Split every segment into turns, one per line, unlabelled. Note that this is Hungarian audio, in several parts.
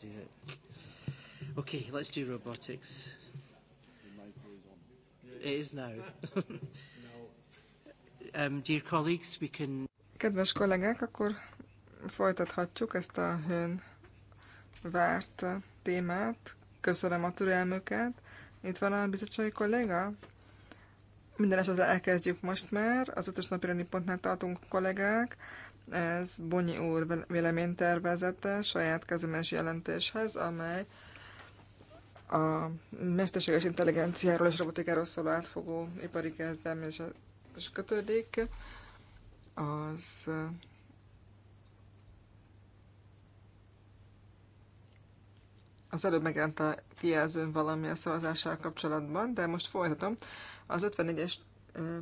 do it. Okay, let's do robotics. It is now. um, dear colleagues, we can...
Kedves kollégák, akkor folytathatjuk ezt a hőn várt témát. Köszönöm a türelmüket. Itt van a bizottsági kolléga? Minden esetre elkezdjük most már. Az ötös napi pontnál tartunk kollégák. Ez Bonyi úr véleménytervezete saját kezemes jelentéshez, amely a mesterséges intelligenciáról és robotikáról szóló átfogó ipari és kötődik. Az Az előbb megjelent a kijelzőn valami a szavazással kapcsolatban, de most folytatom. Az 54-es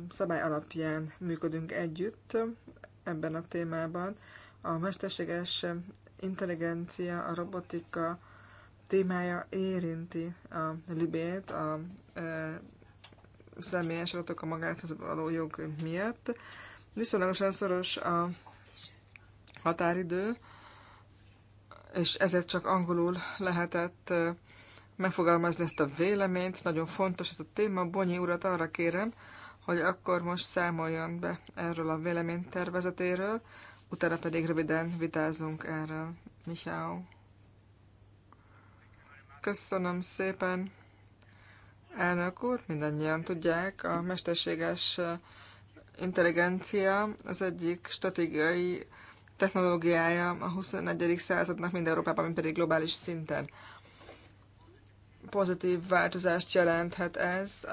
szabály alapján működünk együtt ebben a témában. A mesterséges intelligencia, a robotika témája érinti a libét, a e, személyes adatok a magához való jog miatt. Viszonylagosan szoros a határidő, és ezért csak angolul lehetett megfogalmazni ezt a véleményt. Nagyon fontos ez a téma. Bonyi urat arra kérem, hogy akkor most számoljon be erről a véleménytervezetéről, utána pedig röviden vitázunk erről. Michał. Köszönöm szépen, elnök úr. Mindannyian tudják, a mesterséges intelligencia az egyik stratégiai technológiája a 21. századnak mind Európában, mind pedig globális szinten. Pozitív változást jelenthet ez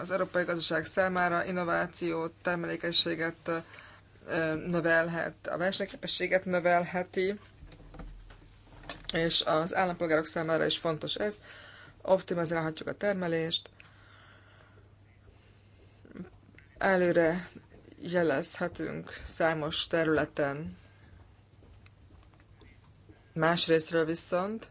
az európai gazdaság számára, innovációt, termelékenységet növelhet, a versenyképességet növelheti, és az állampolgárok számára is fontos ez. Optimizálhatjuk a termelést, előre jelezhetünk számos területen Másrésztről viszont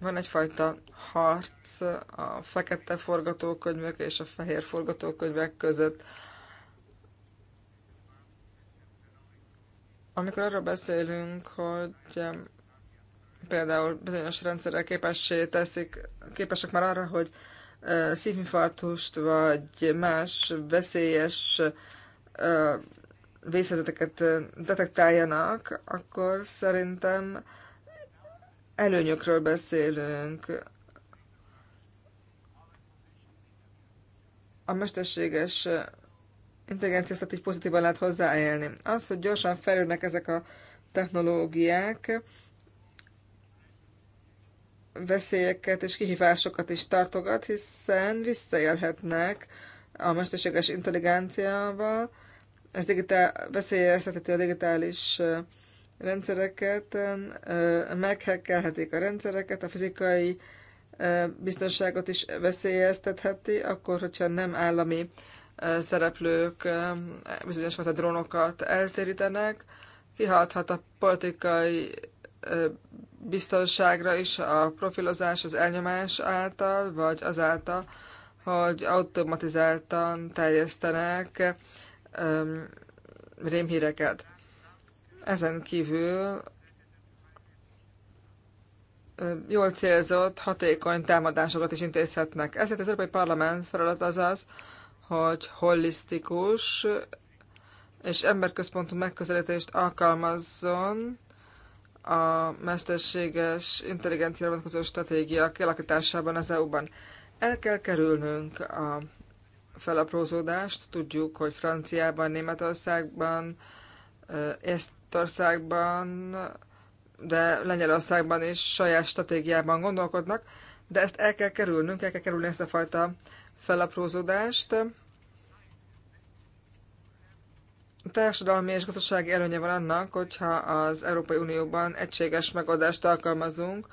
van egyfajta harc a fekete forgatókönyvek és a fehér forgatókönyvek között. Amikor arról beszélünk, hogy például bizonyos rendszerek képessé teszik, képesek már arra, hogy szívinfarktust vagy más veszélyes vészeteket detektáljanak, akkor szerintem előnyökről beszélünk. A mesterséges intelligenciát így pozitívan lehet hozzáélni. Az, hogy gyorsan felülnek ezek a technológiák, veszélyeket és kihívásokat is tartogat, hiszen visszaélhetnek a mesterséges intelligenciával, ez digitál, veszélyezteteti a digitális rendszereket, meghekkelhetik a rendszereket, a fizikai biztonságot is veszélyeztetheti, akkor, hogyha nem állami szereplők bizonyos fajta drónokat eltérítenek, kihalthat a politikai biztonságra is a profilozás az elnyomás által, vagy azáltal, hogy automatizáltan terjesztenek öm, rémhíreket. Ezen kívül jól célzott, hatékony támadásokat is intézhetnek. Ezért az Európai Parlament feladat az az, hogy holisztikus és emberközpontú megközelítést alkalmazzon a mesterséges intelligencia vonatkozó stratégia kialakításában az EU-ban. El kell kerülnünk a felaprózódást. Tudjuk, hogy Franciában, Németországban, Észtországban, de Lengyelországban is saját stratégiában gondolkodnak, de ezt el kell kerülnünk, el kell kerülni ezt a fajta felaprózódást. Társadalmi és gazdasági előnye van annak, hogyha az Európai Unióban egységes megoldást alkalmazunk,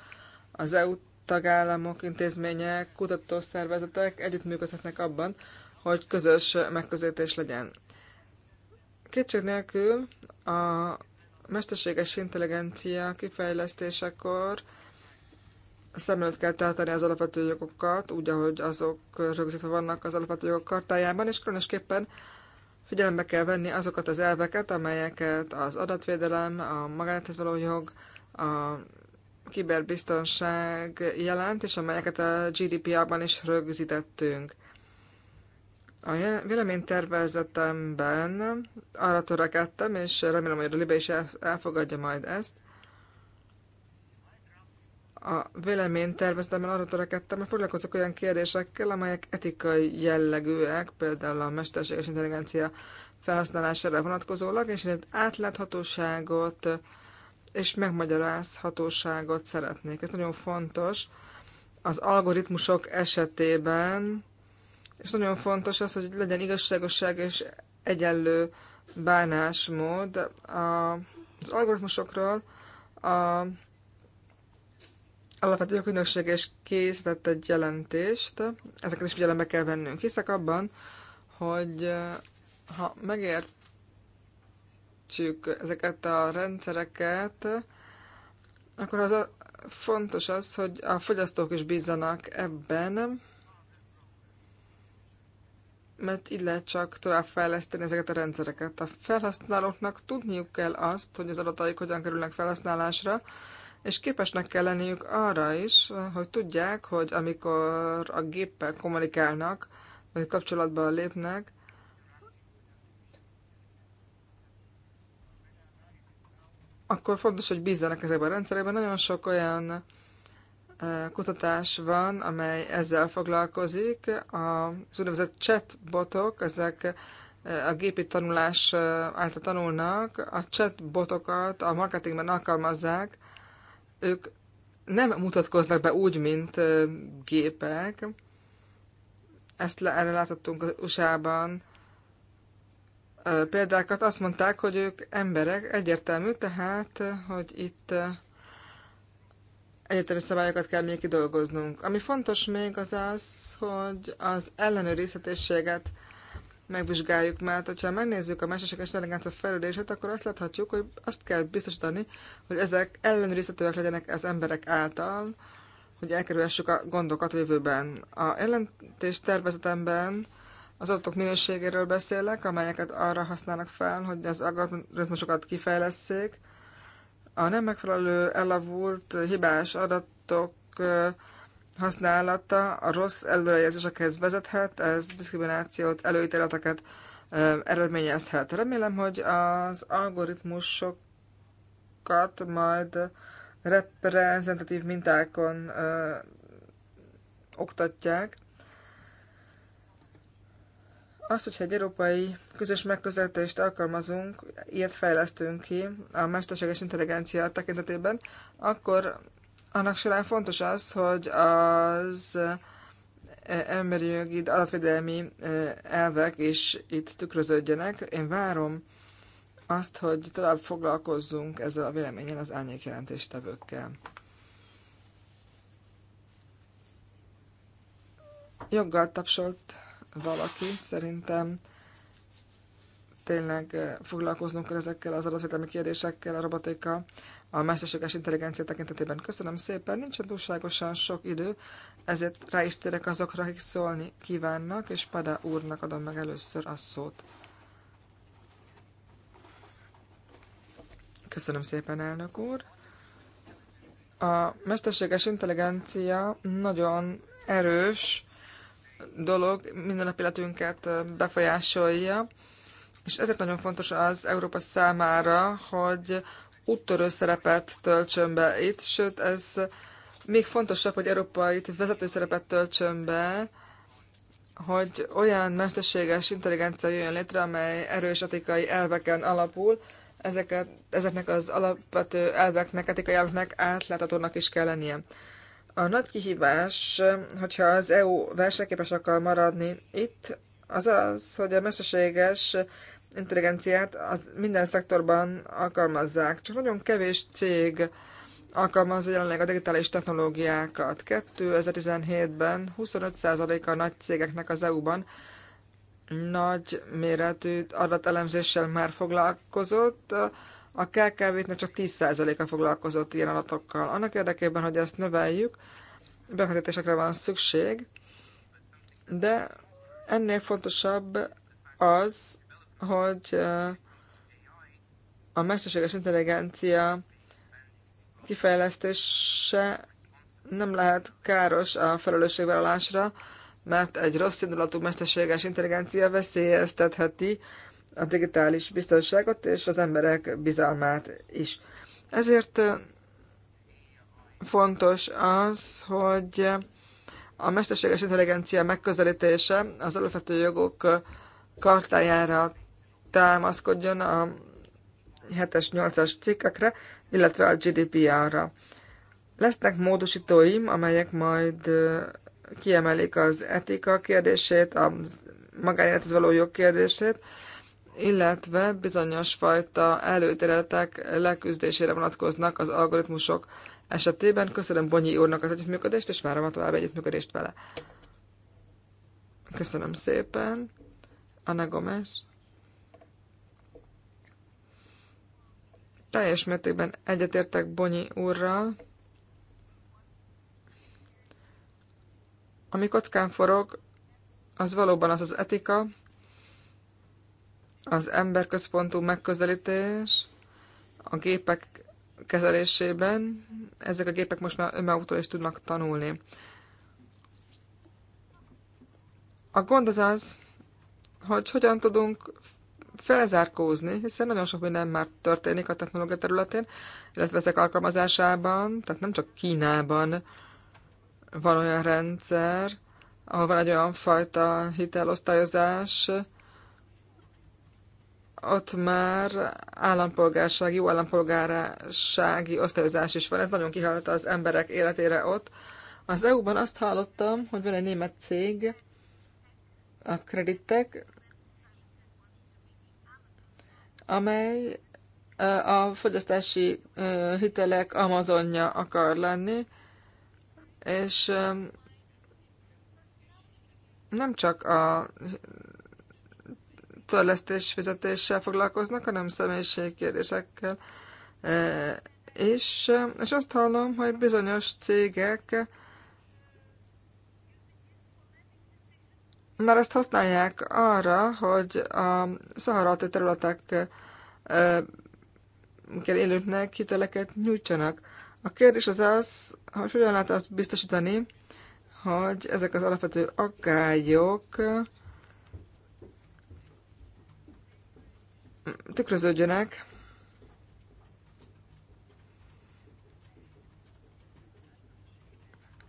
az EU tagállamok, intézmények, kutatószervezetek együttműködhetnek abban, hogy közös megközelítés legyen. Kétség nélkül a mesterséges intelligencia kifejlesztésekor szem előtt kell tartani az alapvető jogokat, úgy, ahogy azok rögzítve vannak az alapvető jogok kartájában, és különösképpen figyelembe kell venni azokat az elveket, amelyeket az adatvédelem, a magánethez való jog, a kiberbiztonság jelent, és amelyeket a GDPR-ban is rögzítettünk. A véleménytervezetemben arra törekedtem, és remélem, hogy a Libe is elfogadja majd ezt. A véleménytervezetemben arra törekedtem, hogy foglalkozok olyan kérdésekkel, amelyek etikai jellegűek, például a mesterséges intelligencia felhasználására vonatkozólag, és én átláthatóságot és megmagyarázhatóságot szeretnék. Ez nagyon fontos. Az algoritmusok esetében és nagyon fontos az, hogy legyen igazságosság és egyenlő bánásmód. Az algoritmusokról a alapvető jogügynökség és készített egy jelentést, ezeket is figyelembe kell vennünk. Hiszek abban, hogy eh, ha megértjük ezeket a rendszereket, akkor az a, fontos az, hogy a fogyasztók is bízzanak ebben, mert így lehet csak továbbfejleszteni ezeket a rendszereket. A felhasználóknak tudniuk kell azt, hogy az adataik hogyan kerülnek felhasználásra, és képesnek kell lenniük arra is, hogy tudják, hogy amikor a géppel kommunikálnak, vagy kapcsolatba lépnek, akkor fontos, hogy bízzanak ezekben a rendszerekben. Nagyon sok olyan kutatás van, amely ezzel foglalkozik. Az úgynevezett chatbotok, ezek a gépi tanulás által tanulnak, a chatbotokat a marketingben alkalmazzák, ők nem mutatkoznak be úgy, mint gépek. Ezt le, erre láthattunk az USA-ban példákat. Azt mondták, hogy ők emberek, egyértelmű, tehát, hogy itt egyetemi szabályokat kell még kidolgoznunk. Ami fontos még az az, hogy az ellenőrizhetőséget megvizsgáljuk, mert hogyha megnézzük a mesterséges intelligencia felülését, akkor azt láthatjuk, hogy azt kell biztosítani, hogy ezek ellenőrizhetőek legyenek az emberek által, hogy elkerülhessük a gondokat a jövőben. A jelentés tervezetemben az adatok minőségéről beszélek, amelyeket arra használnak fel, hogy az algoritmusokat kifejlesszék, a nem megfelelő, elavult, hibás adatok használata, a rossz előrejelzésekhez vezethet, ez diszkriminációt, előítéleteket eredményezhet. Remélem, hogy az algoritmusokat majd reprezentatív mintákon ö, oktatják, az, hogyha egy európai közös megközelítést alkalmazunk, ilyet fejlesztünk ki a mesterséges intelligencia tekintetében, akkor annak során fontos az, hogy az e, emberi jogi adatvédelmi e, elvek is itt tükröződjenek. Én várom azt, hogy tovább foglalkozzunk ezzel a véleményen az árnyékjelentéstevőkkel. Joggal tapsolt valaki. Szerintem tényleg eh, foglalkoznunk kell ezekkel az adatvédelmi kérdésekkel, a robotika, a mesterséges intelligencia tekintetében. Köszönöm szépen, nincsen túlságosan sok idő, ezért rá is térek azokra, akik szólni kívánnak, és Pada úrnak adom meg először a szót. Köszönöm szépen, elnök úr. A mesterséges intelligencia nagyon erős dolog minden nap életünket befolyásolja, és ezért nagyon fontos az Európa számára, hogy úttörő szerepet töltsön be itt, sőt ez még fontosabb, hogy Európa itt vezető szerepet töltsön be, hogy olyan mesterséges intelligencia jöjjön létre, amely erős etikai elveken alapul, ezeket, ezeknek az alapvető elveknek, etikai elveknek átláthatónak is kell lennie. A nagy kihívás, hogyha az EU versenyképes akar maradni itt, az az, hogy a mesterséges intelligenciát az minden szektorban alkalmazzák. Csak nagyon kevés cég alkalmazza jelenleg a digitális technológiákat. 2017-ben 25%-a nagy cégeknek az EU-ban nagy méretű adatelemzéssel már foglalkozott, a KKV-knek csak 10%-a foglalkozott ilyen adatokkal. Annak érdekében, hogy ezt növeljük, befektetésekre van szükség, de ennél fontosabb az, hogy eh, a mesterséges intelligencia kifejlesztése nem lehet káros a felelősségvállalásra, mert egy rossz indulatú mesterséges intelligencia veszélyeztetheti a digitális biztonságot és az emberek bizalmát is. Ezért fontos az, hogy a mesterséges intelligencia megközelítése az alapvető jogok kartájára támaszkodjon a 7-es, 8-as cikkekre, illetve a GDPR-ra. Lesznek módosítóim, amelyek majd kiemelik az etika kérdését, a magánélethez való jog kérdését, illetve bizonyos fajta előítéletek leküzdésére vonatkoznak az algoritmusok esetében. Köszönöm Bonyi úrnak az együttműködést, és várom a további együttműködést vele. Köszönöm szépen. Anna Gomes. Teljes mértékben egyetértek Bonyi úrral. Ami kockán forog, az valóban az az etika, az emberközpontú megközelítés a gépek kezelésében, ezek a gépek most már önmaguktól is tudnak tanulni. A gond az az, hogy hogyan tudunk felzárkózni, hiszen nagyon sok minden már történik a technológia területén, illetve ezek alkalmazásában, tehát nem csak Kínában van olyan rendszer, ahol van egy olyan fajta hitelosztályozás, ott már állampolgárság, jó állampolgársági osztályozás is van. Ez nagyon kihalt az emberek életére ott. Az EU-ban azt hallottam, hogy van egy német cég, a kreditek, amely a fogyasztási hitelek Amazonja akar lenni, és nem csak a törlesztés fizetéssel foglalkoznak, hanem személyiségkérdésekkel e, és, és azt hallom, hogy bizonyos cégek már ezt használják arra, hogy a szaharati területek e, élőknek hiteleket nyújtsanak. A kérdés az az, hogy hogyan lehet azt biztosítani, hogy ezek az alapvető aggályok tükröződjönek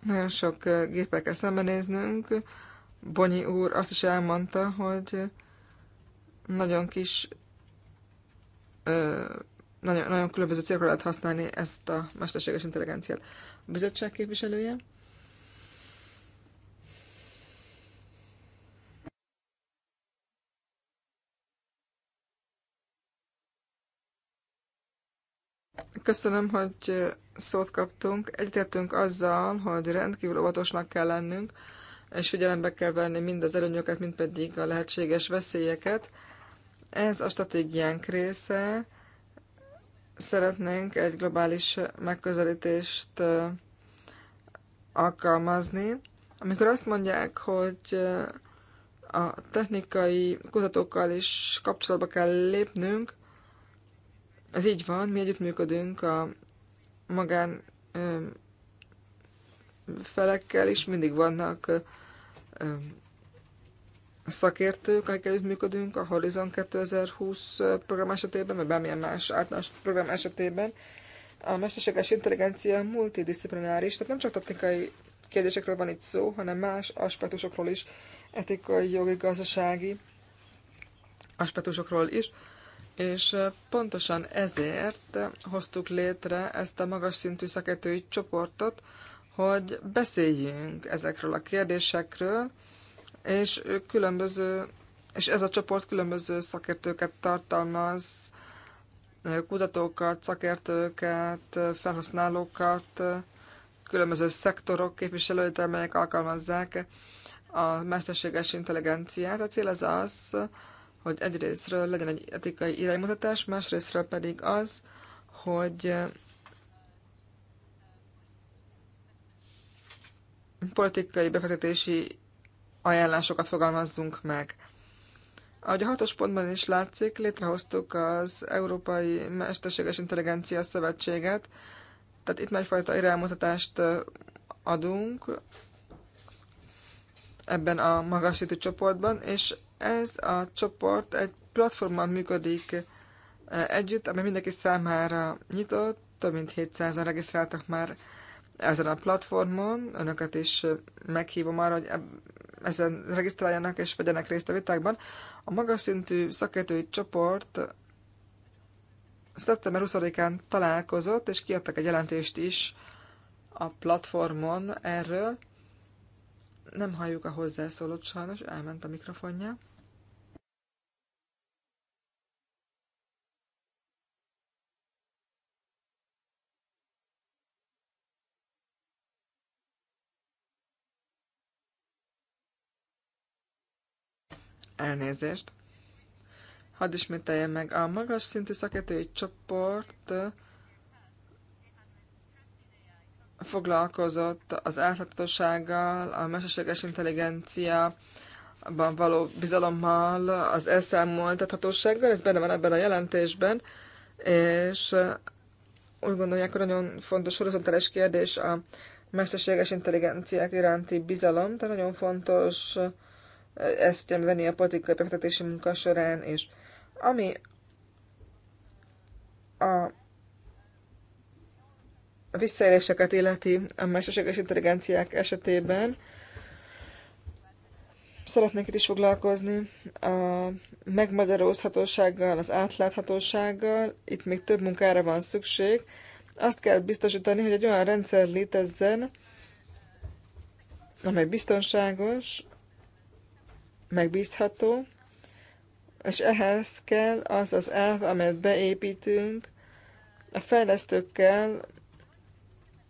nagyon sok eh, gépekkel kell szembenéznünk. Bonyi úr azt is elmondta, hogy nagyon kis, eh, nagyon, nagyon különböző célokra lehet használni ezt a mesterséges intelligenciát. A bizottság képviselője? Köszönöm, hogy szót kaptunk. Egyetértünk azzal, hogy rendkívül óvatosnak kell lennünk, és figyelembe kell venni mind az előnyöket, mind pedig a lehetséges veszélyeket. Ez a stratégiánk része. Szeretnénk egy globális megközelítést alkalmazni. Amikor azt mondják, hogy a technikai kutatókkal is kapcsolatba kell lépnünk, ez így van, mi együttműködünk a magán felekkel is, mindig vannak szakértők, akikkel működünk a Horizon 2020 program esetében, vagy bármilyen más általános program esetében. A mesterséges intelligencia multidisciplináris, tehát nem csak technikai kérdésekről van itt szó, hanem más aspektusokról is, etikai, jogi, gazdasági aspektusokról is és pontosan ezért hoztuk létre ezt a magas szintű szakértői csoportot, hogy beszéljünk ezekről a kérdésekről, és ők különböző, és ez a csoport különböző szakértőket tartalmaz, kutatókat, szakértőket, felhasználókat, különböző szektorok képviselőit, amelyek alkalmazzák a mesterséges intelligenciát. A cél az az, hogy egyrésztről legyen egy etikai iránymutatás, másrésztről pedig az, hogy eh, politikai befektetési ajánlásokat fogalmazzunk meg. Ahogy a hatos pontban is látszik, létrehoztuk az Európai Mesterséges Intelligencia Szövetséget, tehát itt már egyfajta iránymutatást eh, adunk ebben a magasítő csoportban, és ez a csoport egy platformon működik e, együtt, ami mindenki számára nyitott, több mint 700-an regisztráltak már ezen a platformon. Önöket is meghívom arra, hogy ezen regisztráljanak és vegyenek részt a vitákban. A magas szintű szakértői csoport szeptember 20-án találkozott, és kiadtak egy jelentést is a platformon erről. Nem halljuk a hozzászólót sajnos, elment a mikrofonja. Elnézést. Hadd ismételjem meg, a magas szintű szakértői csoport foglalkozott az átláthatósággal, a mesterséges intelligenciában való bizalommal, az elszámoltathatósággal, ez benne van ebben a jelentésben, és úgy gondolják, hogy nagyon fontos horizontális kérdés a mesterséges intelligenciák iránti bizalom, de nagyon fontos ezt kell venni a politikai befektetési munka során és Ami a visszaéléseket illeti a mesterséges intelligenciák esetében, szeretnék itt is foglalkozni a megmagyarózhatósággal, az átláthatósággal, itt még több munkára van szükség. Azt kell biztosítani, hogy egy olyan rendszer létezzen, amely biztonságos, megbízható, és ehhez kell az az elv, amelyet beépítünk a fejlesztőkkel,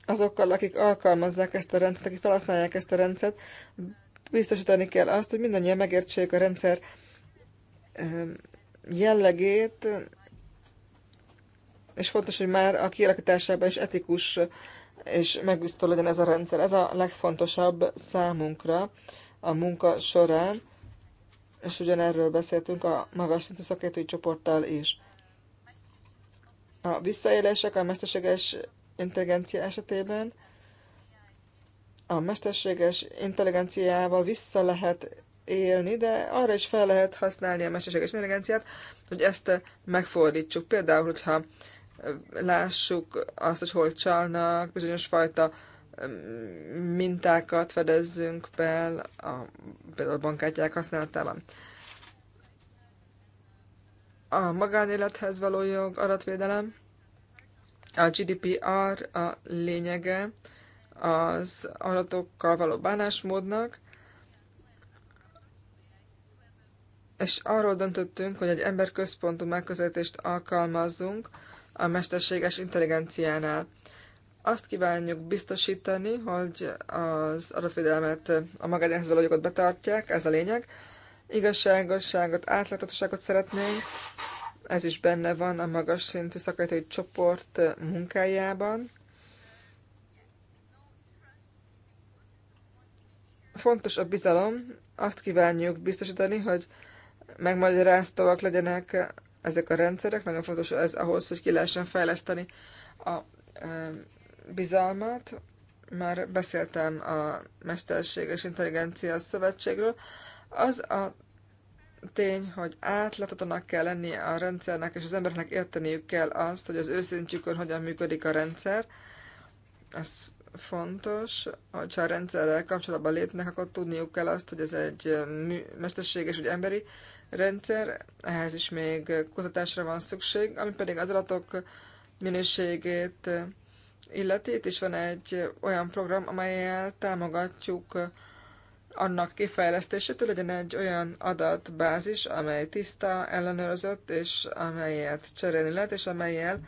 azokkal, akik alkalmazzák ezt a rendszert, akik felhasználják ezt a rendszert, biztosítani kell azt, hogy mindannyian megértsék a rendszer ehm, jellegét, és fontos, hogy már a kialakításában is etikus és megbízható legyen ez a rendszer. Ez a legfontosabb számunkra a munka során és ugyanerről beszéltünk a magas szintű szakértői csoporttal is. A visszaélések a mesterséges intelligencia esetében a mesterséges intelligenciával vissza lehet élni, de arra is fel lehet használni a mesterséges intelligenciát, hogy ezt megfordítsuk. Például, hogyha lássuk azt, hogy hol csalnak, bizonyos fajta mintákat fedezzünk be, a, például a bankkártyák használatában. A magánélethez való jog, adatvédelem, a GDPR a lényege az adatokkal való bánásmódnak, és arról döntöttünk, hogy egy emberközpontú megközelítést alkalmazzunk a mesterséges intelligenciánál azt kívánjuk biztosítani, hogy az adatvédelmet, a magányhez való jogot betartják, ez a lényeg. Igazságosságot, átláthatóságot szeretnénk, ez is benne van a magas szintű szakértői csoport munkájában. Fontos a bizalom, azt kívánjuk biztosítani, hogy megmagyaráztóak legyenek ezek a rendszerek, nagyon fontos ez ahhoz, hogy ki lehessen fejleszteni a bizalmat, már beszéltem a Mesterséges Intelligencia Szövetségről, az a tény, hogy átlátatónak kell lennie a rendszernek, és az embernek érteniük kell azt, hogy az őszintjükön hogyan működik a rendszer. Ez fontos, hogyha a rendszerrel kapcsolatban lépnek, akkor tudniuk kell azt, hogy ez egy mesterséges, vagy emberi rendszer, ehhez is még kutatásra van szükség, ami pedig az adatok minőségét illetét, és van egy olyan program, amelyel támogatjuk annak kifejlesztését, hogy legyen egy olyan adatbázis, amely tiszta, ellenőrzött, és amelyet cserélni lehet, és amelyel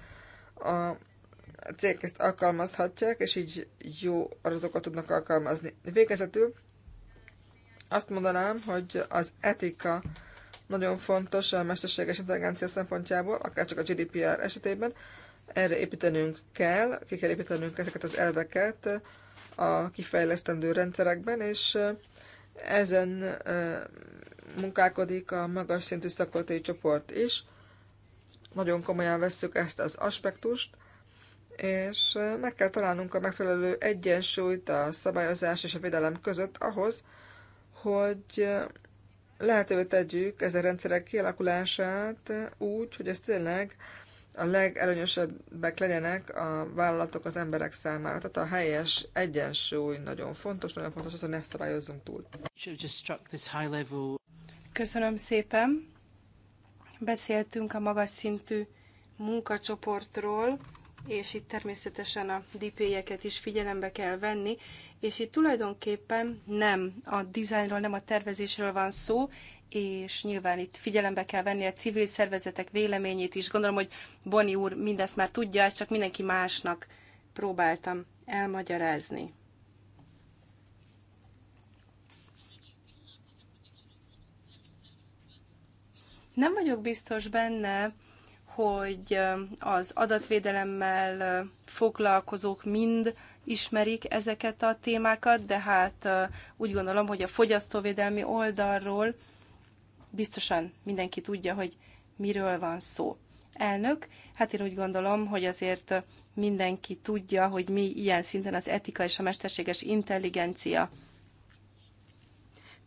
a cég ezt alkalmazhatják, és így jó adatokat tudnak alkalmazni. Végezetül azt mondanám, hogy az etika nagyon fontos a mesterséges intelligencia szempontjából, akár csak a GDPR esetében, erre építenünk kell, ki kell építenünk ezeket az elveket a kifejlesztendő rendszerekben, és ezen munkálkodik a magas szintű szakértői csoport is. Nagyon komolyan vesszük ezt az aspektust, és meg kell találnunk a megfelelő egyensúlyt a szabályozás és a védelem között ahhoz, hogy lehetővé tegyük ezen rendszerek kialakulását úgy, hogy ez tényleg a legelőnyösebbek legyenek a vállalatok az emberek számára. Tehát a helyes egyensúly nagyon fontos, nagyon fontos az, hogy ne szabályozzunk túl.
Köszönöm szépen. Beszéltünk a magas szintű munkacsoportról, és itt természetesen a DP-jeket is figyelembe kell venni, és itt tulajdonképpen nem a dizájnról, nem a tervezésről van szó, és nyilván itt figyelembe kell venni a civil szervezetek véleményét is. Gondolom, hogy Boni úr mindezt már tudja, ezt csak mindenki másnak próbáltam elmagyarázni. Nem vagyok biztos benne, hogy az adatvédelemmel foglalkozók mind ismerik ezeket a témákat, de hát úgy gondolom, hogy a fogyasztóvédelmi oldalról biztosan mindenki tudja, hogy miről van szó. Elnök, hát én úgy gondolom, hogy azért mindenki tudja, hogy mi ilyen szinten az etika és a mesterséges intelligencia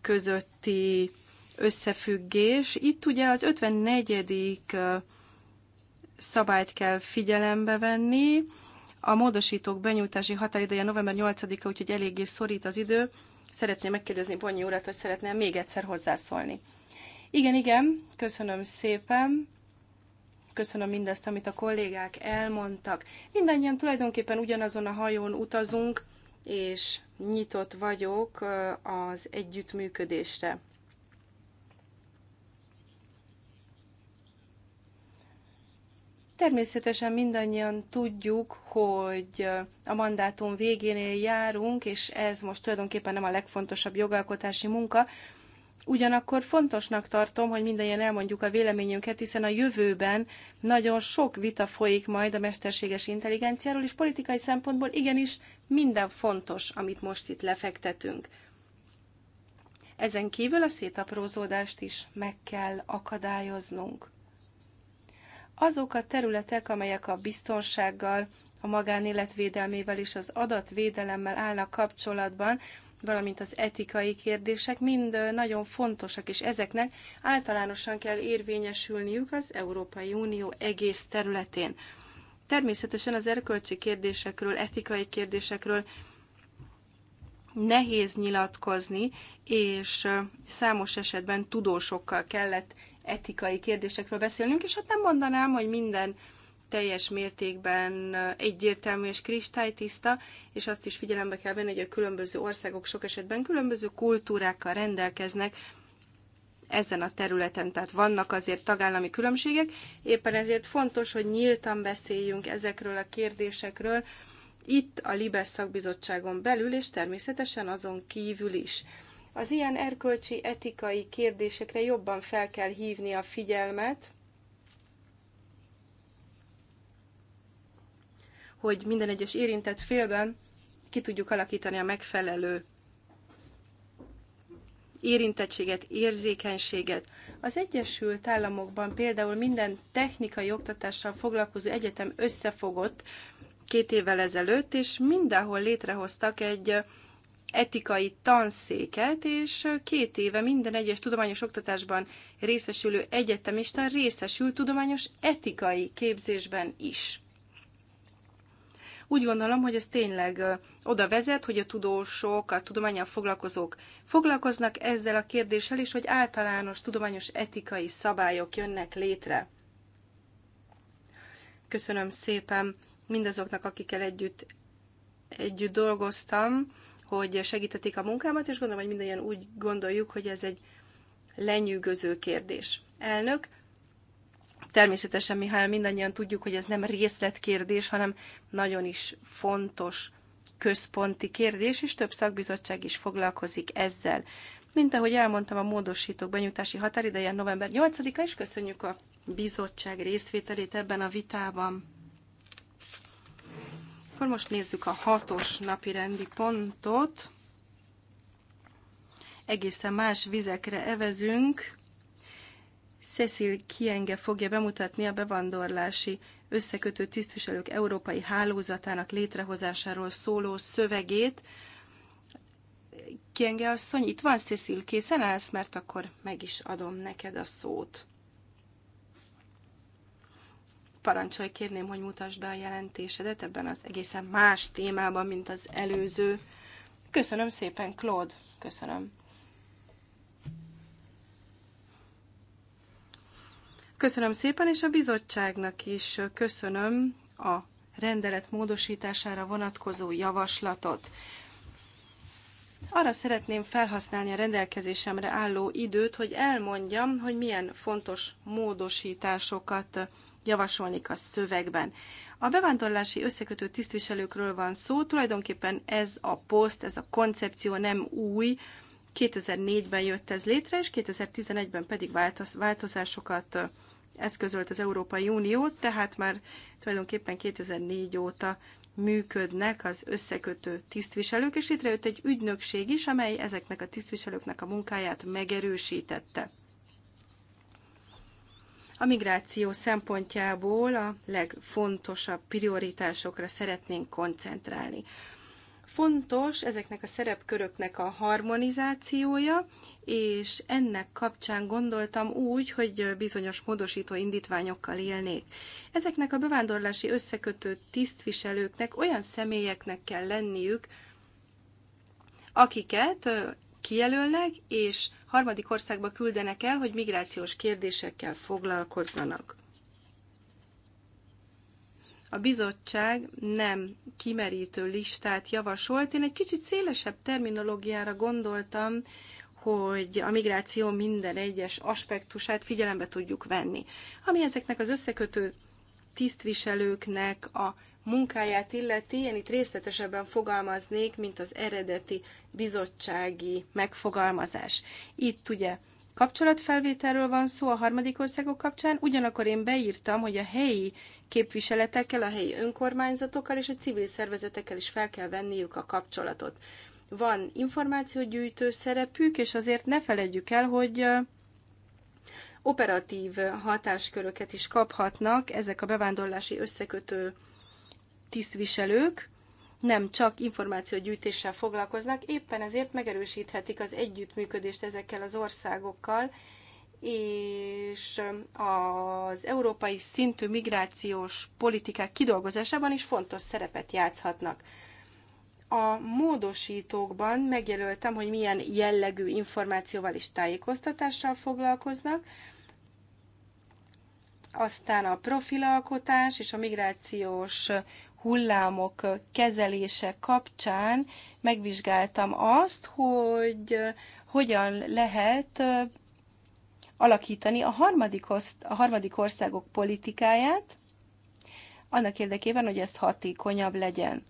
közötti összefüggés. Itt ugye az 54. szabályt kell figyelembe venni. A módosítók benyújtási határideje november 8-a, úgyhogy eléggé szorít az idő. Szeretném megkérdezni Bonnyi urat, hogy szeretném még egyszer hozzászólni. Igen, igen, köszönöm szépen. Köszönöm mindezt, amit a kollégák elmondtak. Mindannyian tulajdonképpen ugyanazon a hajón utazunk, és nyitott vagyok az együttműködésre. Természetesen mindannyian tudjuk, hogy a mandátum végénél járunk, és ez most tulajdonképpen nem a legfontosabb jogalkotási munka, Ugyanakkor fontosnak tartom, hogy mindannyian elmondjuk a véleményünket, hiszen a jövőben nagyon sok vita folyik majd a mesterséges intelligenciáról, és politikai szempontból igenis minden fontos, amit most itt lefektetünk. Ezen kívül a szétaprózódást is meg kell akadályoznunk. Azok a területek, amelyek a biztonsággal, a magánélet védelmével és az adatvédelemmel állnak kapcsolatban, valamint az etikai kérdések mind nagyon fontosak, és ezeknek általánosan kell érvényesülniük az Európai Unió egész területén. Természetesen az erkölcsi kérdésekről, etikai kérdésekről nehéz nyilatkozni, és számos esetben tudósokkal kellett etikai kérdésekről beszélnünk, és hát nem mondanám, hogy minden teljes mértékben egyértelmű és kristálytiszta, és azt is figyelembe kell venni, hogy a különböző országok sok esetben különböző kultúrákkal rendelkeznek ezen a területen, tehát vannak azért tagállami különbségek, éppen ezért fontos, hogy nyíltan beszéljünk ezekről a kérdésekről, itt a Libes szakbizottságon belül, és természetesen azon kívül is. Az ilyen erkölcsi, etikai kérdésekre jobban fel kell hívni a figyelmet, hogy minden egyes érintett félben ki tudjuk alakítani a megfelelő érintettséget, érzékenységet. Az Egyesült Államokban például minden technikai oktatással foglalkozó egyetem összefogott két évvel ezelőtt, és mindenhol létrehoztak egy etikai tanszéket, és két éve minden egyes tudományos oktatásban részesülő egyetemista részesül tudományos etikai képzésben is. Úgy gondolom, hogy ez tényleg oda vezet, hogy a tudósok, a tudományal foglalkozók foglalkoznak ezzel a kérdéssel is, hogy általános tudományos etikai szabályok jönnek létre. Köszönöm szépen mindazoknak, akikkel együtt, együtt dolgoztam, hogy segítették a munkámat, és gondolom, hogy mindannyian úgy gondoljuk, hogy ez egy lenyűgöző kérdés. Elnök, Természetesen, Mihály, mindannyian tudjuk, hogy ez nem részletkérdés, hanem nagyon is fontos központi kérdés, és több szakbizottság is foglalkozik ezzel. Mint ahogy elmondtam, a módosítók benyújtási határideje november 8-a, és köszönjük a bizottság részvételét ebben a vitában. Akkor most nézzük a hatos napi rendi pontot. Egészen más vizekre evezünk. Cecil Kienge fogja bemutatni a bevándorlási összekötő tisztviselők európai hálózatának létrehozásáról szóló szövegét. Kienge asszony, itt van Cecil, készen állsz, mert akkor meg is adom neked a szót. Parancsolj, kérném, hogy mutasd be a jelentésedet ebben az egészen más témában, mint az előző. Köszönöm szépen, Claude. Köszönöm. Köszönöm szépen, és a bizottságnak is köszönöm a rendelet módosítására vonatkozó javaslatot. Arra szeretném felhasználni a rendelkezésemre álló időt, hogy elmondjam, hogy milyen fontos módosításokat javasolnék a szövegben. A bevándorlási összekötő tisztviselőkről van szó, tulajdonképpen ez a poszt, ez a koncepció nem új, 2004-ben jött ez létre, és 2011-ben pedig változásokat eszközölt az Európai Unió, tehát már tulajdonképpen 2004 óta működnek az összekötő tisztviselők, és létrejött egy ügynökség is, amely ezeknek a tisztviselőknek a munkáját megerősítette. A migráció szempontjából a legfontosabb prioritásokra szeretnénk koncentrálni. Fontos ezeknek a szerepköröknek a harmonizációja, és ennek kapcsán gondoltam úgy, hogy bizonyos módosító indítványokkal élnék. Ezeknek a bevándorlási összekötő tisztviselőknek olyan személyeknek kell lenniük, akiket kijelölnek, és harmadik országba küldenek el, hogy migrációs kérdésekkel foglalkozzanak a bizottság nem kimerítő listát javasolt. Én egy kicsit szélesebb terminológiára gondoltam, hogy a migráció minden egyes aspektusát figyelembe tudjuk venni. Ami ezeknek az összekötő tisztviselőknek a munkáját illeti, én itt részletesebben fogalmaznék, mint az eredeti bizottsági megfogalmazás. Itt ugye kapcsolatfelvételről van szó a harmadik országok kapcsán, ugyanakkor én beírtam, hogy a helyi képviseletekkel, a helyi önkormányzatokkal és a civil szervezetekkel is fel kell venniük a kapcsolatot. Van információgyűjtő szerepük, és azért ne felejtjük el, hogy operatív hatásköröket is kaphatnak ezek a bevándorlási összekötő tisztviselők, nem csak információgyűjtéssel foglalkoznak, éppen ezért megerősíthetik az együttműködést ezekkel az országokkal, és az európai szintű migrációs politikák kidolgozásában is fontos szerepet játszhatnak. A módosítókban megjelöltem, hogy milyen jellegű információval és tájékoztatással foglalkoznak, aztán a profilalkotás és a migrációs hullámok kezelése kapcsán megvizsgáltam azt, hogy hogyan lehet alakítani a harmadik, oszt, a harmadik országok politikáját, annak érdekében, hogy ez hatékonyabb legyen.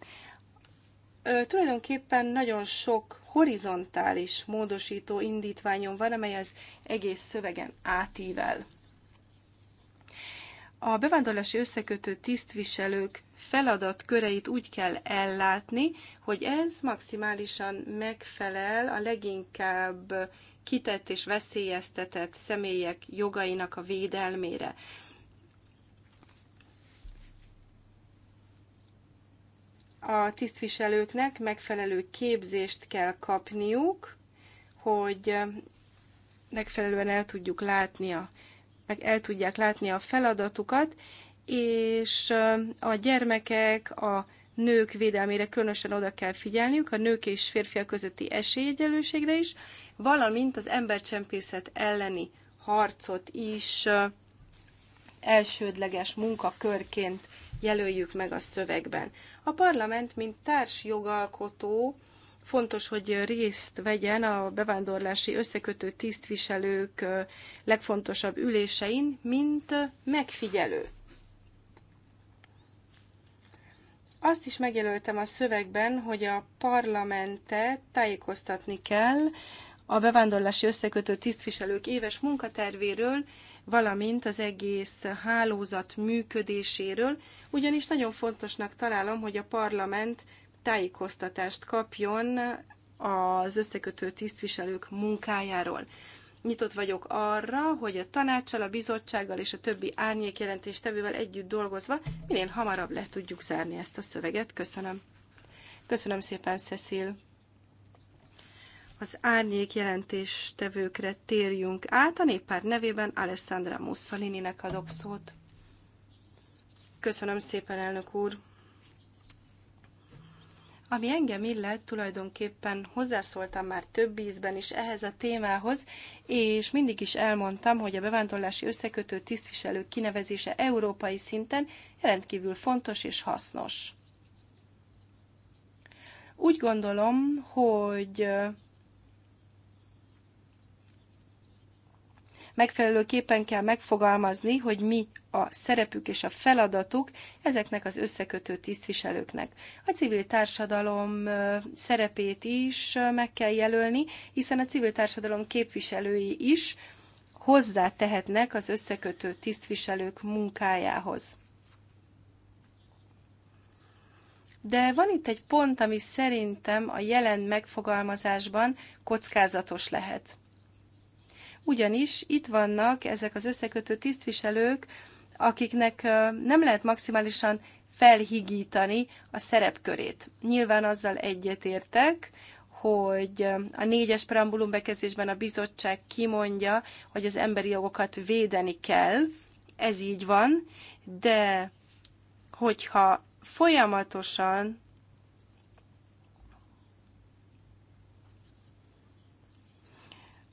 Ö, tulajdonképpen nagyon sok horizontális módosító indítványon van, amely az egész szövegen átível. A bevándorlási összekötő tisztviselők feladatköreit úgy kell ellátni, hogy ez maximálisan megfelel a leginkább kitett és veszélyeztetett személyek jogainak a védelmére. A tisztviselőknek megfelelő képzést kell kapniuk, hogy megfelelően el tudjuk látni a meg el tudják látni a feladatukat, és a gyermekek, a nők védelmére különösen oda kell figyelniük, a nők és férfiak közötti esélyegyelőségre is, valamint az embercsempészet elleni harcot is elsődleges munkakörként jelöljük meg a szövegben. A parlament, mint társjogalkotó Fontos, hogy részt vegyen a bevándorlási összekötő tisztviselők legfontosabb ülésein, mint megfigyelő. azt is megjelöltem a szövegben, hogy a parlamentet tájékoztatni kell a bevándorlási összekötő tisztviselők éves munkatervéről, valamint az egész hálózat működéséről, ugyanis nagyon fontosnak találom, hogy a parlament tájékoztatást kapjon az összekötő tisztviselők munkájáról. Nyitott vagyok arra, hogy a tanácssal, a bizottsággal és a többi árnyékjelentéstevővel együtt dolgozva minél hamarabb le tudjuk zárni ezt a szöveget. Köszönöm. Köszönöm szépen, Cecil. Az árnyék jelentéstevőkre térjünk át. A néppár nevében Alessandra Mussolini-nek adok szót. Köszönöm szépen, elnök úr. Ami engem illet, tulajdonképpen hozzászóltam már több ízben is ehhez a témához, és mindig is elmondtam, hogy a bevándorlási összekötő tisztviselők kinevezése európai szinten rendkívül fontos és hasznos. Úgy gondolom, hogy Megfelelőképpen kell megfogalmazni, hogy mi a szerepük és a feladatuk ezeknek az összekötő tisztviselőknek. A civil társadalom szerepét is meg kell jelölni, hiszen a civil társadalom képviselői is hozzátehetnek az összekötő tisztviselők munkájához. De van itt egy pont, ami szerintem a jelen megfogalmazásban kockázatos lehet ugyanis itt vannak ezek az összekötő tisztviselők, akiknek nem lehet maximálisan felhigítani a szerepkörét. Nyilván azzal egyetértek, hogy a négyes preambulum bekezdésben a bizottság kimondja, hogy az emberi jogokat védeni kell, ez így van, de hogyha folyamatosan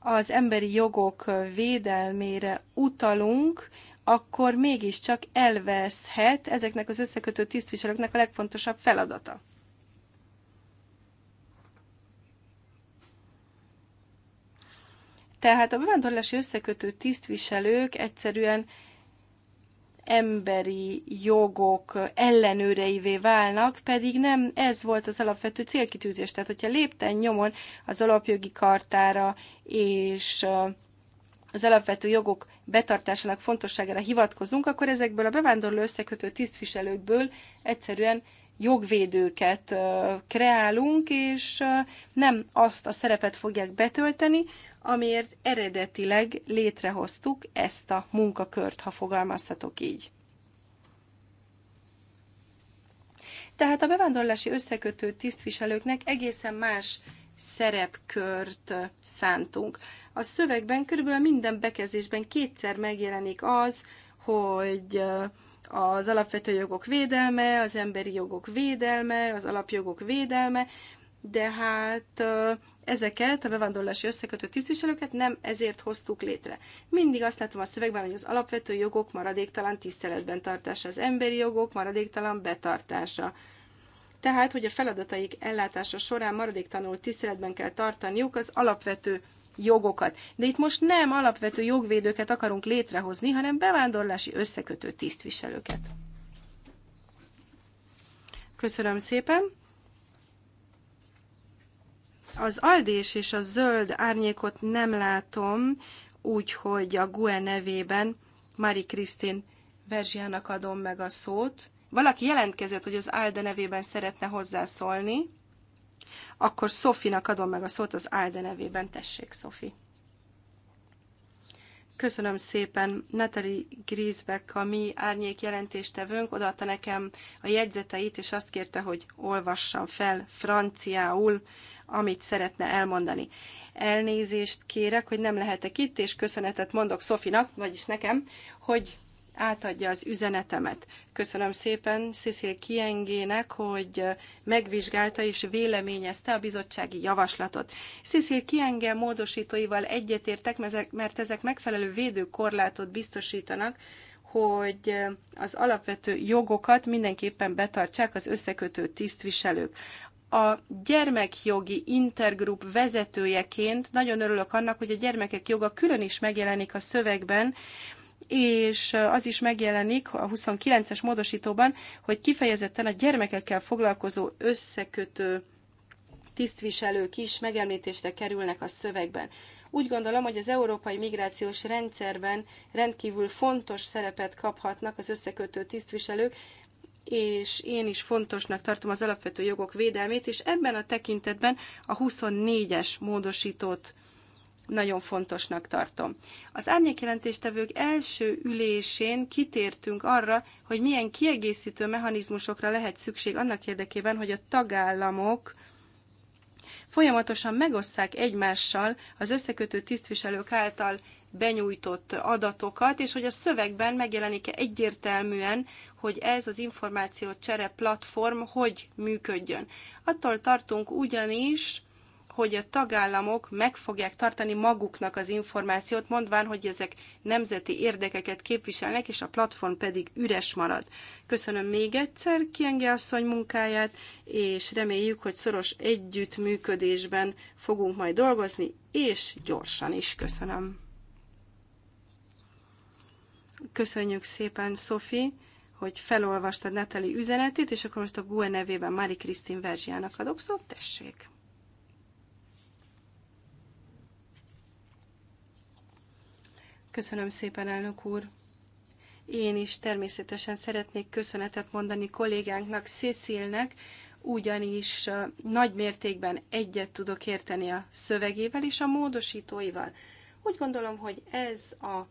az emberi jogok védelmére utalunk, akkor mégiscsak elveszhet ezeknek az összekötő tisztviselőknek a legfontosabb feladata. Tehát a bevándorlási összekötő tisztviselők egyszerűen emberi jogok ellenőreivé válnak, pedig nem ez volt az alapvető célkitűzés. Tehát, hogyha lépten nyomon az alapjogi kartára és az alapvető jogok betartásának fontosságára hivatkozunk, akkor ezekből a bevándorló összekötő tisztviselőkből egyszerűen jogvédőket kreálunk, és nem azt a szerepet fogják betölteni, amiért eredetileg létrehoztuk ezt a munkakört, ha fogalmazhatok így. Tehát a bevándorlási összekötő tisztviselőknek egészen más szerepkört szántunk. A szövegben körülbelül minden bekezdésben kétszer megjelenik az, hogy az alapvető jogok védelme, az emberi jogok védelme, az alapjogok védelme, de hát Ezeket a bevándorlási összekötő tisztviselőket nem ezért hoztuk létre. Mindig azt látom a szövegben, hogy az alapvető jogok maradéktalan tiszteletben tartása, az emberi jogok maradéktalan betartása. Tehát, hogy a feladataik ellátása során maradéktanul tiszteletben kell tartaniuk az alapvető jogokat. De itt most nem alapvető jogvédőket akarunk létrehozni, hanem bevándorlási összekötő tisztviselőket. Köszönöm szépen! Az Aldés és a zöld árnyékot nem látom, úgyhogy a GUE nevében Mari Krisztin Verzsiának adom meg a szót. Valaki jelentkezett, hogy az Alde nevében szeretne hozzászólni, akkor Szofinak adom meg a szót az Alde nevében. Tessék, Szofi! Köszönöm szépen. Natalie Griesbeck, a mi árnyék jelentéstevőnk, odaadta nekem a jegyzeteit, és azt kérte, hogy olvassam fel franciául amit szeretne elmondani. Elnézést kérek, hogy nem lehetek itt, és köszönetet mondok Szofinak, vagyis nekem, hogy átadja az üzenetemet. Köszönöm szépen Cecil Kiengének, hogy megvizsgálta és véleményezte a bizottsági javaslatot. Cecil Kienge módosítóival egyetértek, mert ezek megfelelő védőkorlátot biztosítanak, hogy az alapvető jogokat mindenképpen betartsák az összekötő tisztviselők a gyermekjogi intergrup vezetőjeként nagyon örülök annak, hogy a gyermekek joga külön is megjelenik a szövegben, és az is megjelenik a 29-es módosítóban, hogy kifejezetten a gyermekekkel foglalkozó összekötő tisztviselők is megemlítésre kerülnek a szövegben. Úgy gondolom, hogy az európai migrációs rendszerben rendkívül fontos szerepet kaphatnak az összekötő tisztviselők, és én is fontosnak tartom az alapvető jogok védelmét, és ebben a tekintetben a 24-es módosítót nagyon fontosnak tartom. Az árnyékjelentéstevők első ülésén kitértünk arra, hogy milyen kiegészítő mechanizmusokra lehet szükség annak érdekében, hogy a tagállamok folyamatosan megosszák egymással az összekötő tisztviselők által benyújtott adatokat, és hogy a szövegben megjelenik-e egyértelműen, hogy ez az csere platform hogy működjön. Attól tartunk ugyanis, hogy a tagállamok meg fogják tartani maguknak az információt, mondván, hogy ezek nemzeti érdekeket képviselnek, és a platform pedig üres marad. Köszönöm még egyszer Kienge asszony munkáját, és reméljük, hogy szoros együttműködésben fogunk majd dolgozni, és gyorsan is köszönöm. Köszönjük szépen, Szofi, hogy felolvastad Natali üzenetét, és akkor most a GUE nevében Mari Krisztin Verzsiának adok szót, tessék! Köszönöm szépen, elnök úr! Én is természetesen szeretnék köszönetet mondani kollégánknak, Cécilnek, ugyanis nagy mértékben egyet tudok érteni a szövegével és a módosítóival. Úgy gondolom, hogy ez a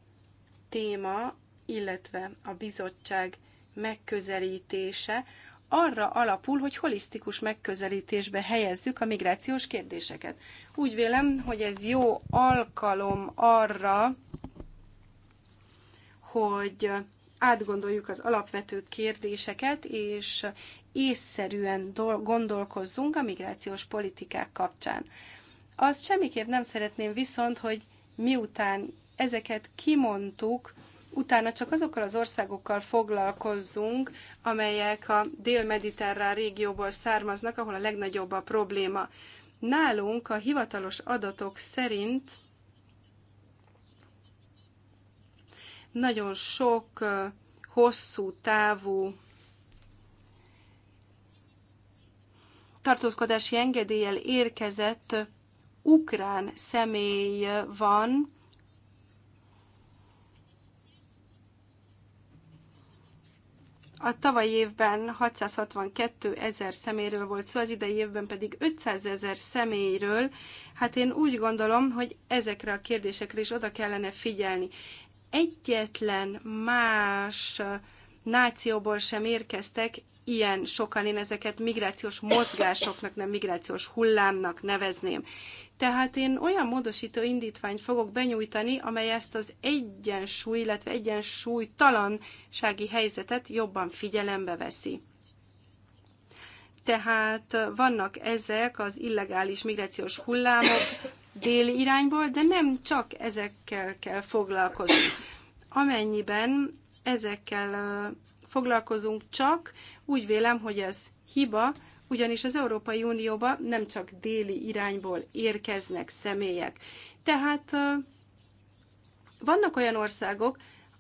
téma illetve a bizottság megközelítése arra alapul, hogy holisztikus megközelítésbe helyezzük a migrációs kérdéseket. Úgy vélem, hogy ez jó alkalom arra, hogy átgondoljuk az alapvető kérdéseket, és észszerűen gondolkozzunk a migrációs politikák kapcsán. Azt semmiképp nem szeretném viszont, hogy miután ezeket kimondtuk, utána csak azokkal az országokkal foglalkozzunk, amelyek a dél-mediterrán régióból származnak, ahol a legnagyobb a probléma. Nálunk a hivatalos adatok szerint nagyon sok hosszú távú tartózkodási engedéllyel érkezett ukrán személy van, A tavalyi évben 662 ezer szeméről volt szó, az idei évben pedig 500 ezer személyről. Hát én úgy gondolom, hogy ezekre a kérdésekre is oda kellene figyelni. Egyetlen más eh, nációból sem érkeztek ilyen sokan, én ezeket migrációs mozgásoknak, nem migrációs hullámnak nevezném. Tehát én olyan módosító indítványt fogok benyújtani, amely ezt az egyensúly, illetve egyensúlytalansági helyzetet jobban figyelembe veszi. Tehát vannak ezek az illegális migrációs hullámok déli irányból, de nem csak ezekkel kell foglalkozni. Amennyiben ezekkel foglalkozunk csak. Úgy vélem, hogy ez hiba, ugyanis az Európai Unióba nem csak déli irányból érkeznek személyek. Tehát vannak olyan országok,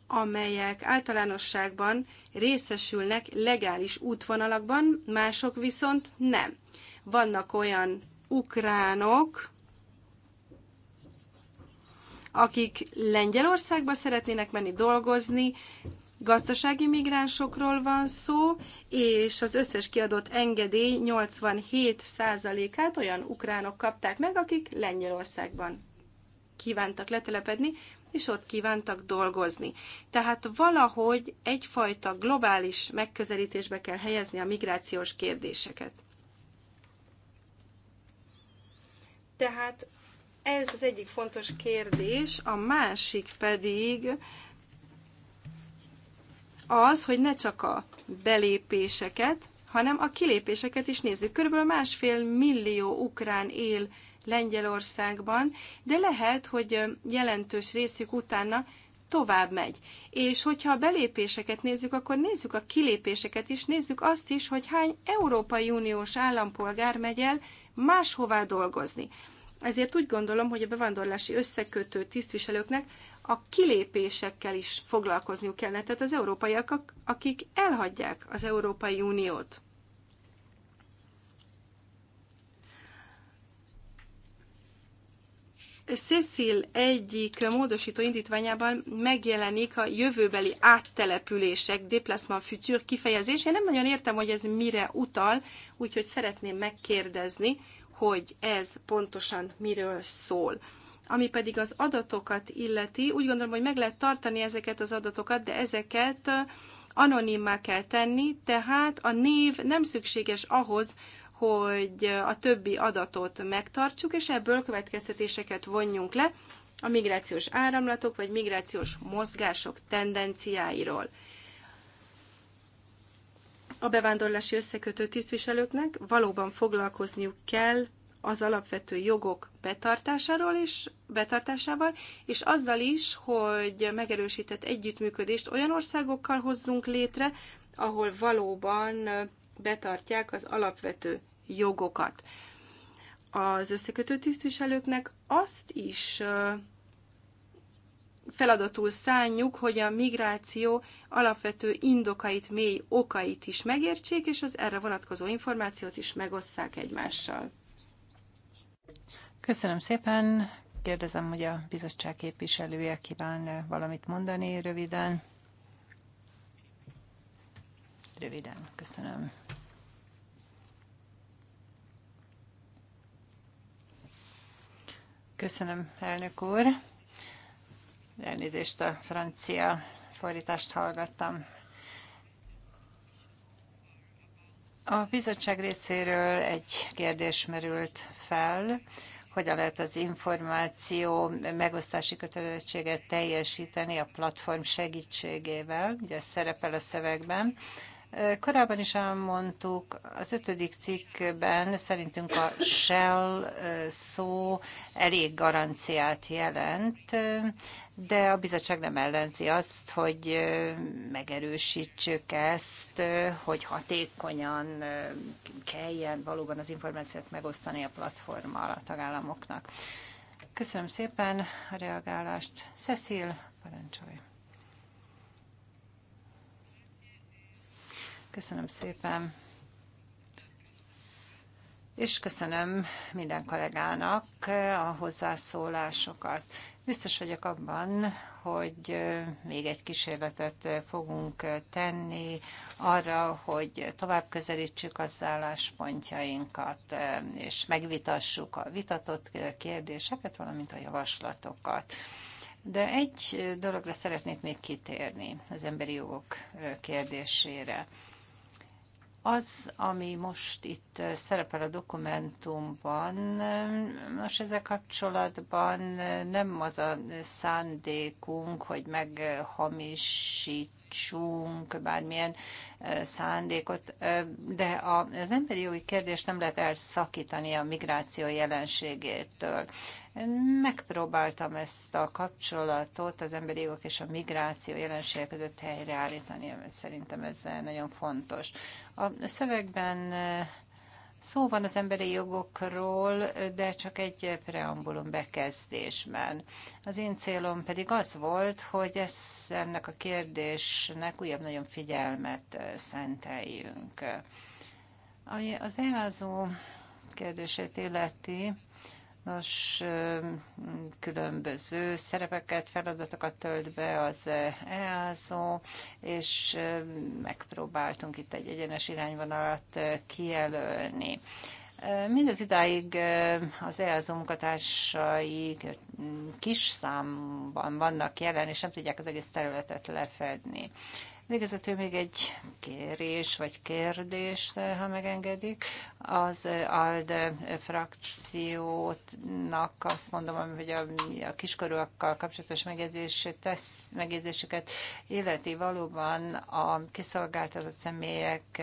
amelyek általánosságban részesülnek legális útvonalakban, mások viszont nem. Vannak olyan ukránok, akik Lengyelországba szeretnének menni dolgozni, Gazdasági migránsokról van szó, és az összes kiadott engedély 87%-át olyan ukránok kapták meg, akik Lengyelországban kívántak letelepedni, és ott kívántak dolgozni. Tehát valahogy egyfajta globális megközelítésbe kell helyezni a migrációs kérdéseket. Tehát ez az egyik fontos kérdés, a másik pedig az, hogy ne csak a belépéseket, hanem a kilépéseket is nézzük. Körülbelül másfél millió ukrán él Lengyelországban, de lehet, hogy jelentős részük utána tovább megy. És hogyha a belépéseket nézzük, akkor nézzük a kilépéseket is, nézzük azt is, hogy hány Európai Uniós állampolgár megy el máshová dolgozni. Ezért úgy gondolom, hogy a bevándorlási összekötő tisztviselőknek a kilépésekkel is foglalkozniuk kellene, tehát az európaiak, akik elhagyják az Európai Uniót. Cecil egyik módosító indítványában megjelenik a jövőbeli áttelepülések, déplacement futur kifejezés. Én nem nagyon értem, hogy ez mire utal, úgyhogy szeretném megkérdezni, hogy ez pontosan miről szól. Ami pedig az adatokat illeti, úgy gondolom, hogy meg lehet tartani ezeket az adatokat, de ezeket anonimmá kell tenni, tehát a név nem szükséges ahhoz, hogy a többi adatot megtartsuk, és ebből következtetéseket vonjunk le a migrációs áramlatok vagy migrációs mozgások tendenciáiról. A bevándorlási összekötő tisztviselőknek valóban foglalkozniuk kell az alapvető jogok betartásáról is betartásával, és azzal is, hogy megerősített együttműködést olyan országokkal hozzunk létre, ahol valóban betartják az alapvető jogokat. Az összekötő tisztviselőknek azt is feladatul szánjuk, hogy a migráció alapvető indokait, mély okait is megértsék, és az erre vonatkozó információt is
megosszák egymással. Köszönöm szépen. Kérdezem, hogy a bizottság képviselője kíván valamit mondani röviden. Röviden, köszönöm. Köszönöm, elnök úr. Elnézést a francia fordítást hallgattam. A bizottság részéről egy kérdés merült fel hogyan lehet az információ megosztási kötelezettséget teljesíteni a platform segítségével, ugye szerepel a szövegben. Korábban is elmondtuk, az ötödik cikkben szerintünk a shell szó elég garanciát jelent, de a bizottság nem ellenzi azt, hogy megerősítsük ezt, hogy hatékonyan kelljen valóban az információt megosztani a platformmal a tagállamoknak. Köszönöm szépen a reagálást. Cecil, parancsolj! Köszönöm szépen. És köszönöm minden kollégának a hozzászólásokat. Biztos vagyok abban, hogy még egy kísérletet fogunk tenni arra, hogy tovább közelítsük az álláspontjainkat, és megvitassuk a vitatott kérdéseket, valamint a javaslatokat. De egy dologra szeretnék még kitérni, az emberi jogok kérdésére. Az, ami most itt szerepel a dokumentumban, most ezzel kapcsolatban nem az a szándékunk, hogy meghamisít tartsunk bármilyen szándékot, de az emberi jogi kérdést nem lehet elszakítani a migráció jelenségétől. Megpróbáltam ezt a kapcsolatot az emberi jogok és a migráció jelenségek között helyreállítani, szerintem ez nagyon fontos. A szövegben Szó van az emberi jogokról, de csak egy preambulum bekezdésben. Az én célom pedig az volt, hogy ezt, ennek a kérdésnek újabb nagyon figyelmet szenteljünk. az EASO kérdését illeti, Nos, különböző szerepeket, feladatokat tölt be az EASO, és megpróbáltunk itt egy egyenes irányvonalat kijelölni. Mindez idáig az EASO munkatársai kis számban vannak jelen, és nem tudják az egész területet lefedni. Végezetül még egy kérés vagy kérdést, ha megengedik. Az ALDE frakciótnak azt mondom, hogy a, a kiskorúakkal kapcsolatos tesz, megjegyzéseket életi valóban a kiszolgáltatott személyek,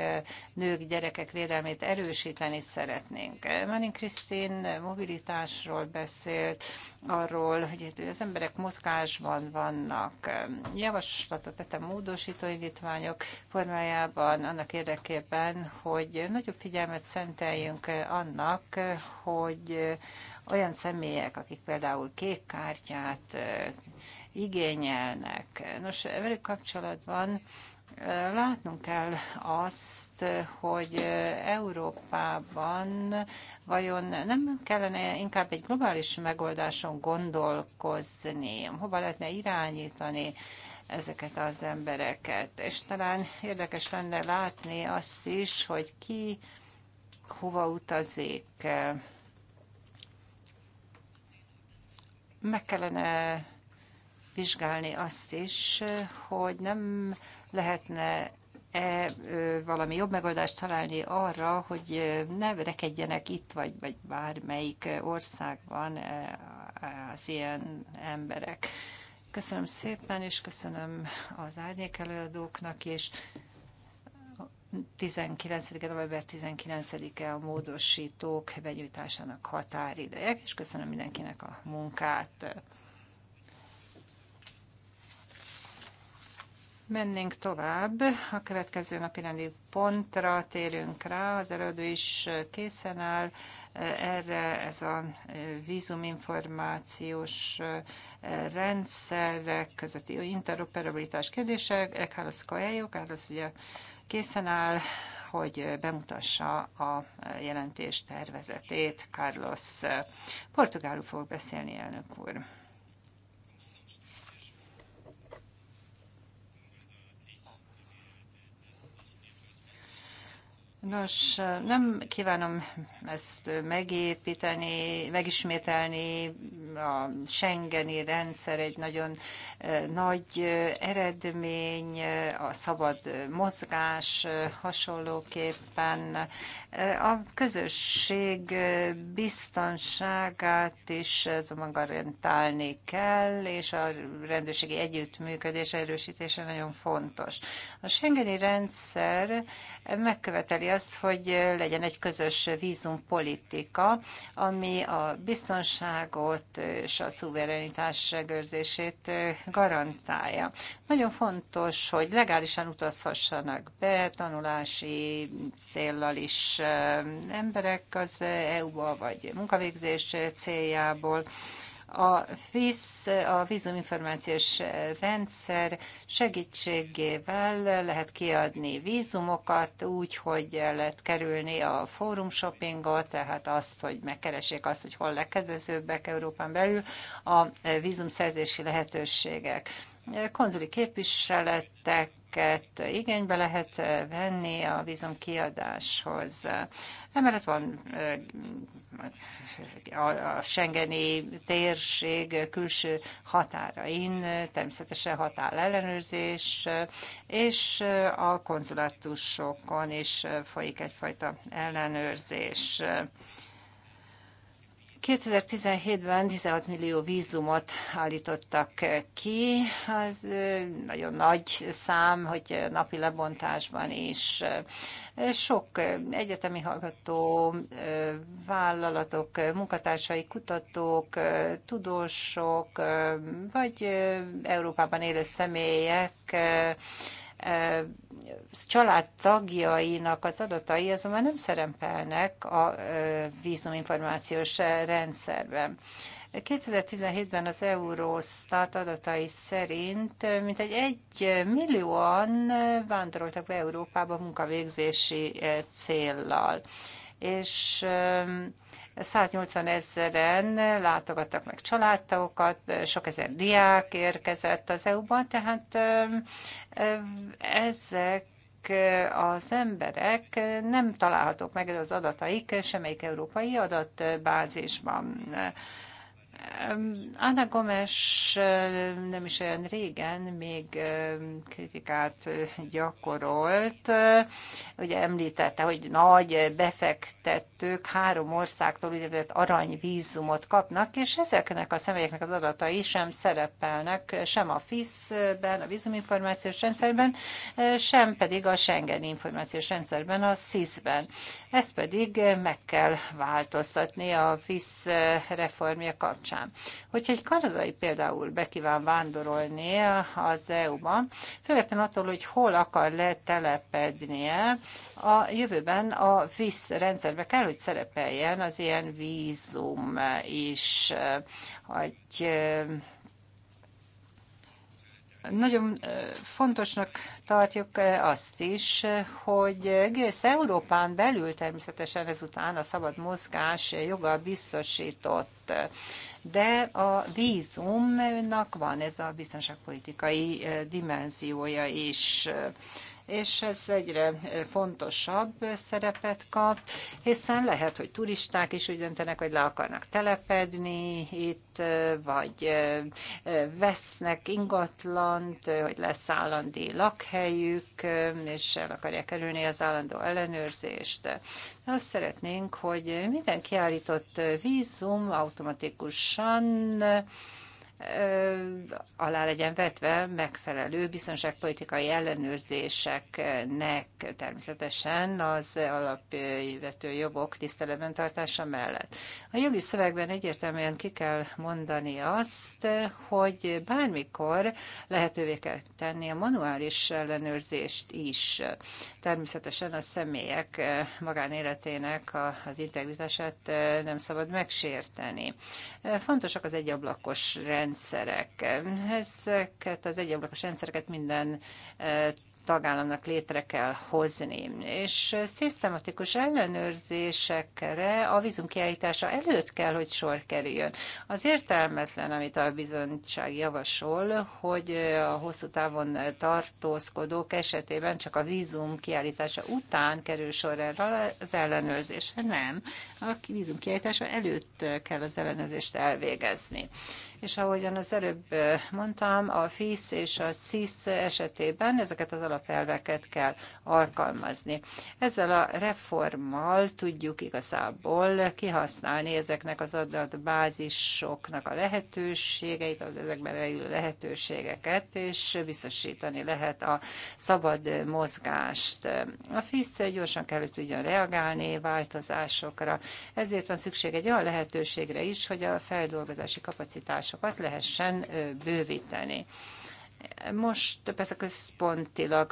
nők, gyerekek védelmét erősíteni szeretnénk. Manin Krisztin mobilitásról beszélt, arról, hogy az emberek mozgásban vannak. Javaslatot tettem módosító indítványok formájában annak érdekében, hogy nagyobb figyelmet szenteljünk annak, hogy olyan személyek, akik például kék kártyát eh, igényelnek. Nos, velük kapcsolatban látnunk kell azt, hogy Európában vajon nem kellene inkább egy globális megoldáson gondolkozni, hova lehetne irányítani ezeket az embereket. És talán érdekes lenne látni azt is, hogy ki hova utazik. Meg kellene vizsgálni azt is, hogy nem lehetne -e valami jobb megoldást találni arra, hogy ne rekedjenek itt, vagy, vagy bármelyik országban az ilyen emberek. Köszönöm szépen, és köszönöm az árnyék előadóknak, és 19 november 19-e a módosítók benyújtásának határideje, és köszönöm mindenkinek a munkát. Mennénk tovább. A következő napi rendi pontra térünk rá. Az előadó is készen áll. Erre ez a vízuminformációs rendszerek közötti interoperabilitás kérdése. Ekhálasz Koelyó, Kárlasz ugye készen áll, hogy bemutassa a jelentés tervezetét. Carlos portugálul fog beszélni, elnök úr. Nos, nem kívánom ezt megépíteni, megismételni. A Schengeni rendszer egy nagyon eh, nagy eh, eredmény, a szabad mozgás eh, hasonlóképpen a közösség biztonságát is azonban garantálni kell, és a rendőrségi együttműködés erősítése nagyon fontos. A Schengeni rendszer megköveteli azt, hogy legyen egy közös vízumpolitika, ami a biztonságot és a szuverenitás megőrzését garantálja. Nagyon fontos, hogy legálisan utazhassanak be, tanulási céllal is emberek az EU-ba, vagy munkavégzés céljából. A VISZ, a vízuminformációs rendszer segítségével lehet kiadni vízumokat úgy, hogy lehet kerülni a fórum shoppingot, tehát azt, hogy megkeressék azt, hogy hol legkedvezőbbek Európán belül a vízumszerzési lehetőségek konzuli képviseleteket igénybe lehet eh, venni a vízum kiadáshoz. Emellett van eh, a Schengeni térség külső határain, természetesen határellenőrzés, és a konzulátusokon is folyik egyfajta ellenőrzés. 2017-ben 16 millió vízumot állítottak ki, az nagyon nagy szám, hogy napi lebontásban is sok egyetemi hallgató, vállalatok, munkatársai, kutatók, tudósok, vagy Európában élő személyek családtagjainak az adatai azonban nem szerepelnek a vízuminformációs rendszerben. 2017-ben az Eurostat adatai szerint mintegy egy millióan vándoroltak be Európába munkavégzési céllal. És 180 ezeren látogattak meg családtagokat, sok ezer diák érkezett az EU-ban, tehát ezek az emberek nem találhatók meg az adataik semmelyik európai adatbázisban. Anna Gomes nem is olyan régen még kritikát gyakorolt. Ugye említette, hogy nagy befektetők három országtól úgynevezett aranyvízumot kapnak, és ezeknek a személyeknek az adatai sem szerepelnek sem a fisz ben a vízuminformációs rendszerben, sem pedig a Schengen információs rendszerben, a SIS-ben. Ezt pedig meg kell változtatni a FISZ reformja kapcsán kapcsán. Hogyha egy kanadai például bekíván vándorolni az EU-ba, függetlenül attól, hogy hol akar letelepednie, a jövőben a VISZ rendszerbe kell, hogy szerepeljen az ilyen vízum is, hogy nagyon fontosnak tartjuk azt is, hogy egész Európán belül természetesen ezután a szabad mozgás joga biztosított de a vízumnak van ez a biztonságpolitikai dimenziója is és ez egyre fontosabb szerepet kap, hiszen lehet, hogy turisták is úgy döntenek, hogy le akarnak telepedni itt, vagy vesznek ingatlant, hogy lesz állandi lakhelyük, és el akarják kerülni az állandó ellenőrzést. Azt szeretnénk, hogy minden kiállított vízum automatikusan alá legyen vetve megfelelő biztonságpolitikai ellenőrzéseknek természetesen az alapvető jogok tiszteletben tartása mellett. A jogi szövegben egyértelműen ki kell mondani azt, hogy bármikor lehetővé kell tenni a manuális ellenőrzést is. Természetesen a személyek magánéletének az integrizását nem szabad megsérteni. Fontosak az egyablakos rend rendszerek. Ezeket az egyablakos rendszereket minden eh, tagállamnak létre kell hozni, és szisztematikus ellenőrzésekre a vízum kiállítása előtt kell, hogy sor kerüljön. Az értelmetlen, amit a bizottság javasol, hogy a hosszú távon tartózkodók esetében csak a vízum kiállítása után kerül sor erre az ellenőrzésre. Nem, a vízum kiállítása előtt kell az ellenőrzést elvégezni és ahogyan az előbb mondtam, a FISZ és a CISZ esetében ezeket az alapelveket kell alkalmazni. Ezzel a reformmal tudjuk igazából kihasználni ezeknek az adatbázisoknak a lehetőségeit, az ezekben rejlő lehetőségeket, és biztosítani lehet a szabad mozgást. A FISZ gyorsan kell, hogy tudjon reagálni változásokra, ezért van szükség egy olyan lehetőségre is, hogy a feldolgozási kapacitás forrásokat lehessen bővíteni. Most persze központilag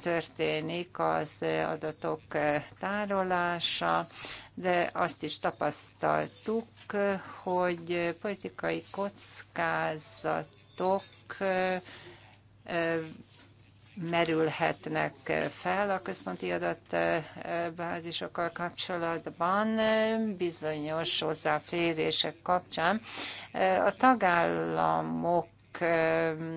történik az adatok tárolása, de azt is tapasztaltuk, hogy politikai kockázatok merülhetnek fel a központi adatbázisokkal kapcsolatban bizonyos hozzáférések kapcsán. A tagállamok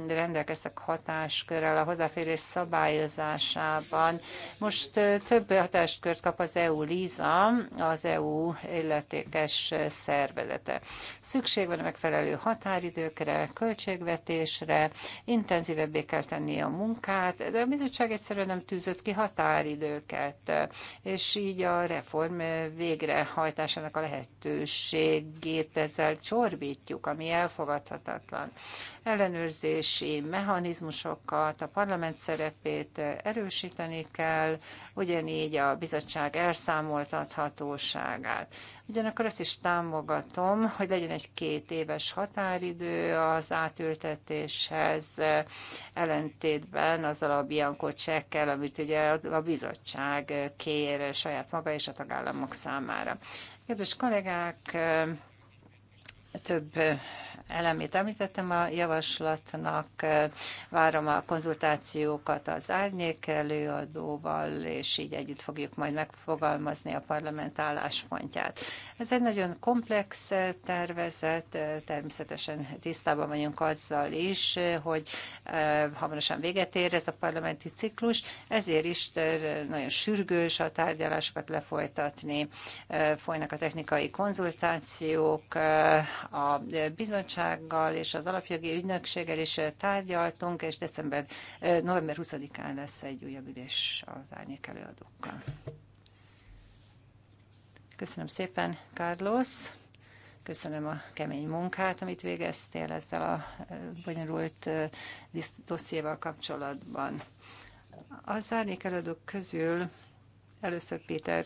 rendelkeztek hatáskörrel a hozzáférés szabályozásában. Most több hatáskört kap az EU LISA, az EU illetékes szervezete. Szükség van a megfelelő határidőkre, költségvetésre, intenzívebbé kell tenni a munkát, de a bizottság egyszerűen nem tűzött ki határidőket, és így a reform végrehajtásának a lehetőségét ezzel csorbítjuk, ami elfogadhatatlan ellenőrzési mechanizmusokat, a parlament szerepét erősíteni kell, ugyanígy a bizottság elszámoltathatóságát. Ugyanakkor ezt is támogatom, hogy legyen egy két éves határidő az átültetéshez, ellentétben azzal a Bianco csekkel, amit ugye a bizottság kér saját maga és a tagállamok számára. Kedves kollégák, több elemét említettem a javaslatnak, várom a konzultációkat az árnyék előadóval, és így együtt fogjuk majd megfogalmazni a parlament álláspontját. Ez egy nagyon komplex tervezet, természetesen tisztában vagyunk azzal is, hogy hamarosan véget ér ez a parlamenti ciklus, ezért is nagyon sürgős a tárgyalásokat lefolytatni, folynak a technikai konzultációk, a bizottság bizottsággal és az alapjogi ügynökséggel is tárgyaltunk, és december, november 20-án lesz egy újabb ülés az árnyék előadókkal. Köszönöm szépen, Carlos. Köszönöm a kemény munkát, amit végeztél ezzel a bonyolult dossziéval kapcsolatban. Az árnyék előadók közül először Péter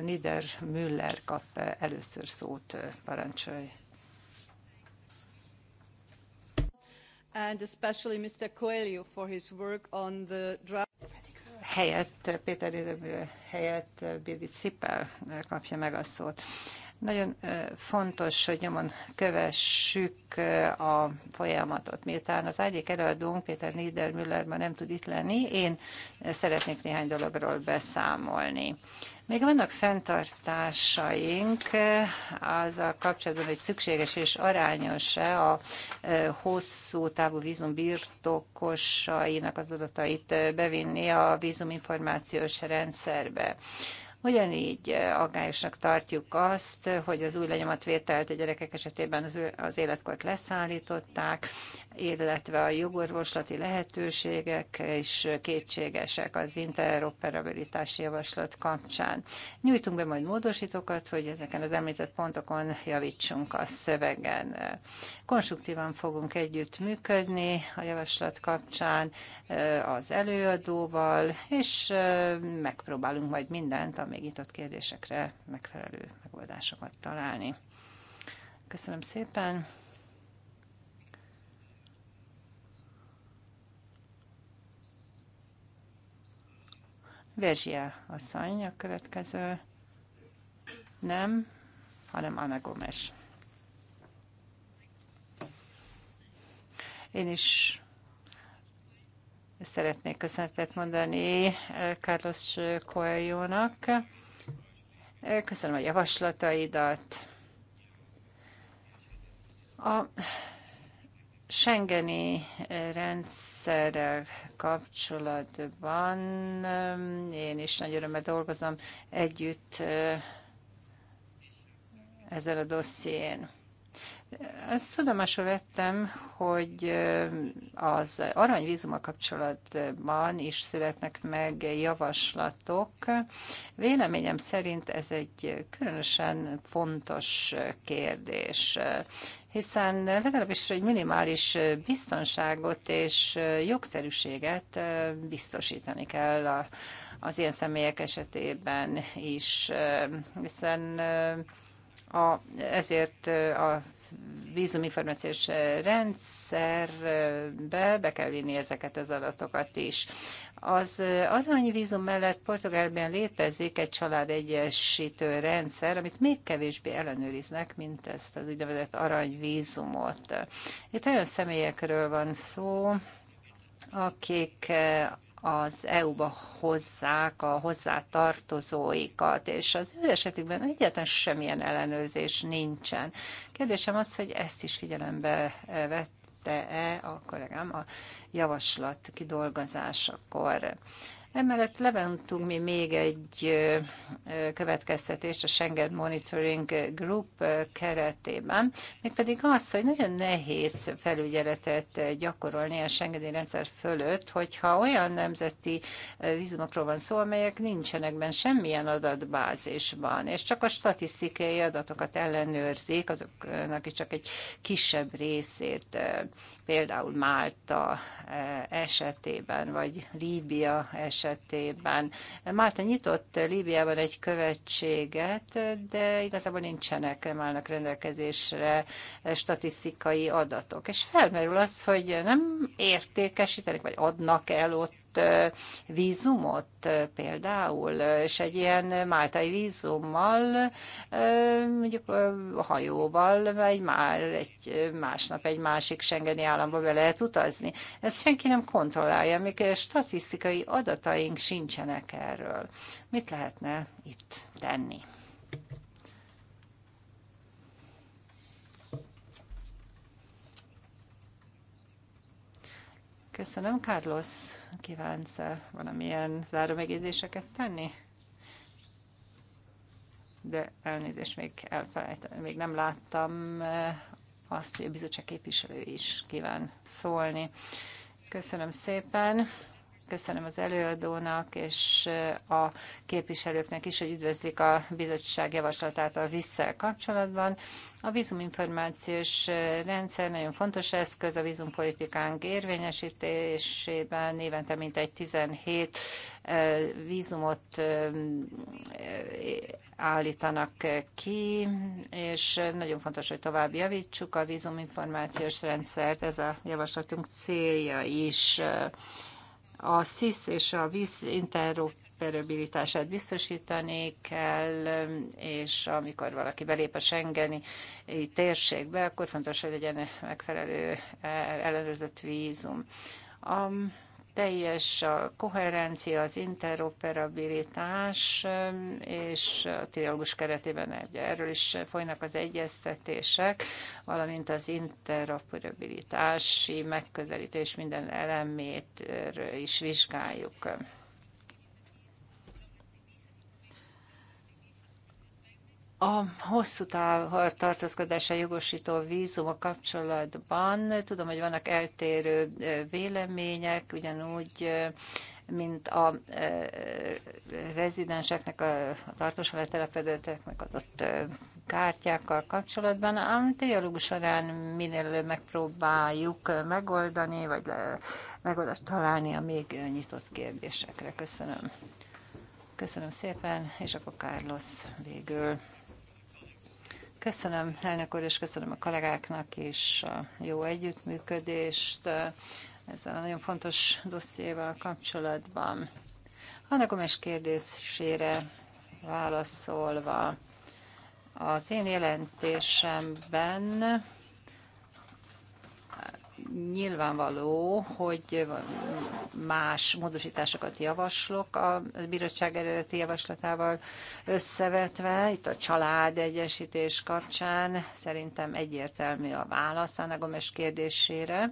Nieder Müller kap először szót, parancsolj. and especially Mr. Coelho for his work on the draft. Helyett, Péter Érdemű helyett Birgit Cipel kapja meg a szót. Nagyon fontos, hogy nyomon kövessük a folyamatot. Miután az egyik előadónk, Péter Niedermüller ma nem tud itt lenni, én szeretnék néhány dologról beszámolni. Még vannak fenntartásaink az a kapcsolatban, hogy szükséges és arányos-e a hosszú távú vízum birtokosainak az adatait bevinni a vízuminformációs rendszerbe. Ugyanígy aggályosnak tartjuk azt, hogy az új lenyomatvételt a gyerekek esetében az, az életkort leszállították, illetve a jogorvoslati lehetőségek is kétségesek az interoperabilitási javaslat kapcsán. Nyújtunk be majd módosítókat, hogy ezeken az említett pontokon javítsunk a szövegen. Konstruktívan fogunk együtt működni a javaslat kapcsán az előadóval, és megpróbálunk majd mindent a még nyitott kérdésekre megfelelő megoldásokat találni. Köszönöm szépen! Verzsia asszony a következő. Nem, hanem Anna Gomes. Én is szeretnék köszönetet mondani eh, Carlos Coelho-nak. Eh, köszönöm a javaslataidat. A Schengeni eh, rendszerrel kapcsolatban én is nagy örömmel dolgozom együtt ezzel a dosszién. Ezt tudomásul vettem, hogy az aranyvízummal kapcsolatban is születnek meg javaslatok. Véleményem szerint ez egy különösen fontos kérdés, hiszen legalábbis egy minimális biztonságot és jogszerűséget biztosítani kell a, az ilyen személyek esetében is, hiszen a, ezért a vízuminformációs rendszerbe be kell vinni ezeket az adatokat is. Az aranyvízum mellett Portugálban létezik egy családegyesítő rendszer, amit még kevésbé ellenőriznek, mint ezt az úgynevezett aranyvízumot. Itt olyan személyekről van szó, akik az EU-ba hozzák a hozzátartozóikat, és az ő esetükben egyáltalán semmilyen ellenőrzés nincsen. Kérdésem az, hogy ezt is figyelembe vette-e a kollégám a javaslat kidolgozásakor. Emellett levontunk mi még egy következtetést a Schengen Monitoring Group keretében, mégpedig az, hogy nagyon nehéz felügyeletet gyakorolni a Schengeni rendszer fölött, hogyha olyan nemzeti vízumokról van szó, amelyek nincsenek benne semmilyen adatbázisban, és csak a statisztikai adatokat ellenőrzik, azoknak is csak egy kisebb részét, például Málta esetében, vagy Líbia esetében. Márta nyitott Líbiában egy követséget, de igazából nincsenek, nem állnak rendelkezésre statisztikai adatok. És felmerül az, hogy nem értékesítenek, vagy adnak el ott vízumot például, és egy ilyen máltai vízummal, mondjuk hajóval, vagy már, egy másnap egy másik Schengeni államba be lehet utazni. Ezt senki nem kontrollálja, még statisztikai adataink sincsenek erről. Mit lehetne itt tenni? Köszönöm, Carlos kívánsz valamilyen megjegyzéseket tenni? De elnézést, még, elfelejtem, még nem láttam eh, azt, hogy a bizottság képviselő is kíván szólni. Köszönöm szépen. Köszönöm az előadónak és a képviselőknek is, hogy üdvözlik a bizottság javaslatát a visszel kapcsolatban. A vízuminformációs rendszer nagyon fontos eszköz a vízumpolitikánk érvényesítésében. Évente mintegy 17 vízumot állítanak ki, és nagyon fontos, hogy tovább javítsuk a vízuminformációs rendszert. Ez a javaslatunk célja is. A SIS és a víz interoperabilitását biztosítani kell, és amikor valaki belép a Schengeni térségbe, akkor fontos, hogy legyen megfelelő eh, ellenőrzött vízum. A teljes a koherencia, az interoperabilitás, és a trialógus keretében ugye erről is folynak az egyeztetések, valamint az interoperabilitási megközelítés minden elemét is vizsgáljuk. A hosszú táv tartózkodásra jogosító vízum a kapcsolatban tudom, hogy vannak eltérő vélemények, ugyanúgy mint a rezidenseknek, a tartósan letelepedetteknek adott kártyákkal kapcsolatban, ám dialógus során minél előbb megpróbáljuk megoldani, vagy megoldást találni a még nyitott kérdésekre. Köszönöm. Köszönöm szépen, és akkor Carlos végül. Köszönöm elnök úr, és köszönöm a kollégáknak is a jó együttműködést ezzel a nagyon fontos dossziéval kapcsolatban. a Gomes kérdésére válaszolva, az én jelentésemben nyilvánvaló, hogy más módosításokat javaslok a bíróság eredeti javaslatával összevetve. Itt a család egyesítés kapcsán szerintem egyértelmű a válasz a Gomes kérdésére.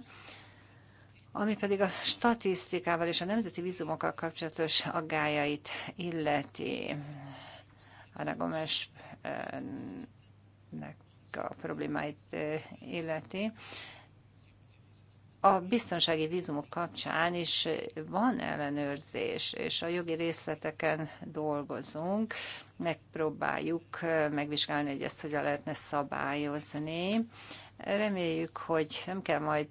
Ami pedig a statisztikával és a nemzeti vízumokkal kapcsolatos aggájait illeti. a Gomes a problémáit eh, illeti a biztonsági vízumok kapcsán is van ellenőrzés, és a jogi részleteken dolgozunk, megpróbáljuk megvizsgálni, hogy ezt hogyan lehetne szabályozni. Reméljük, hogy nem kell majd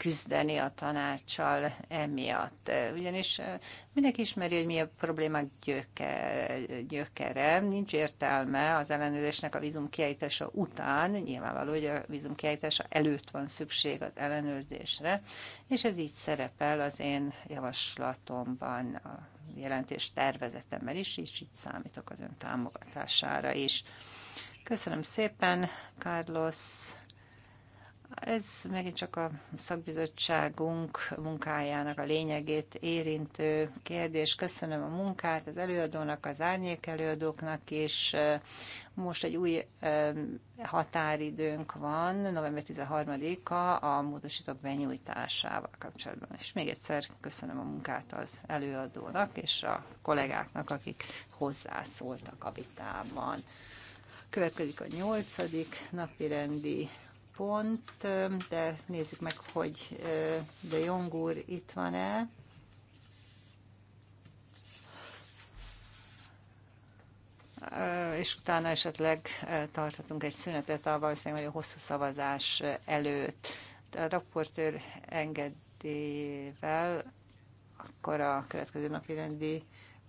küzdeni a tanácssal emiatt. Ugyanis mindenki ismeri, hogy mi a problémák gyökere. Nincs értelme az ellenőrzésnek a vízum kiállítása után, nyilvánvaló, hogy a vízum kiállítása előtt van szükség az ellenőrzésre, és ez így szerepel az én javaslatomban, a jelentés tervezetemben is, és így számítok az ön támogatására is. Köszönöm szépen, Carlos. Ez megint csak a szakbizottságunk munkájának a lényegét érintő kérdés. Köszönöm a munkát az előadónak, az árnyék előadóknak, és most egy új határidőnk van, november 13-a a módosítók benyújtásával kapcsolatban. És még egyszer köszönöm a munkát az előadónak és a kollégáknak, akik hozzászóltak a vitában. Következik a nyolcadik napi rendi pont, de nézzük meg, hogy de Jong úr itt van-e. és utána esetleg tarthatunk egy szünetet a valószínűleg nagyon hosszú szavazás előtt. A raportőr engedélyével akkor a következő napi rendi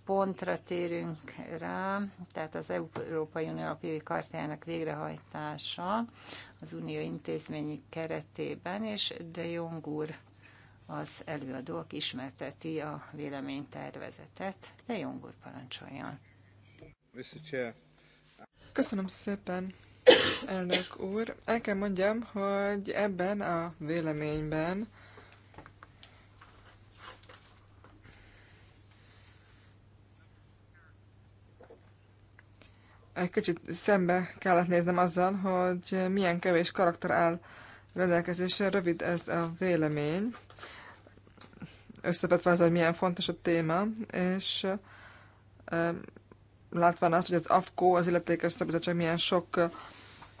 pontra térünk rá, tehát az Európai Unió alapjogi kartájának végrehajtása az unió intézményi keretében, és De Jong úr az előadó, aki ismerteti a véleménytervezetet. De Jong úr parancsoljon.
Köszönöm szépen,
elnök úr. El kell mondjam, hogy ebben
a véleményben egy kicsit szembe kellett néznem azzal, hogy milyen kevés karakter áll rendelkezésre. Rövid ez a vélemény, összevetve az, hogy milyen fontos a téma, és látván azt, hogy az AFKO, az illetékes szabizottság milyen sok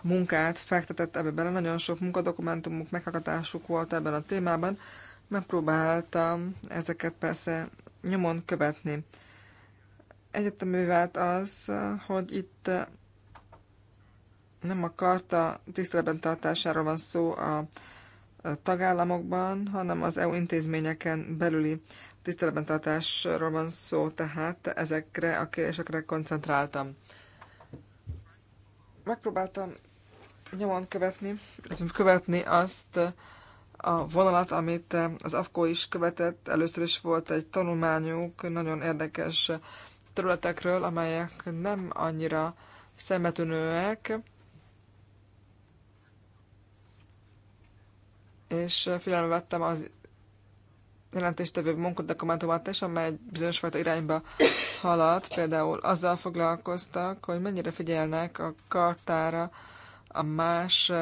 munkát fektetett ebbe bele, nagyon sok munkadokumentumuk, meghallgatásuk volt ebben a témában, megpróbáltam ezeket persze nyomon követni egyetemű vált az, hogy itt nem a karta tiszteletben tartásáról van szó a tagállamokban, hanem az EU intézményeken belüli tiszteletben tartásról van szó, tehát ezekre a kérdésekre koncentráltam. Megpróbáltam nyomon követni, követni azt a vonalat, amit az AFKO is követett. Először is volt egy tanulmányuk, nagyon érdekes területekről, amelyek nem annyira szemetűnőek, és figyelembe vettem az jelentéstevő munkadokumentumot is, amely egy bizonyos fajta irányba haladt. Például azzal foglalkoztak, hogy mennyire figyelnek a kartára a más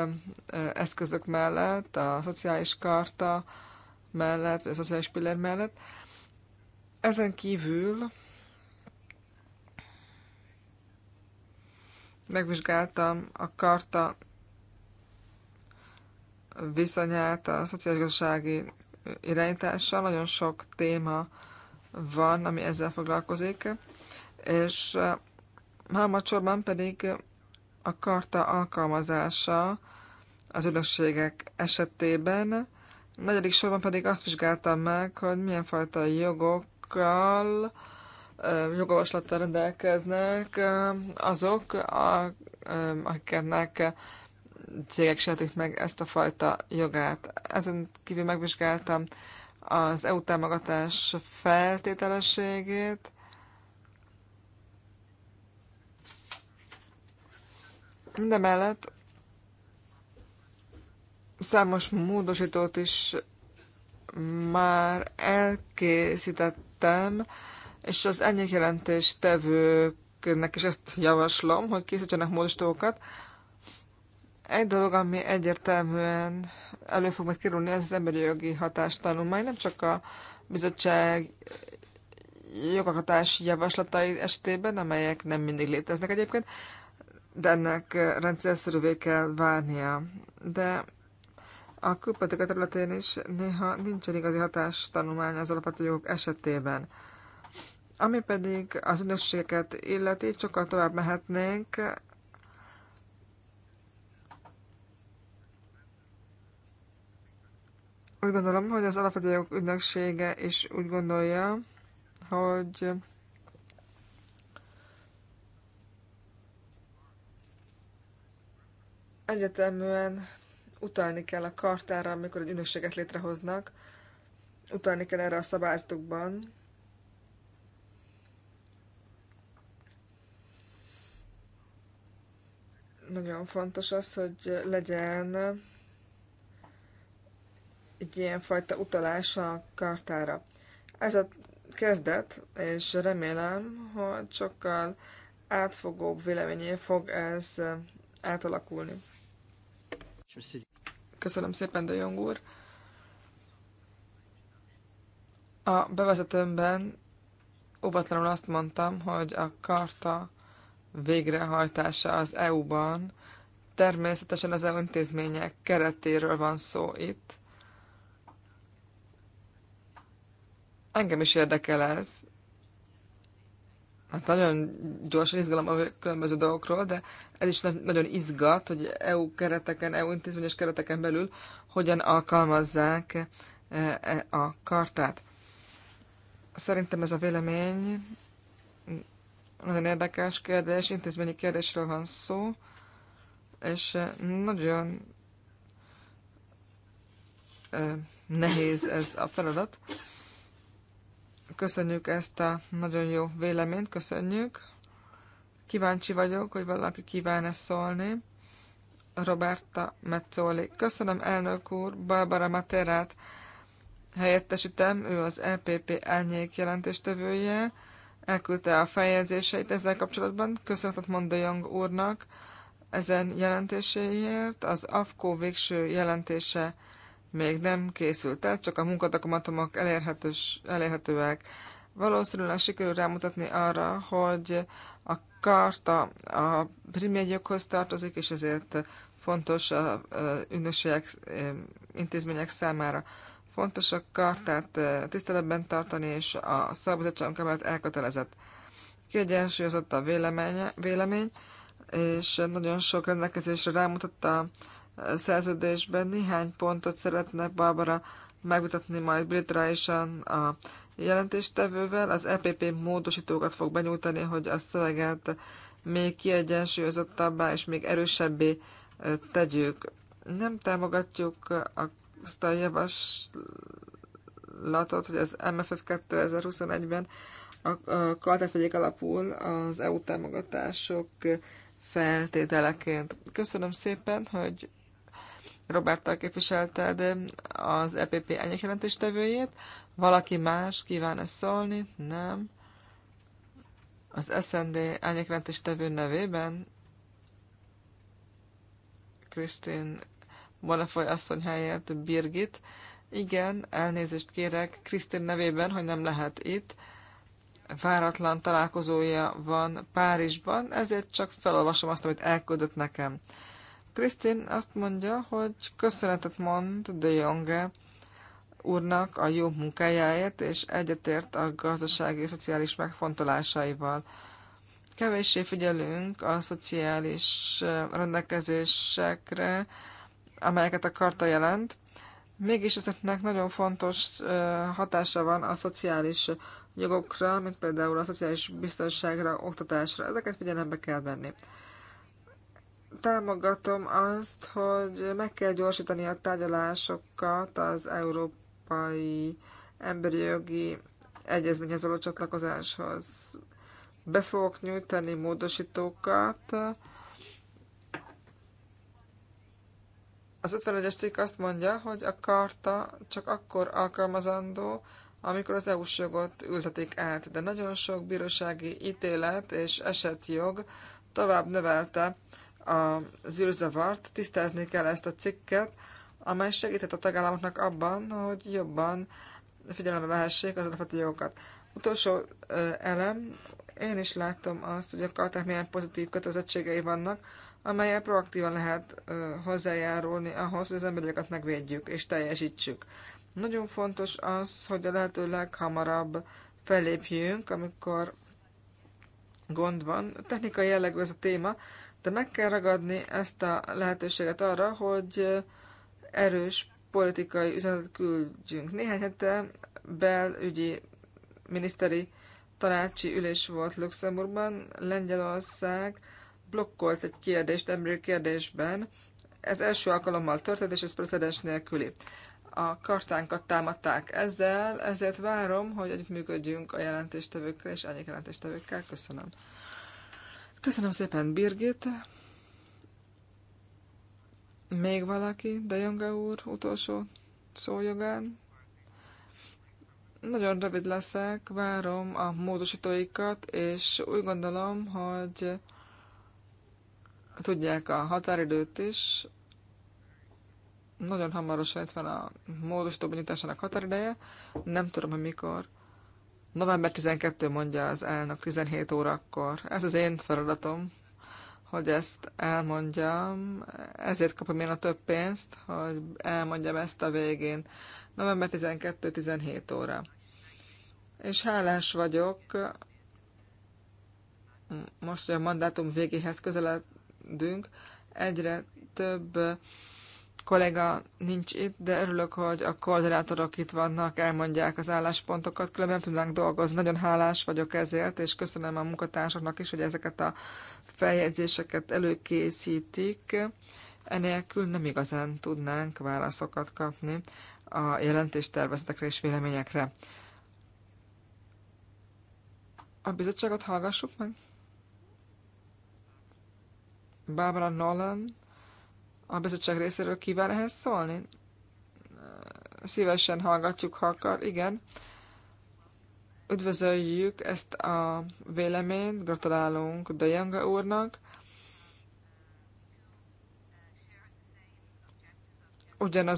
eszközök mellett, a szociális karta mellett, vagy a szociális pillér mellett. Ezen kívül Megvizsgáltam a karta viszonyát a szociális-gazdasági irányítással. Nagyon sok téma van, ami ezzel foglalkozik, és harmadsorban pedig a karta alkalmazása az örökségek esetében, negyedik sorban pedig azt vizsgáltam meg, hogy milyen fajta jogokkal jogavaslattal rendelkeznek, azok, akiknek cégek sértik meg ezt a fajta jogát. Ezen kívül megvizsgáltam az EU támogatás feltételességét, Mindemellett számos módosítót is már elkészítettem, és az ennyi jelentés tevőknek is ezt javaslom, hogy készítsenek módosítókat. Egy dolog, ami egyértelműen elő fog majd kerülni, ez az emberi jogi hatástanulmány, nem csak a bizottság jogalkotási javaslatai esetében, amelyek nem mindig léteznek egyébként, de ennek rendszerszerűvé kell válnia. De a külpolitika területén is néha nincsen igazi hatástanulmány az alapvető jogok esetében. Ami pedig az ügynökségeket illeti, sokkal tovább mehetnénk. Úgy gondolom, hogy az alapvető jogok ügynöksége is úgy gondolja, hogy egyeteműen utalni kell a kartára, amikor egy ünnepséget létrehoznak, utalni kell erre a szabályzatokban, nagyon fontos az, hogy legyen egy ilyenfajta utalás a kartára. Ez a kezdet, és remélem, hogy sokkal átfogóbb véleményé fog ez átalakulni. Köszönöm szépen, De Jong úr. A bevezetőmben óvatlanul azt mondtam, hogy a karta végrehajtása az EU-ban. Természetesen az EU intézmények keretéről van szó itt. Engem is érdekel ez. Hát nagyon gyorsan izgalom a különböző dolgokról, de ez is na- nagyon izgat, hogy EU kereteken, EU intézményes kereteken belül hogyan alkalmazzák e, e, a kartát. Szerintem ez a vélemény nagyon érdekes kérdés, intézményi kérdésről van szó, és eh, nagyon eh, nehéz ez a feladat. Köszönjük ezt a nagyon jó véleményt, köszönjük. Kíváncsi vagyok, hogy valaki kíván-e szólni. Roberta Metzoli. Köszönöm, elnök úr, Barbara Materát helyettesítem, ő az LPP e elnyék jelentéstevője elküldte a feljegyzéseit ezzel kapcsolatban. Köszönetet mond Jong úrnak ezen jelentéséért. Az AFKO végső jelentése még nem készült el, csak a munkadokumentumok elérhetőek. Valószínűleg sikerül rámutatni arra, hogy a karta a primjegyokhoz tartozik, és ezért fontos a ügynökségek, eh, intézmények számára. Fontos a kartát tiszteletben tartani, és a szabadság mellett elkötelezett. Kiegyensúlyozott a véleménye, vélemény, és nagyon sok rendelkezésre rámutatta a szerződésben. Néhány pontot szeretne Barbara megmutatni majd bilaterálisan a jelentéstevővel. Az EPP módosítókat fog benyújtani, hogy a szöveget még kiegyensúlyozottabbá és még erősebbé tegyük. Nem támogatjuk a azt a javaslatot, hogy az MFF 2021-ben a kartát alapul az EU támogatások feltételeként. Köszönöm szépen, hogy Roberta képviselted az EPP ennyi jelentéstevőjét. Valaki más kíván-e szólni? Nem. Az SND ennyi jelentéstevő nevében Krisztin Bonnefoy asszony helyett Birgit. Igen, elnézést kérek Krisztin nevében, hogy nem lehet itt. Váratlan találkozója van Párizsban, ezért csak felolvasom azt, amit elküldött nekem. Krisztin azt mondja, hogy köszönetet mond de Jonge úrnak a jó munkájáért, és egyetért a gazdasági és szociális megfontolásaival. Kevéssé figyelünk a szociális eh, rendelkezésekre, amelyeket a karta jelent, mégis ezeknek nagyon fontos hatása van a szociális jogokra, mint például a szociális biztonságra, oktatásra. Ezeket figyelembe kell venni. Támogatom azt, hogy meg kell gyorsítani a tárgyalásokat az Európai Emberi Jogi Egyezményhez való csatlakozáshoz. Be fogok nyújtani módosítókat, Az 51-es cikk azt mondja, hogy a karta csak akkor alkalmazandó, amikor az EU-s jogot ültetik át, de nagyon sok bírósági ítélet és esetjog tovább növelte a zűrzavart. Tisztázni kell ezt a cikket, amely segített a tagállamoknak abban, hogy jobban figyelembe vehessék az alapvető jogokat. Utolsó elem, én is látom azt, hogy a karták milyen pozitív kötelezettségei vannak, amelyel proaktívan lehet hozzájárulni ahhoz, hogy az embereket megvédjük és teljesítsük. Nagyon fontos az, hogy a lehető leghamarabb felépjünk, amikor gond van. Technikai jellegű ez a téma, de meg kell ragadni ezt a lehetőséget arra, hogy erős politikai üzenetet küldjünk. Néhány hete belügyi miniszteri tanácsi ülés volt Luxemburgban, Lengyelország blokkolt egy kérdést emberi kérdésben. Ez első alkalommal történt, és ez precedens nélküli. A kartánkat támadták ezzel, ezért várom, hogy együttműködjünk a jelentéstevőkkel és ányék jelentéstevőkkel. Köszönöm. Köszönöm szépen, Birgit. Még valaki, de Jönge úr utolsó szójogán. Nagyon rövid leszek, várom a módosítóikat, és úgy gondolom, hogy tudják a határidőt is. Nagyon hamarosan itt van a módosító benyújtásának határideje. Nem tudom, hogy mikor. November 12 mondja az elnök 17 órakor. Ez az én feladatom, hogy ezt elmondjam. Ezért kapom én a több pénzt, hogy elmondjam ezt a végén. November 12-17 óra. És hálás vagyok most, hogy a mandátum végéhez közeled fejlődünk. Egyre több kollega nincs itt, de örülök, hogy a koordinátorok itt vannak, elmondják az álláspontokat, különben nem tudnánk dolgozni. Nagyon hálás vagyok ezért, és köszönöm a munkatársaknak is, hogy ezeket a feljegyzéseket előkészítik. Enélkül nem igazán tudnánk válaszokat kapni a jelentéstervezetekre és véleményekre. A bizottságot hallgassuk meg? Barbara Nolan a bizottság részéről kíván ehhez szólni? Szívesen hallgatjuk, ha akar. Igen. Üdvözöljük ezt a véleményt, gratulálunk De Younger úrnak.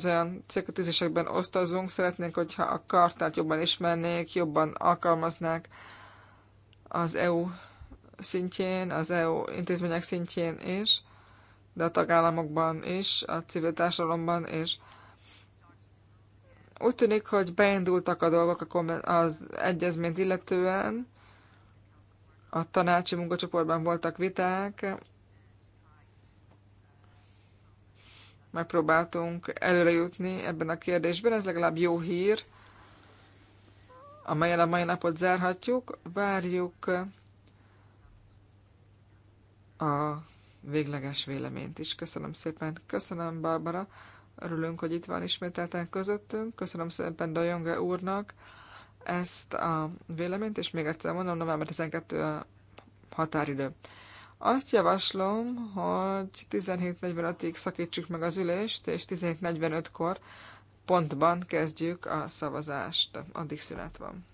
olyan célkötőzésekben osztozunk, szeretnénk, hogyha a kartát jobban ismernék, jobban alkalmaznák az EU szintjén, az EU intézmények szintjén is, de a tagállamokban is, a civil társadalomban is. Úgy tűnik, hogy beindultak a dolgok az egyezményt illetően, a tanácsi munkacsoportban voltak viták, megpróbáltunk előrejutni ebben a kérdésben, ez legalább jó hír, amelyen a mai napot zárhatjuk. Várjuk a végleges véleményt is. Köszönöm szépen. Köszönöm, Barbara. Örülünk, hogy itt van ismételten közöttünk. Köszönöm szépen Dajonga úrnak ezt a véleményt, és még egyszer mondom, november 12 a határidő. Azt javaslom, hogy 17.45-ig szakítsuk meg az ülést, és 17.45-kor pontban kezdjük a szavazást. Addig szület van.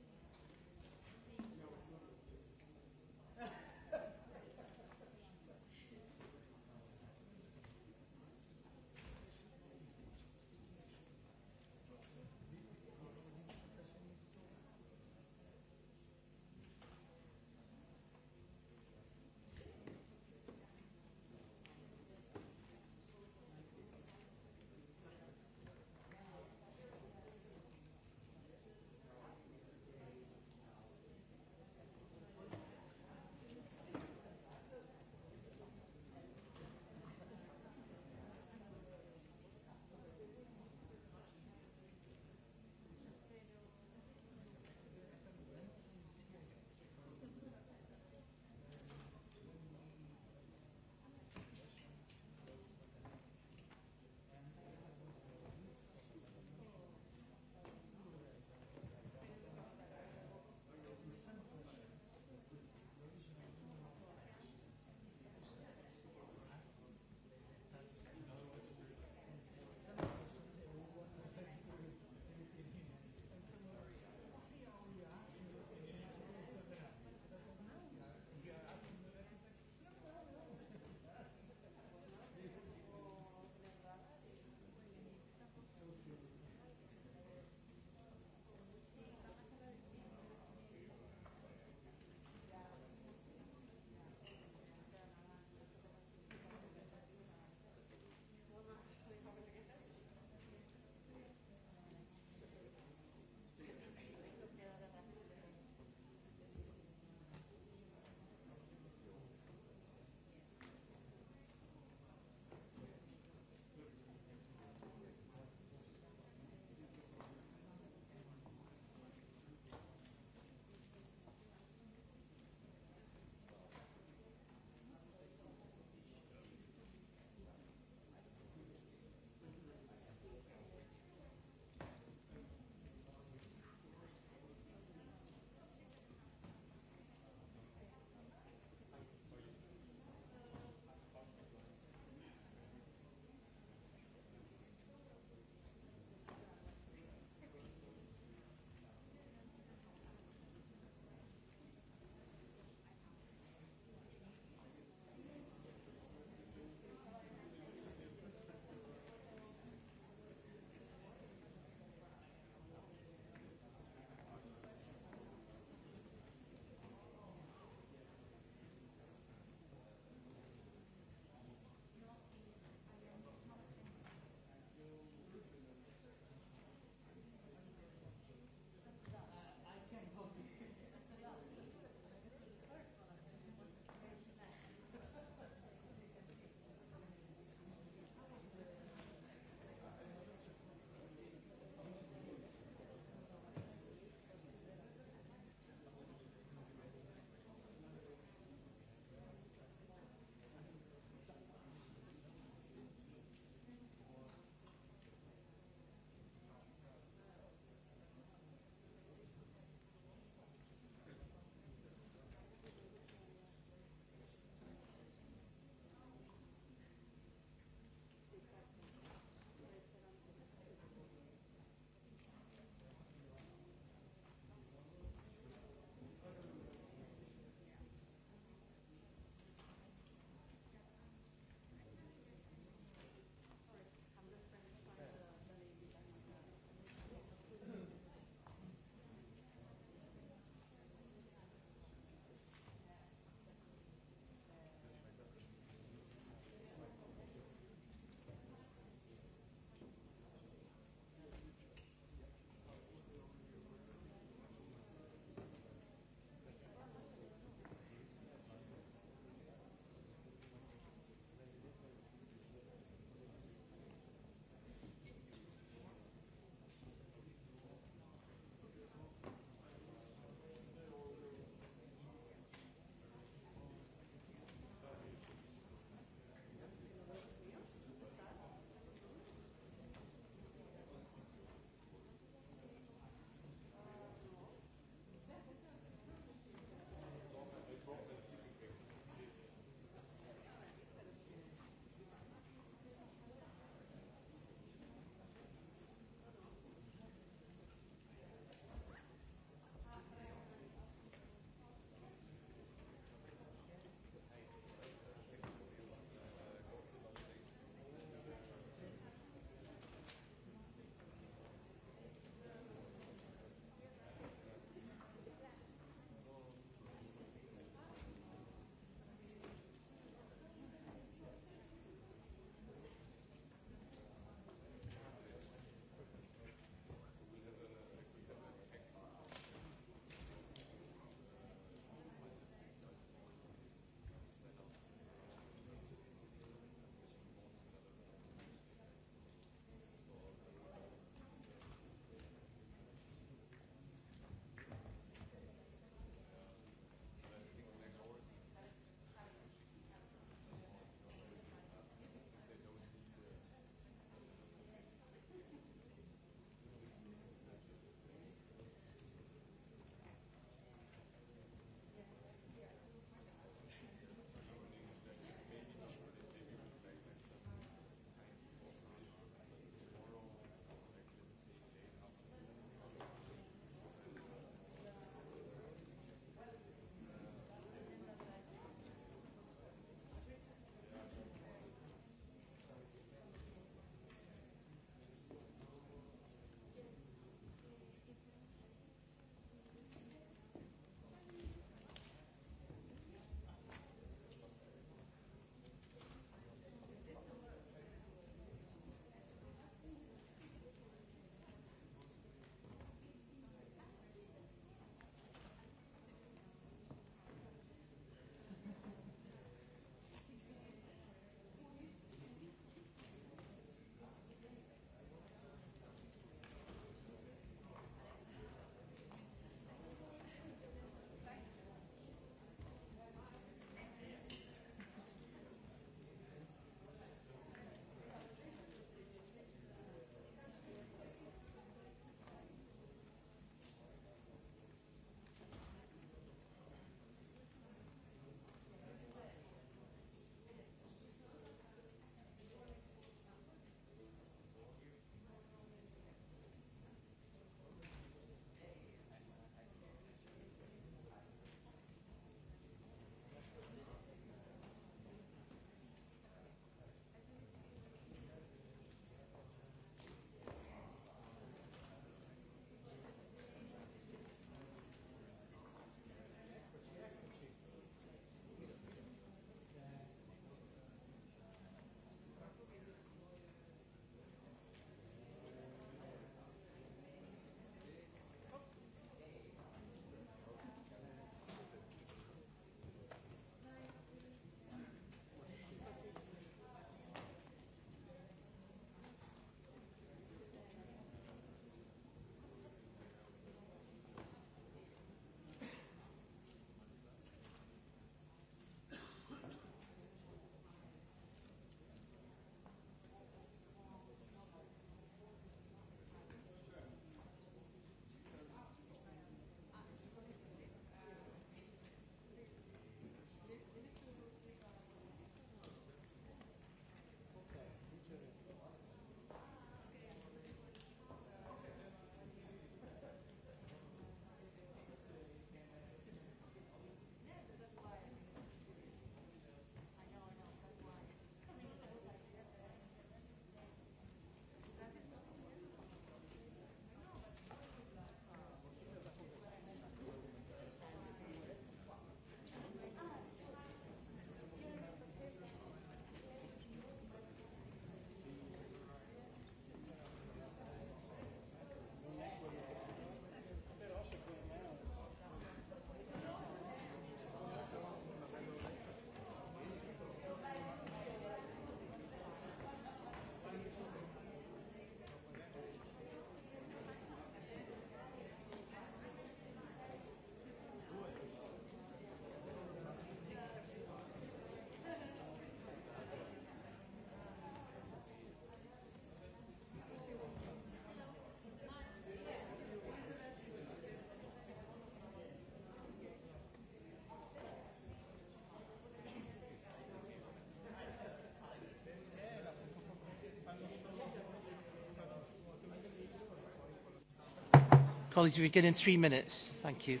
Colleagues, we begin in three minutes. Thank you.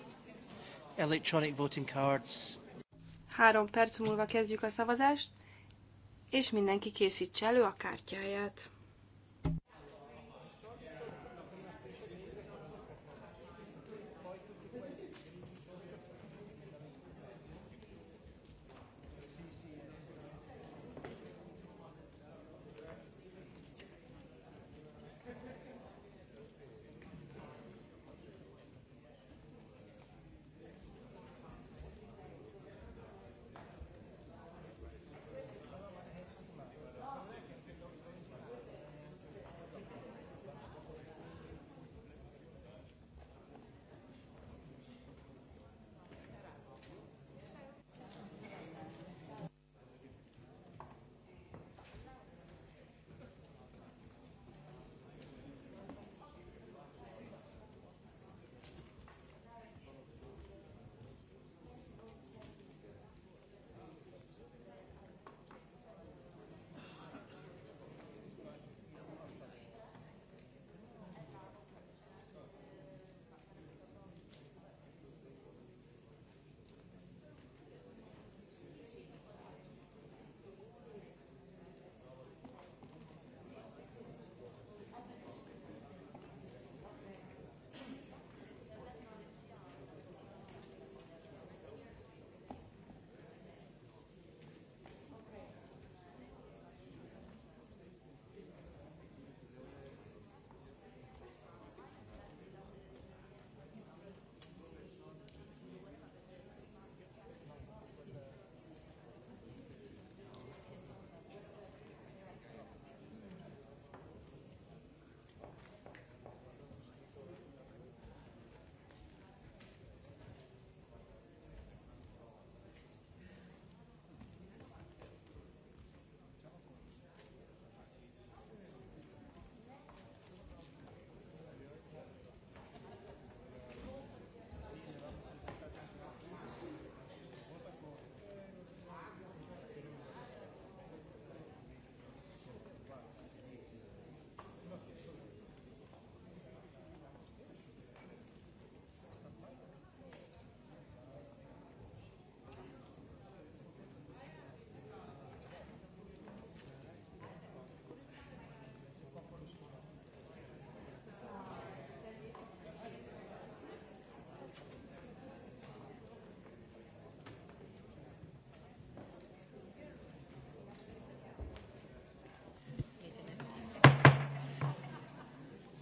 Electronic voting cards.
Három perc múlva kezdjük a szavazást, és mindenki készítse elő a kártyáját.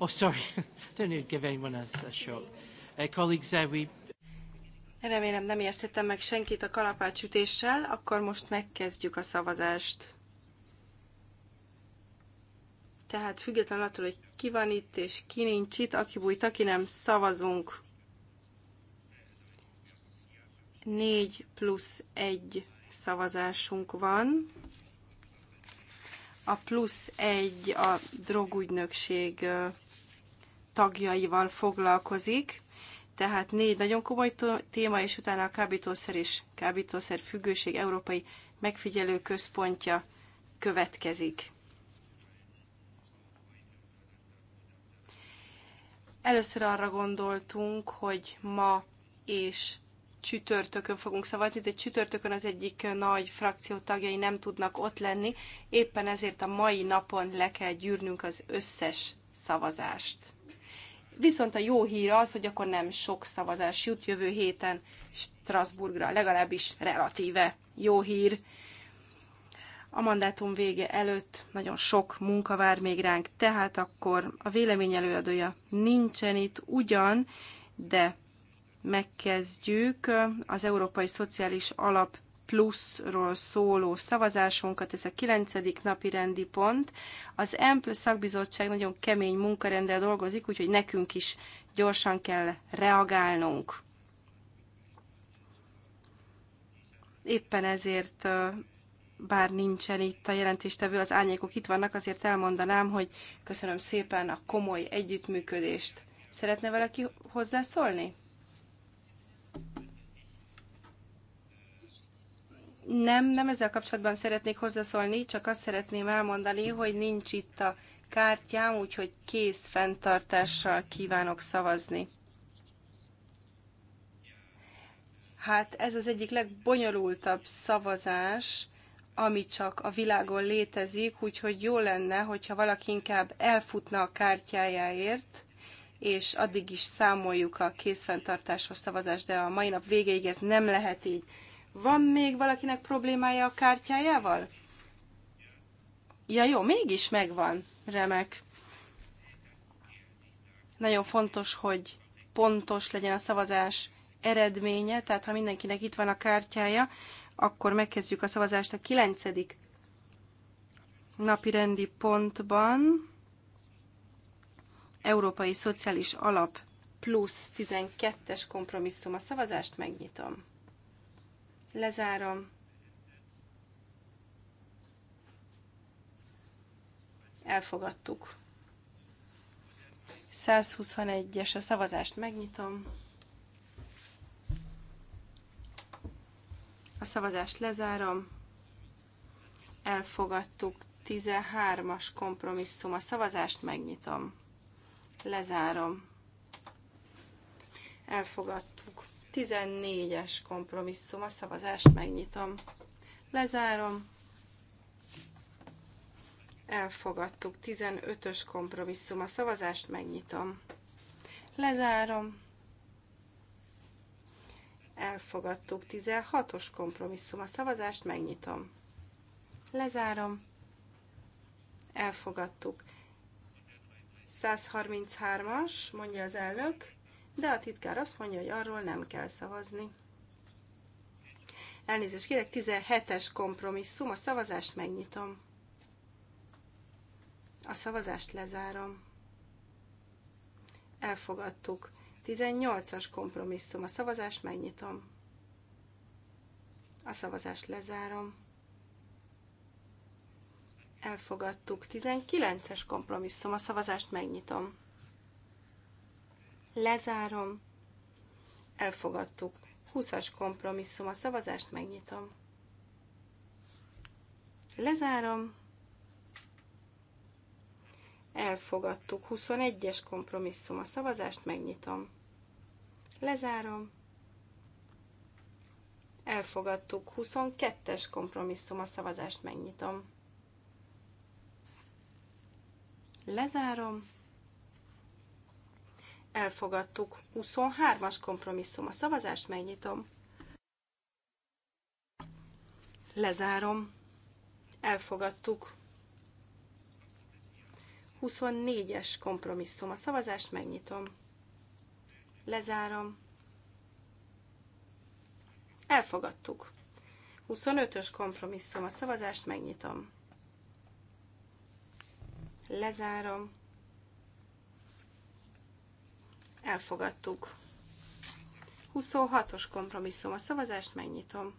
Oh, sorry. Don't need to give anyone else a shock. Uh, colleagues, uh, we...
Remélem nem értettem meg senkit a kalapácsütéssel, akkor most megkezdjük a szavazást. Tehát független attól, hogy ki van itt és ki nincs itt, aki bújt, aki nem, szavazunk. 4 plusz 1 szavazásunk van. A plusz 1 a drogügynökség tagjaival foglalkozik, tehát négy nagyon komoly téma, és utána a kábítószer és kábítószer függőség Európai Megfigyelő Központja következik. Először arra gondoltunk, hogy ma és csütörtökön fogunk szavazni, de csütörtökön az egyik nagy frakció tagjai nem tudnak ott lenni, éppen ezért a mai napon le kell gyűrnünk az összes szavazást. Viszont a jó hír az, hogy akkor nem sok szavazás jut jövő héten Strasbourgra, legalábbis relatíve jó hír. A mandátum vége előtt nagyon sok munka vár még ránk, tehát akkor a vélemény előadója nincsen itt ugyan, de megkezdjük az Európai Szociális Alap pluszról szóló szavazásunkat, ez a kilencedik napi rendi pont. Az EMPL szakbizottság nagyon kemény munkarendel dolgozik, úgyhogy nekünk is gyorsan kell reagálnunk. Éppen ezért, bár nincsen itt a jelentéstevő, az ányékok itt vannak, azért elmondanám, hogy köszönöm szépen a komoly együttműködést. Szeretne valaki hozzászólni? Nem, nem ezzel kapcsolatban szeretnék hozzászólni, csak azt szeretném elmondani, hogy nincs itt a kártyám, úgyhogy kész fenntartással kívánok szavazni. Hát ez az egyik legbonyolultabb szavazás, ami csak a világon létezik, úgyhogy jó lenne, hogyha valaki inkább elfutna a kártyájáért, és addig is számoljuk a készfenntartásos szavazást, de a mai nap végéig ez nem lehet így. Van még valakinek problémája a kártyájával? Ja jó, mégis megvan. Remek. Nagyon fontos, hogy pontos legyen a szavazás eredménye, tehát ha mindenkinek itt van a kártyája, akkor megkezdjük a szavazást a 9. napi rendi pontban. Európai Szociális Alap plusz 12-es kompromisszum a szavazást megnyitom. Lezárom. Elfogadtuk. 121-es a szavazást megnyitom. A szavazást lezárom. Elfogadtuk. 13-as kompromisszum. A szavazást megnyitom. Lezárom. Elfogadtuk. 14-es kompromisszum, a szavazást megnyitom. Lezárom. Elfogadtuk. 15-ös kompromisszum, a szavazást megnyitom. Lezárom. Elfogadtuk. 16-os kompromisszum, a szavazást megnyitom. Lezárom. Elfogadtuk. 133-as, mondja az elnök de a titkár azt mondja, hogy arról nem kell szavazni. Elnézést kérek, 17-es kompromisszum, a szavazást megnyitom. A szavazást lezárom. Elfogadtuk. 18-as kompromisszum, a szavazást megnyitom. A szavazást lezárom. Elfogadtuk. 19-es kompromisszum, a szavazást megnyitom. Lezárom. Elfogadtuk. 20-as kompromisszum. A szavazást megnyitom. Lezárom. Elfogadtuk. 21-es kompromisszum. A szavazást megnyitom. Lezárom. Elfogadtuk. 22-es kompromisszum. A szavazást megnyitom. Lezárom elfogadtuk. 23-as kompromisszum. A szavazást megnyitom. Lezárom. Elfogadtuk. 24-es kompromisszum. A szavazást megnyitom. Lezárom. Elfogadtuk. 25-ös kompromisszum. A szavazást megnyitom. Lezárom Elfogadtuk. 26-os kompromisszum. A szavazást megnyitom.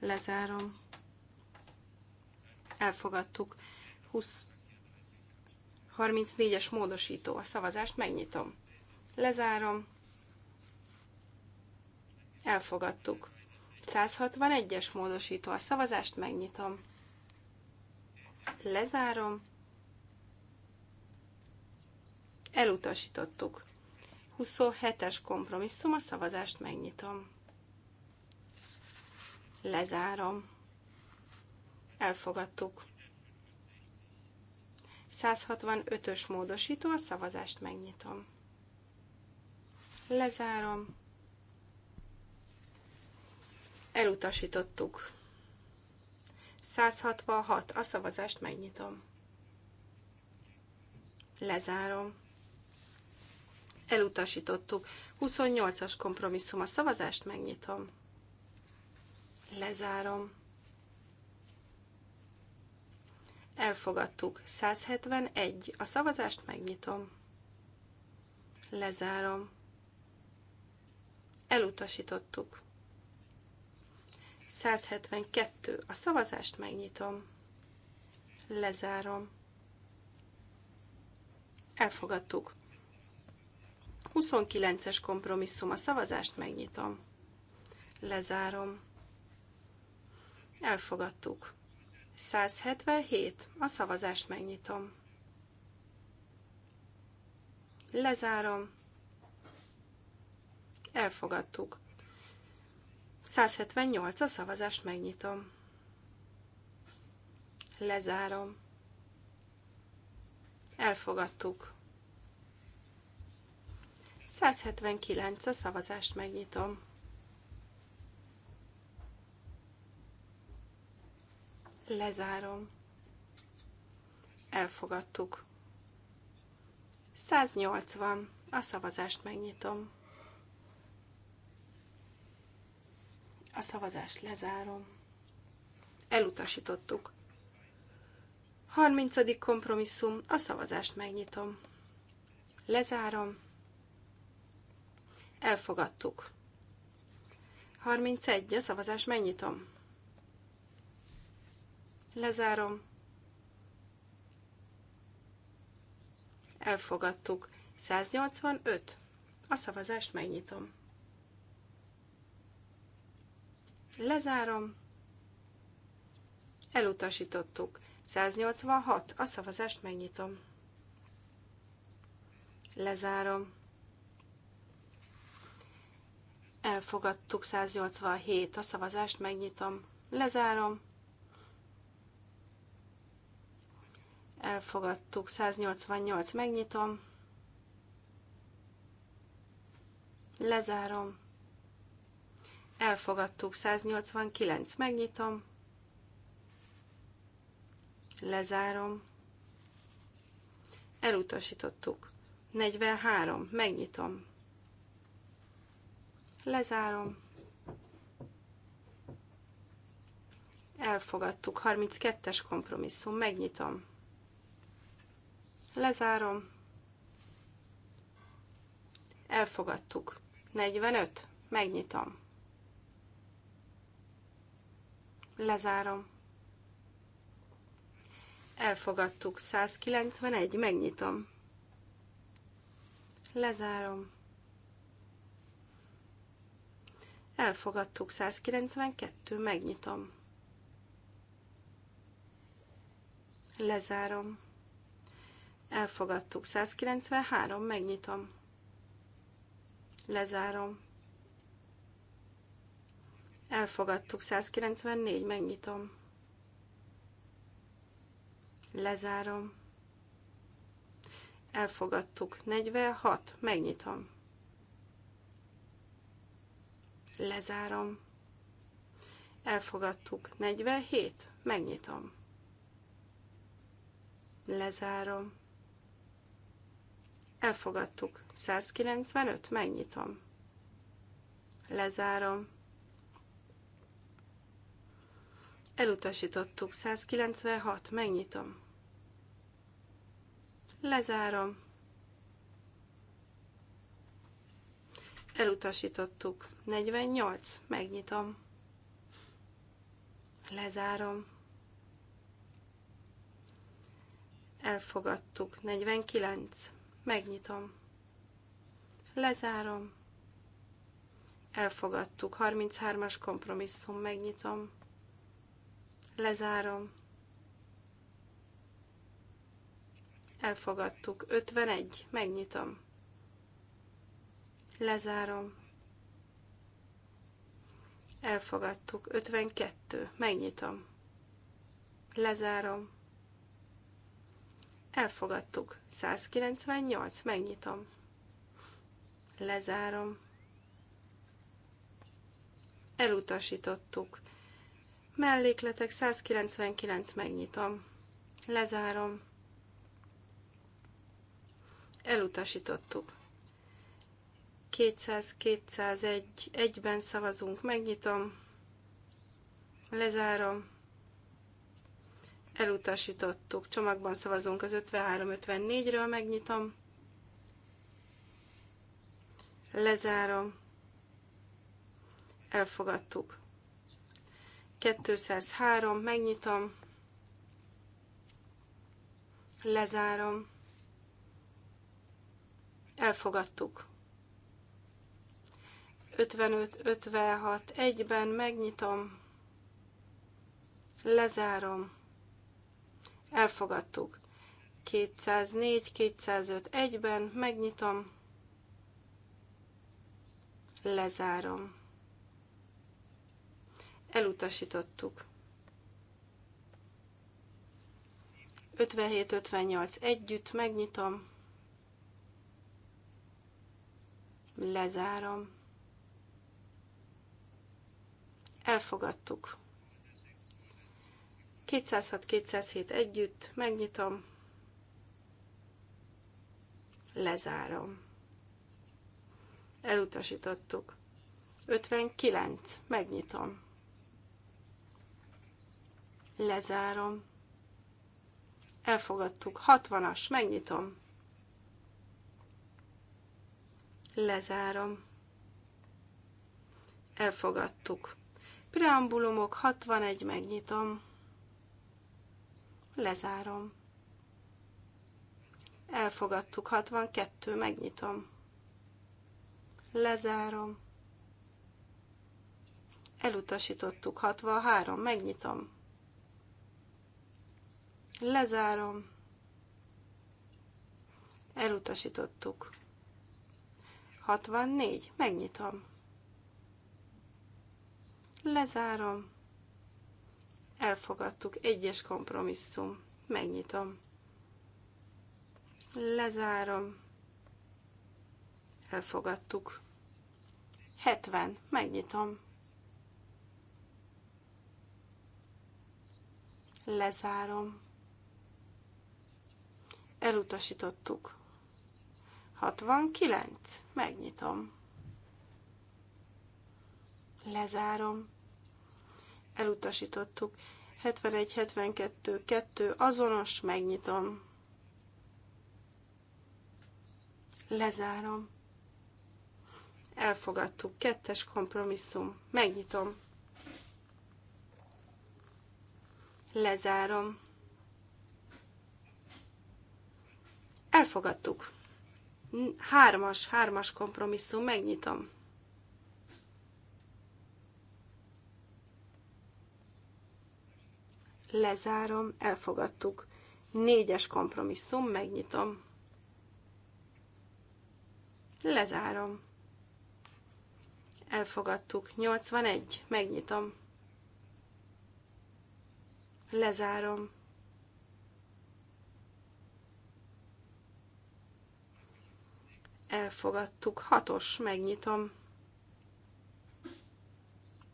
Lezárom. Elfogadtuk. 20... 34-es módosító. A szavazást megnyitom. Lezárom. Elfogadtuk. 161-es módosító. A szavazást megnyitom. Lezárom. Elutasítottuk. 27-es kompromisszum, a szavazást megnyitom. Lezárom. Elfogadtuk. 165-ös módosító, a szavazást megnyitom. Lezárom. Elutasítottuk. 166, a szavazást megnyitom. Lezárom elutasítottuk. 28-as kompromisszum a szavazást megnyitom. Lezárom. Elfogadtuk. 171. A szavazást megnyitom. Lezárom. Elutasítottuk. 172. A szavazást megnyitom. Lezárom. Elfogadtuk. 29-es kompromisszum. A szavazást megnyitom. Lezárom. Elfogadtuk. 177. A szavazást megnyitom. Lezárom. Elfogadtuk. 178. A szavazást megnyitom. Lezárom. Elfogadtuk. 179 a szavazást megnyitom. Lezárom. Elfogadtuk. 180. A szavazást megnyitom. A szavazást lezárom. Elutasítottuk. 30. kompromisszum. A szavazást megnyitom. Lezárom Elfogadtuk. 31. A szavazást megnyitom. Lezárom. Elfogadtuk. 185. A szavazást megnyitom. Lezárom. Elutasítottuk. 186. A szavazást megnyitom. Lezárom. Elfogadtuk 187 a szavazást, megnyitom, lezárom. Elfogadtuk 188, megnyitom. Lezárom. Elfogadtuk 189, megnyitom. Lezárom. Elutasítottuk. 43, megnyitom. Lezárom. Elfogadtuk. 32-es kompromisszum. Megnyitom. Lezárom. Elfogadtuk. 45. Megnyitom. Lezárom. Elfogadtuk. 191. Megnyitom. Lezárom. Elfogadtuk 192, megnyitom. Lezárom. Elfogadtuk 193, megnyitom. Lezárom. Elfogadtuk 194, megnyitom. Lezárom. Elfogadtuk 46, megnyitom. Lezárom. Elfogadtuk. 47. Megnyitom. Lezárom. Elfogadtuk. 195. Megnyitom. Lezárom. Elutasítottuk. 196. Megnyitom. Lezárom. Elutasítottuk. 48. Megnyitom. Lezárom. Elfogadtuk. 49. Megnyitom. Lezárom. Elfogadtuk. 33-as kompromisszum. Megnyitom. Lezárom. Elfogadtuk. 51. Megnyitom Lezárom. Elfogadtuk. 52. Megnyitom. Lezárom. Elfogadtuk. 198. Megnyitom. Lezárom. Elutasítottuk. Mellékletek 199. Megnyitom. Lezárom. Elutasítottuk. 200-201 egyben szavazunk. Megnyitom, lezárom, elutasítottuk. Csomagban szavazunk az 53-54-ről, megnyitom, lezárom, elfogadtuk. 203, megnyitom, lezárom, elfogadtuk. 55-56 egyben megnyitom, lezárom, elfogadtuk. 204-205 egyben megnyitom, lezárom. Elutasítottuk. 57-58 együtt megnyitom, lezárom Elfogadtuk. 206-207 együtt, megnyitom, lezárom. Elutasítottuk. 59, megnyitom. Lezárom. Elfogadtuk. 60-as, megnyitom. Lezárom. Elfogadtuk. Preambulumok 61, megnyitom. Lezárom. Elfogadtuk 62, megnyitom. Lezárom. Elutasítottuk 63, megnyitom. Lezárom. Elutasítottuk. 64, megnyitom. Lezárom. Elfogadtuk. Egyes kompromisszum. Megnyitom. Lezárom. Elfogadtuk. 70. Megnyitom. Lezárom. Elutasítottuk. 69. Megnyitom. Lezárom. Elutasítottuk. 71-72-2 azonos, megnyitom. Lezárom. Elfogadtuk. Kettes kompromisszum. Megnyitom. Lezárom. Elfogadtuk. Hármas, hármas kompromisszum. Megnyitom. lezárom, elfogadtuk. Négyes kompromisszum, megnyitom. Lezárom. Elfogadtuk. 81, megnyitom. Lezárom. Elfogadtuk. Hatos, megnyitom.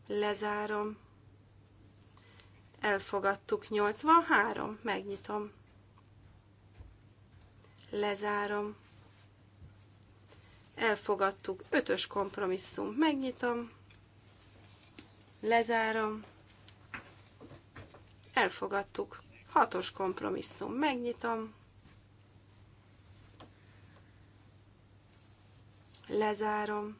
Lezárom. Elfogadtuk 83, megnyitom. Lezárom. Elfogadtuk 5-ös kompromisszum, megnyitom. Lezárom. Elfogadtuk 6-os kompromisszum, megnyitom. Lezárom.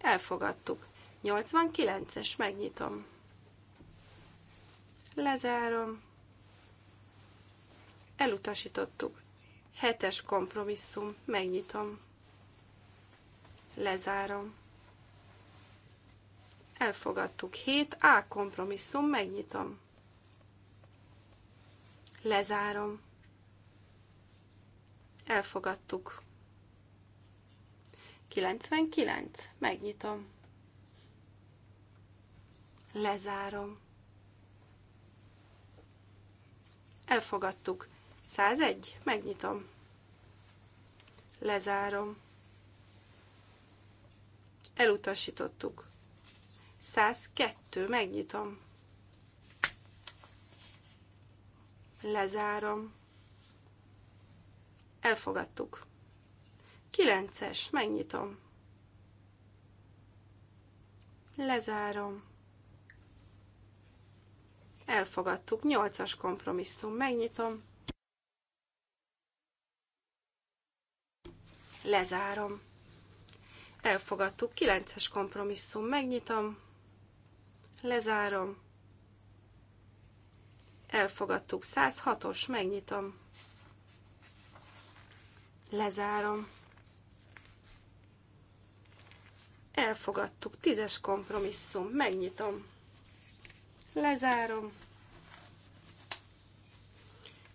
Elfogadtuk. 89-es, megnyitom Lezárom. Elutasítottuk. Hetes kompromisszum. Megnyitom. Lezárom. Elfogadtuk. 7A kompromisszum. Megnyitom. Lezárom. Elfogadtuk. 99. Megnyitom. Lezárom. Elfogadtuk. 101. Megnyitom. Lezárom. Elutasítottuk. 102. Megnyitom. Lezárom. Elfogadtuk. 9-es. Megnyitom. Lezárom Elfogadtuk. Nyolcas kompromisszum. Megnyitom. Lezárom. Elfogadtuk. Kilences kompromisszum. Megnyitom. Lezárom. Elfogadtuk. 106-os. Megnyitom. Lezárom. Elfogadtuk. Tízes kompromisszum. Megnyitom Lezárom.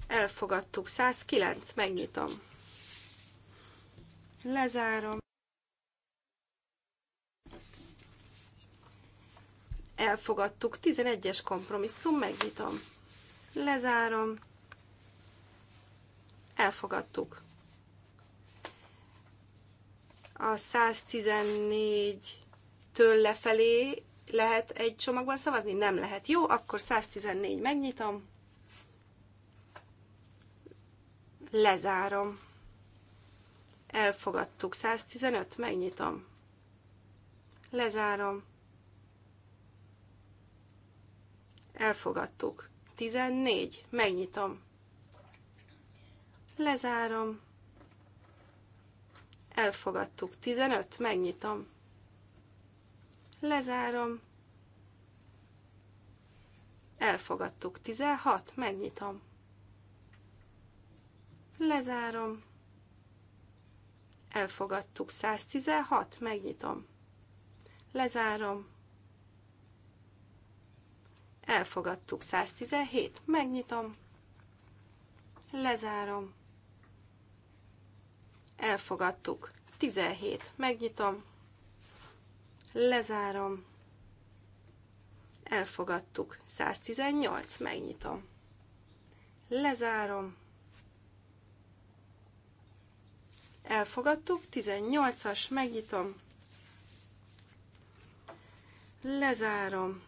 Elfogadtuk. 109. Megnyitom. Lezárom. Elfogadtuk. 11-es kompromisszum. Megnyitom. Lezárom. Elfogadtuk. A 114 től lefelé lehet egy csomagban szavazni? Nem lehet. Jó, akkor 114 megnyitom. Lezárom. Elfogadtuk. 115 megnyitom. Lezárom. Elfogadtuk. 14 megnyitom. Lezárom. Elfogadtuk. 15 megnyitom Lezárom. Elfogadtuk. 16. Megnyitom. Lezárom. Elfogadtuk. 116. Megnyitom. Lezárom. Elfogadtuk. 117. Megnyitom. Lezárom. Elfogadtuk. 17. Megnyitom. Lezárom. Elfogadtuk. 118. Megnyitom. Lezárom. Elfogadtuk. 18-as. Megnyitom. Lezárom.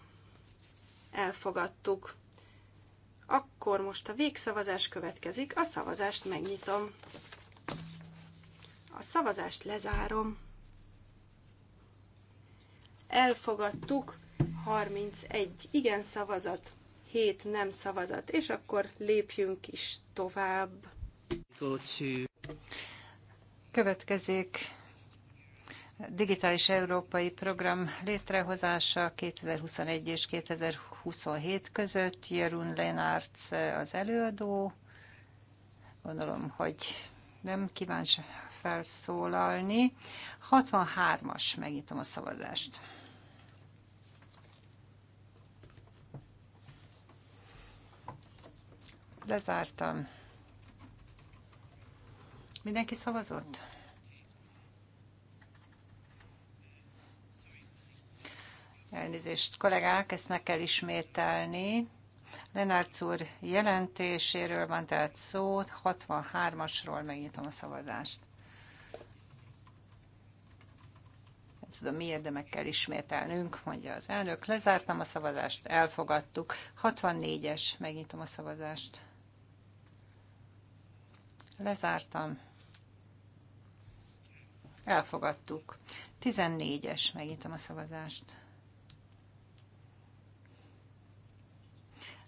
Elfogadtuk. Akkor most a végszavazás következik. A szavazást megnyitom. A szavazást lezárom elfogadtuk, 31 igen szavazat, 7 nem szavazat, és akkor lépjünk is tovább.
Következik Digitális Európai Program létrehozása 2021 és 2027 között. Jerun Lenárc az előadó. Gondolom, hogy nem kíváncsi felszólalni. 63-as, megnyitom a szavazást. Lezártam. Mindenki szavazott? Elnézést, kollégák, ezt meg kell ismételni. Lenárc úr jelentéséről van tehát szó, 63-asról megnyitom a szavazást. Nem tudom miért, de meg kell ismételnünk, mondja az elnök. Lezártam a szavazást, elfogadtuk. 64-es, megnyitom a szavazást. Lezártam. Elfogadtuk. 14-es, megnyitom a szavazást.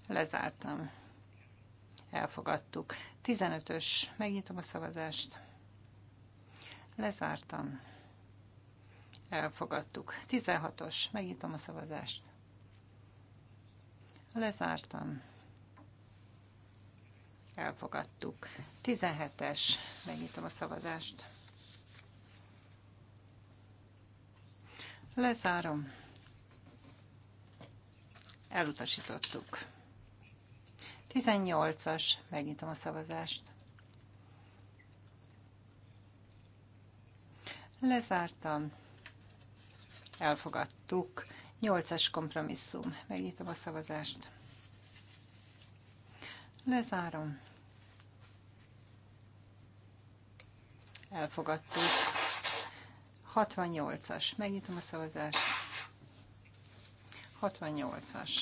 Lezártam. Elfogadtuk. 15-ös, megnyitom a szavazást. Lezártam. Elfogadtuk. 16-os, megnyitom a szavazást. Lezártam elfogadtuk. 17-es, megnyitom a szavazást. Lezárom. Elutasítottuk. 18-as, megnyitom a szavazást. Lezártam. Elfogadtuk. 8-as kompromisszum. Megnyitom a szavazást. Lezárom. Elfogadtuk. 68-as. Megnyitom a szavazást. 68-as.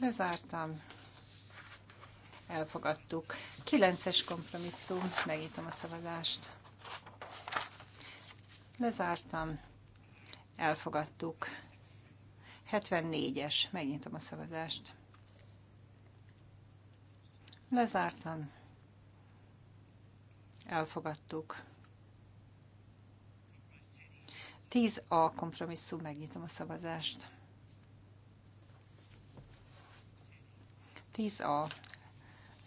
Lezártam. Elfogadtuk. 9-es kompromisszum. Megnyitom a szavazást. Lezártam. Elfogadtuk. 74-es. Megnyitom a szavazást. Lezártam. Elfogadtuk. 10A kompromisszum, megnyitom a szavazást. 10A.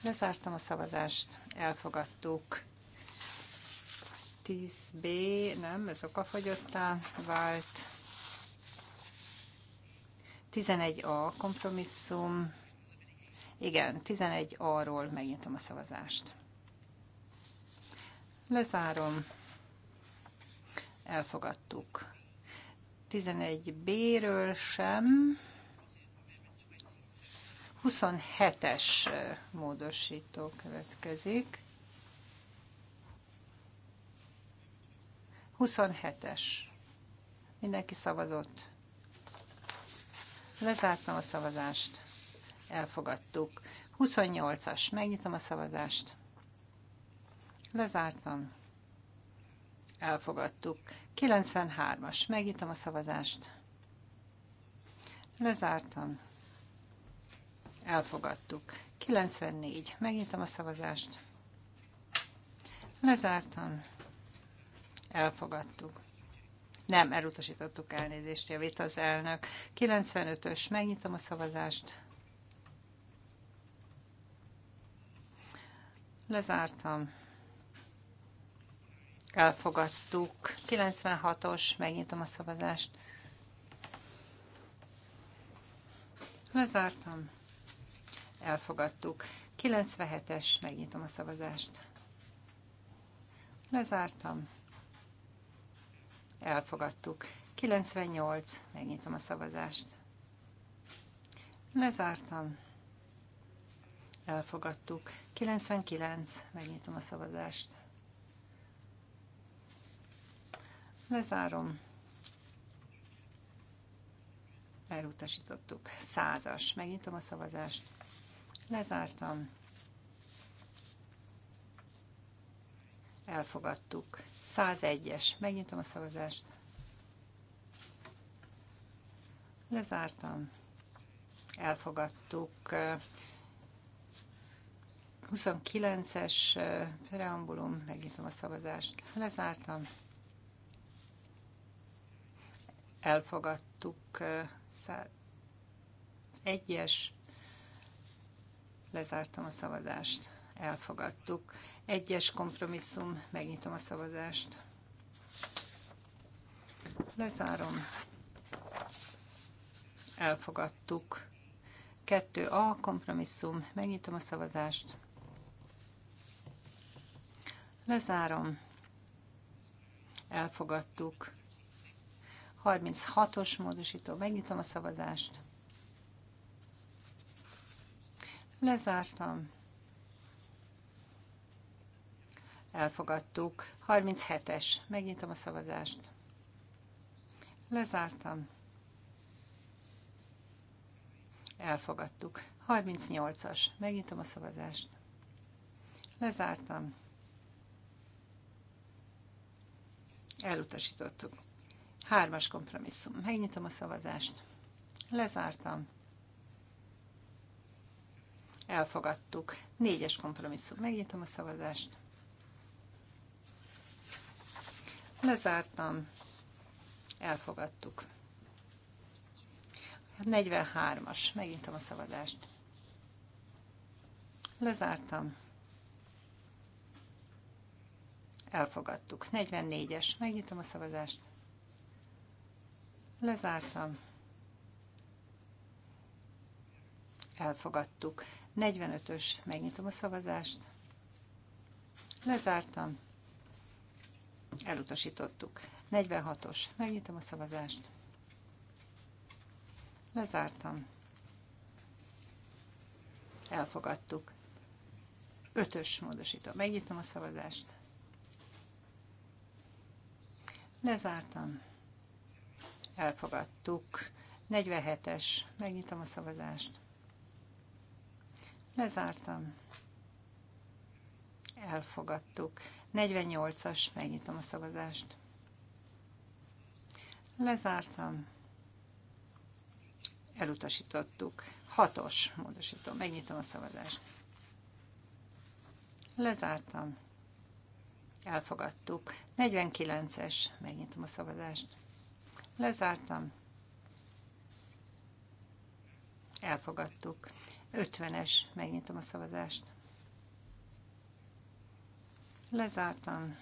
Lezártam a szavazást, elfogadtuk. 10B, nem, ez okafogyottá vált. 11A kompromisszum, igen, 11 arról megnyitom a szavazást. Lezárom. Elfogadtuk. 11B-ről sem. 27-es módosító következik. 27-es. Mindenki szavazott. Lezártam a szavazást elfogadtuk. 28-as, megnyitom a szavazást. Lezártam. Elfogadtuk. 93-as, megnyitom a szavazást. Lezártam. Elfogadtuk. 94, megnyitom a szavazást. Lezártam. Elfogadtuk. Nem, elutasítottuk elnézést, javít az elnök. 95-ös, megnyitom a szavazást. Lezártam. Elfogadtuk. 96-os, megnyitom a szavazást. Lezártam. Elfogadtuk. 97-es, megnyitom a szavazást. Lezártam. Elfogadtuk. 98, megnyitom a szavazást. Lezártam. Elfogadtuk. 99. Megnyitom a szavazást. Lezárom. Elutasítottuk. Százas. Megnyitom a szavazást. Lezártam. Elfogadtuk. 101-es. Megnyitom a szavazást. Lezártam. Elfogadtuk. 29-es preambulum, megnyitom a szavazást, lezártam. Elfogadtuk egyes, lezártam a szavazást, elfogadtuk. Egyes kompromisszum, megnyitom a szavazást. Lezárom. Elfogadtuk. 2A kompromisszum, megnyitom a szavazást. Lezárom. Elfogadtuk. 36-os módosító. Megnyitom a szavazást. Lezártam. Elfogadtuk. 37-es. Megnyitom a szavazást. Lezártam. Elfogadtuk. 38-as. Megnyitom a szavazást. Lezártam. Elutasítottuk. Hármas kompromisszum. Megnyitom a szavazást. Lezártam. Elfogadtuk. Négyes kompromisszum. Megnyitom a szavazást. Lezártam. Elfogadtuk. 43-as. Megintem a szavazást. Lezártam. Elfogadtuk. 44-es. Megnyitom a szavazást. Lezártam. Elfogadtuk. 45-ös. Megnyitom a szavazást. Lezártam. Elutasítottuk. 46-os. Megnyitom a szavazást. Lezártam. Elfogadtuk. Ötös módosító. Megnyitom a szavazást. Lezártam. Elfogadtuk. 47-es. Megnyitom a szavazást. Lezártam. Elfogadtuk. 48-as. Megnyitom a szavazást. Lezártam. Elutasítottuk. 6-os. Módosítom. Megnyitom a szavazást. Lezártam elfogadtuk. 49-es, megnyitom a szavazást. Lezártam. Elfogadtuk. 50-es, megnyitom a szavazást. Lezártam.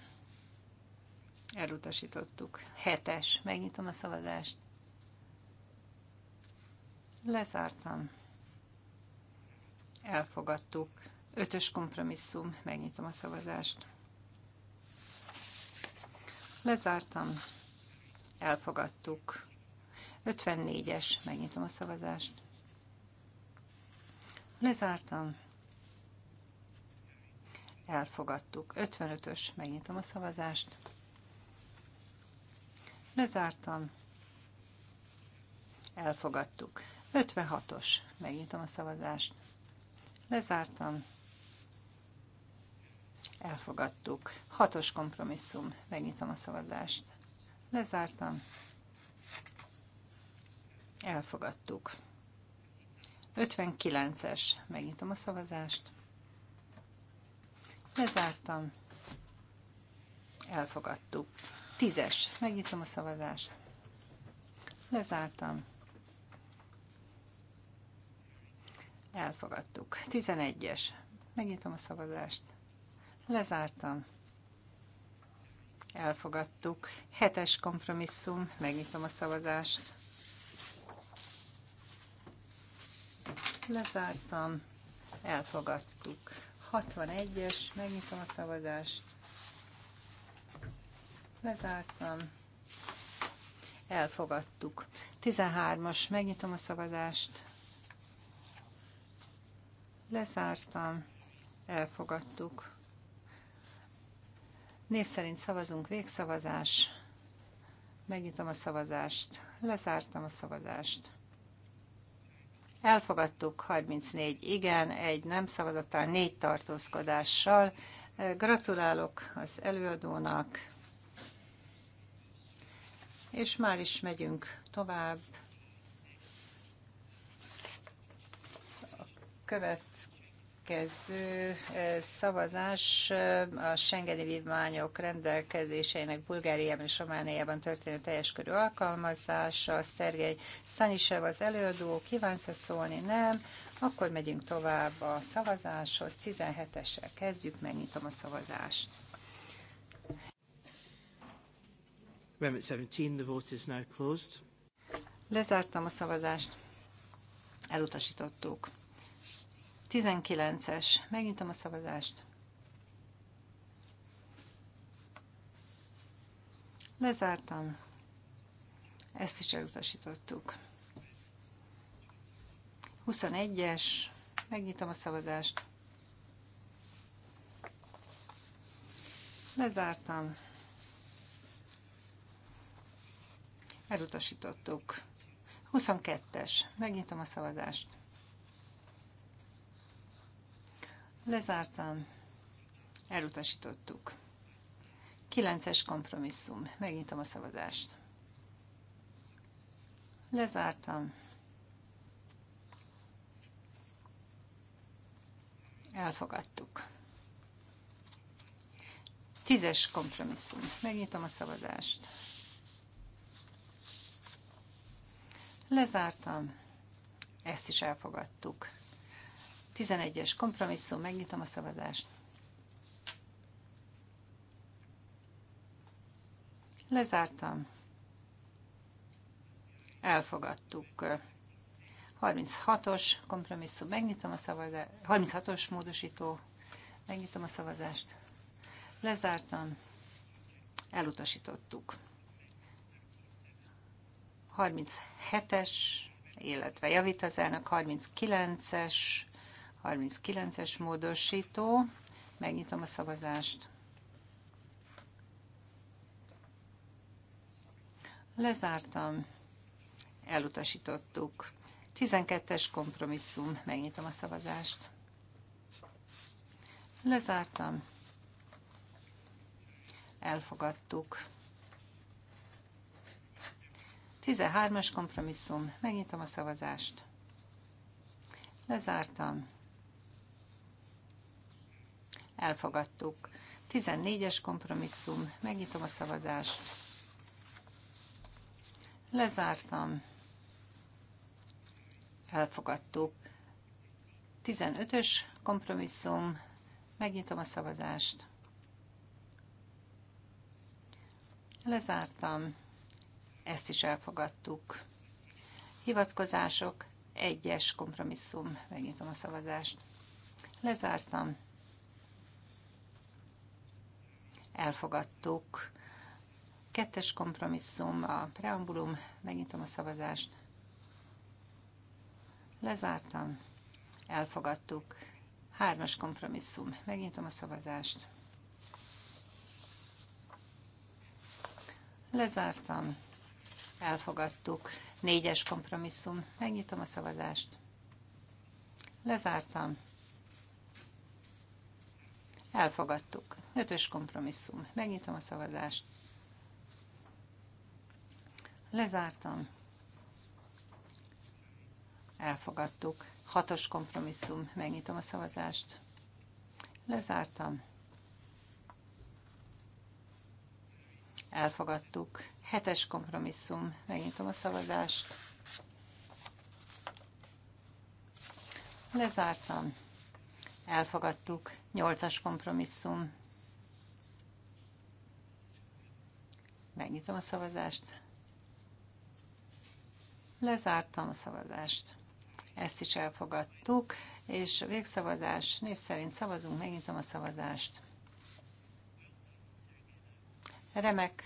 Elutasítottuk. 7-es, megnyitom a szavazást. Lezártam. Elfogadtuk. Ötös kompromisszum, megnyitom a szavazást. Lezártam. Elfogadtuk. 54-es. Megnyitom a szavazást. Lezártam. Elfogadtuk. 55-ös. Megnyitom a szavazást. Lezártam. Elfogadtuk. 56-os. Megnyitom a szavazást. Lezártam elfogadtuk. Hatos kompromisszum, megnyitom a szavazást. Lezártam. Elfogadtuk. 59-es, megnyitom a szavazást. Lezártam. Elfogadtuk. 10-es, megnyitom a szavazást. Lezártam. Elfogadtuk. 11-es. Megnyitom a szavazást. Lezártam. Elfogadtuk. Hetes kompromisszum. Megnyitom a szavazást. Lezártam. Elfogadtuk. 61-es. Megnyitom a szavazást. Lezártam. Elfogadtuk. 13-as. Megnyitom a szavazást. Lezártam. Elfogadtuk. Név szerint szavazunk, végszavazás. Megnyitom a szavazást, lezártam a szavazást. Elfogadtuk 34 igen, egy nem szavazattal, négy tartózkodással. Gratulálok az előadónak, és már is megyünk tovább. A követ következő szavazás a Schengeni vívmányok rendelkezéseinek Bulgáriában és Romániában történő teljes körű alkalmazása. Szergej Szanyisev az előadó, kívánsz szólni? Nem. Akkor megyünk tovább a szavazáshoz. 17-essel kezdjük, megnyitom a szavazást.
Amendment 17, the vote is now closed.
Lezártam a szavazást. Elutasítottuk. 19-es. Megnyitom a szavazást. Lezártam. Ezt is elutasítottuk. 21-es. Megnyitom a szavazást. Lezártam. Elutasítottuk. 22-es. Megnyitom a szavazást. Lezártam. Elutasítottuk. Kilences kompromisszum. Megnyitom a szavazást. Lezártam. Elfogadtuk. Tízes kompromisszum. Megnyitom a szavazást. Lezártam. Ezt is elfogadtuk. 11-es kompromisszum, megnyitom a szavazást. Lezártam. Elfogadtuk. 36-os kompromisszum, megnyitom a szavazást. 36-os módosító, megnyitom a szavazást. Lezártam. Elutasítottuk. 37-es, illetve javít az elnök 39-es 39-es módosító. Megnyitom a szavazást. Lezártam. Elutasítottuk. 12-es kompromisszum. Megnyitom a szavazást. Lezártam. Elfogadtuk. 13-as kompromisszum. Megnyitom a szavazást. Lezártam elfogadtuk. 14-es kompromisszum, megnyitom a szavazást. Lezártam, elfogadtuk. 15-ös kompromisszum, megnyitom a szavazást. Lezártam, ezt is elfogadtuk. Hivatkozások, egyes kompromisszum, megnyitom a szavazást. Lezártam, elfogadtuk. Kettes kompromisszum, a preambulum, megnyitom a szavazást. Lezártam, elfogadtuk. Hármas kompromisszum, megnyitom a szavazást. Lezártam, elfogadtuk. Négyes kompromisszum, megnyitom a szavazást. Lezártam, elfogadtuk. Ötös kompromisszum. Megnyitom a szavazást. Lezártam. Elfogadtuk. Hatos kompromisszum. Megnyitom a szavazást. Lezártam. Elfogadtuk. Hetes kompromisszum. Megnyitom a szavazást. Lezártam. Elfogadtuk. Nyolcas kompromisszum. Megnyitom a szavazást. Lezártam a szavazást. Ezt is elfogadtuk, és végszavazás név szerint szavazunk, megnyitom a szavazást. Remek,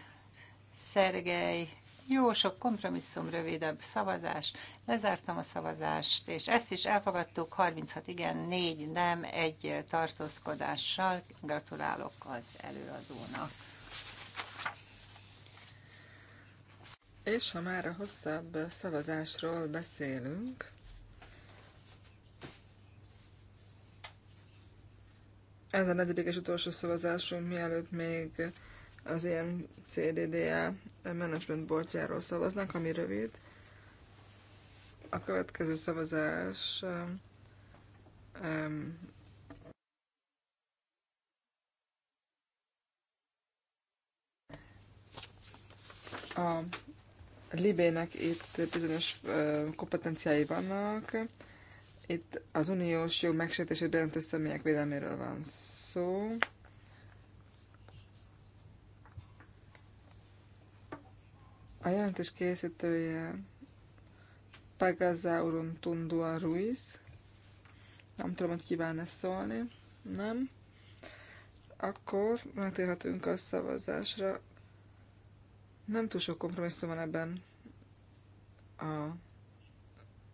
Szergej, jó sok kompromisszum, rövidebb szavazás. Lezártam a szavazást, és ezt is elfogadtuk 36 igen, 4 nem, egy tartózkodással. Gratulálok az előadónak.
És ha már a hosszabb szavazásról beszélünk, ez a negyedik és utolsó szavazásunk, mielőtt még az ilyen CDDA management boltjáról szavaznak, ami rövid. A következő szavazás um, um a Libének itt bizonyos kompetenciái vannak. Itt az uniós jog megsértését bejelentő személyek védelméről van szó. A jelentés készítője Pagazaurun Tundua Ruiz. Nem tudom, hogy kíván-e szólni. Nem? Akkor rátérhetünk a szavazásra. Nem túl sok kompromisszum van ebben a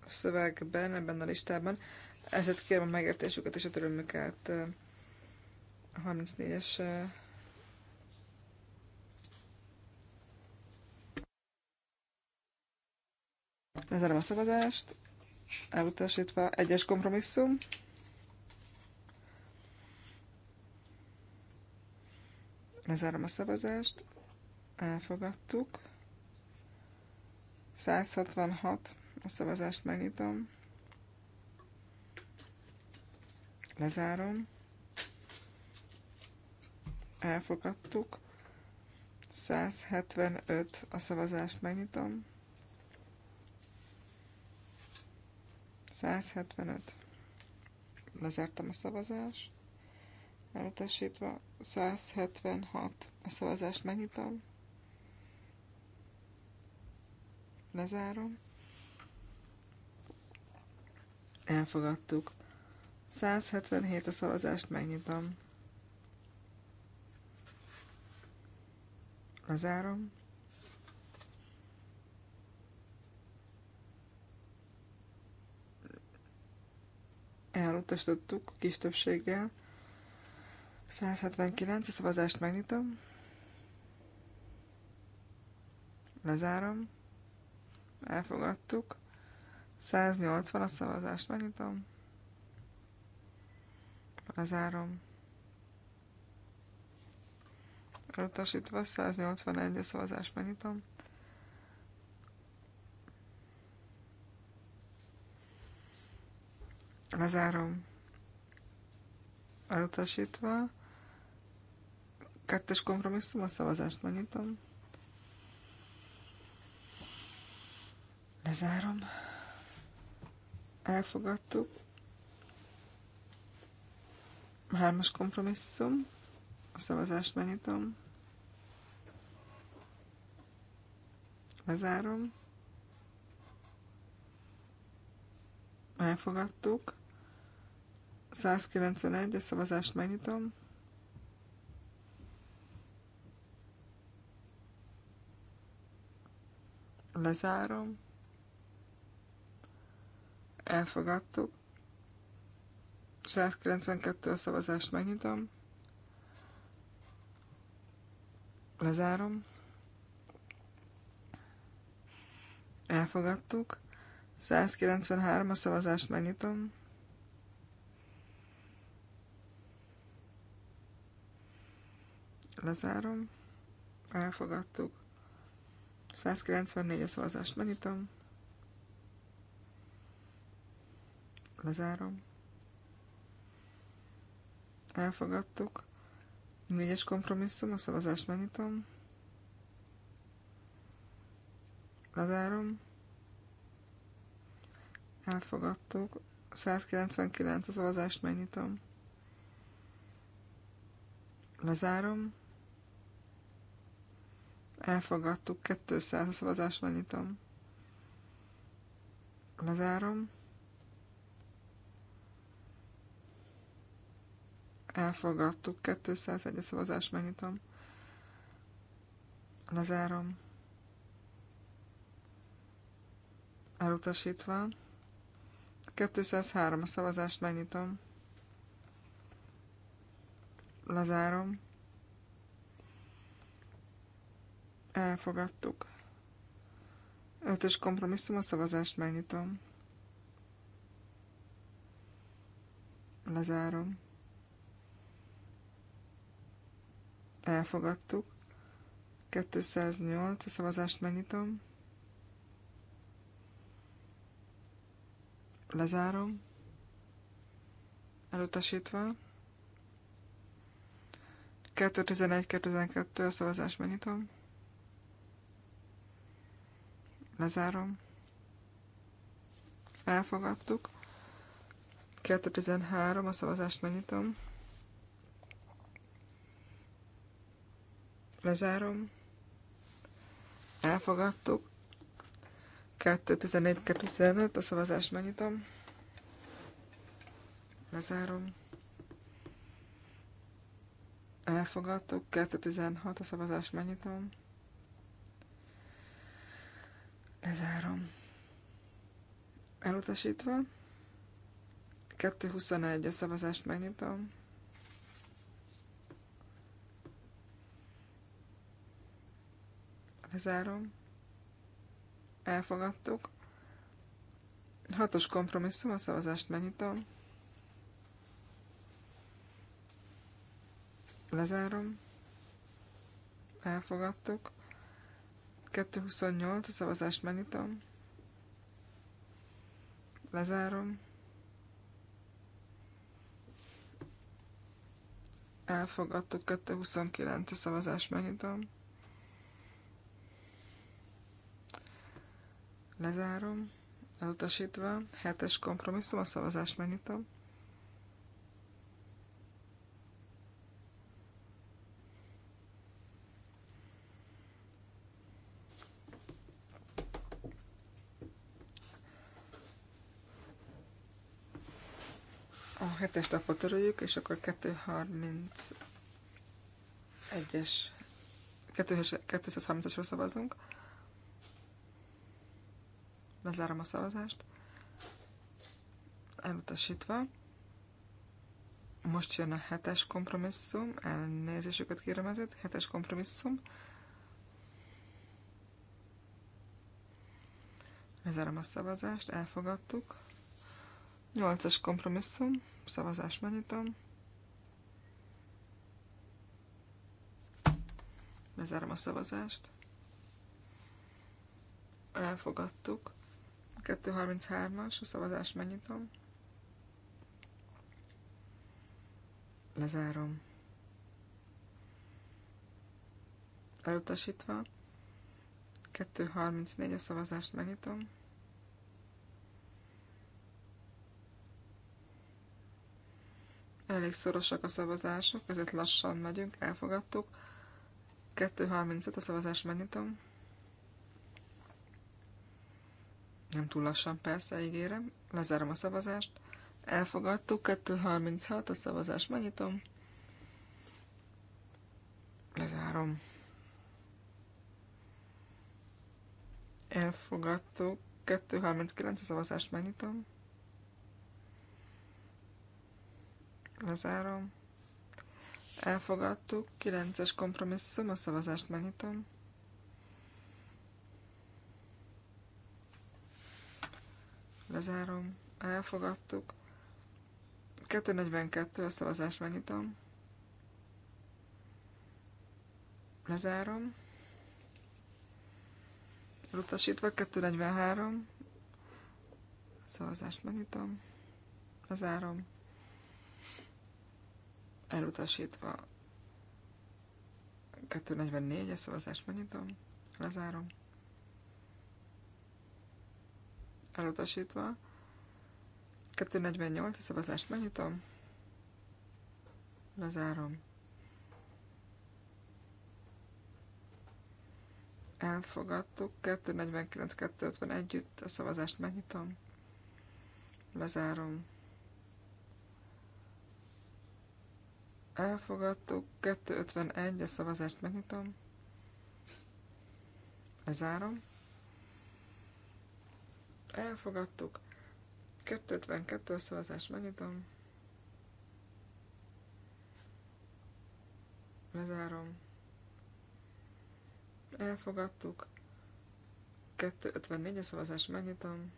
szövegben, ebben a listában. Ezért kérem a megértésüket és a törömüket a 34-es Lezárom a szavazást, elutasítva egyes kompromisszum. Lezárom a szavazást, elfogadtuk. 166, a szavazást megnyitom. Lezárom. Elfogadtuk. 175, a szavazást megnyitom. 175. Lezártam a szavazást. Elutasítva 176. A szavazást megnyitom. Lezárom. Elfogadtuk. 177 a szavazást, megnyitom. Lezárom. Elutasítottuk kis többséggel. 179 a szavazást megnyitom. Lezárom elfogadtuk. 180 a szavazást megnyitom. Lezárom. Elutasítva 181 a szavazást megnyitom. Lezárom. Elutasítva. Kettes kompromisszum a szavazást megnyitom. Lezárom. Elfogadtuk. Hármas kompromisszum. A szavazást megnyitom. Lezárom. Elfogadtuk. 191, a szavazást megnyitom. Lezárom elfogadtuk. 192 szavazást megnyitom. Lezárom. Elfogadtuk. 193 a szavazást megnyitom. Lezárom. Elfogadtuk. 194 a szavazást megnyitom. Lezárom. Elfogadtuk. Négyes kompromisszum, a szavazást megnyitom. Lezárom. Elfogadtuk. 199 a szavazást megnyitom. Lezárom. Elfogadtuk. 200 a szavazást megnyitom. Lezárom. elfogadtuk. 201 a szavazás, megnyitom. Lezárom. Elutasítva. 203 a szavazást, megnyitom. Lezárom. Elfogadtuk. 5-ös kompromisszum a szavazást, megnyitom. Lezárom. elfogadtuk. 208, a szavazást megnyitom. Lezárom. Elutasítva. 211-212, a szavazást megnyitom. Lezárom. Elfogadtuk. 213, a szavazást megnyitom. Lezárom. Elfogadtuk. 2.14-2.15, a szavazást megnyitom. Lezárom. Elfogadtuk. 2.16, a szavazást megnyitom. Lezárom. Elutasítva. 2.21, a szavazást megnyitom. Lezárom. Elfogadtuk. Hatos kompromisszum, a szavazást megnyitom. Lezárom. Elfogadtuk. 228, a szavazást megnyitom. Lezárom. Elfogadtuk 229, a szavazást megnyitom. Lezárom. Elutasítva. Hetes kompromisszum. A szavazást megnyitom. A hetes lapot töröljük, és akkor 231-es 230-asra szavazunk. Lezárom a szavazást. Elutasítva. Most jön a hetes kompromisszum. Elnézésüket kérem ezért. Hetes kompromisszum. Lezárom a szavazást. Elfogadtuk. Nyolcas kompromisszum. Szavazás megnyitom. Lezárom a szavazást. Elfogadtuk. 233-as, a szavazást megnyitom. Lezárom. Elutasítva. 234 a szavazást megnyitom. Elég szorosak a szavazások, ezért lassan megyünk, elfogadtuk. 235 a szavazást megnyitom. Nem túl lassan persze, ígérem. Lezárom a szavazást. Elfogadtuk. 2.36. A szavazást megnyitom. Lezárom. Elfogadtuk. 2.39. A szavazást megnyitom. Lezárom. Elfogadtuk. 9-es kompromisszum. A szavazást megnyitom. Lezárom. Elfogadtuk. 242 a szavazás megnyitom. Lezárom. Elutasítva 243. Szavazást megnyitom. Lezárom. Elutasítva 244 a szavazást megnyitom. Lezárom. elutasítva. 248, a szavazást megnyitom. Lezárom. Elfogadtuk. 249, 250 együtt, a szavazást megnyitom. Lezárom. Elfogadtuk. 251, a szavazást megnyitom. Lezárom elfogadtuk. 252 szavazás, megnyitom. Lezárom. Elfogadtuk. 254 szavazás, megnyitom.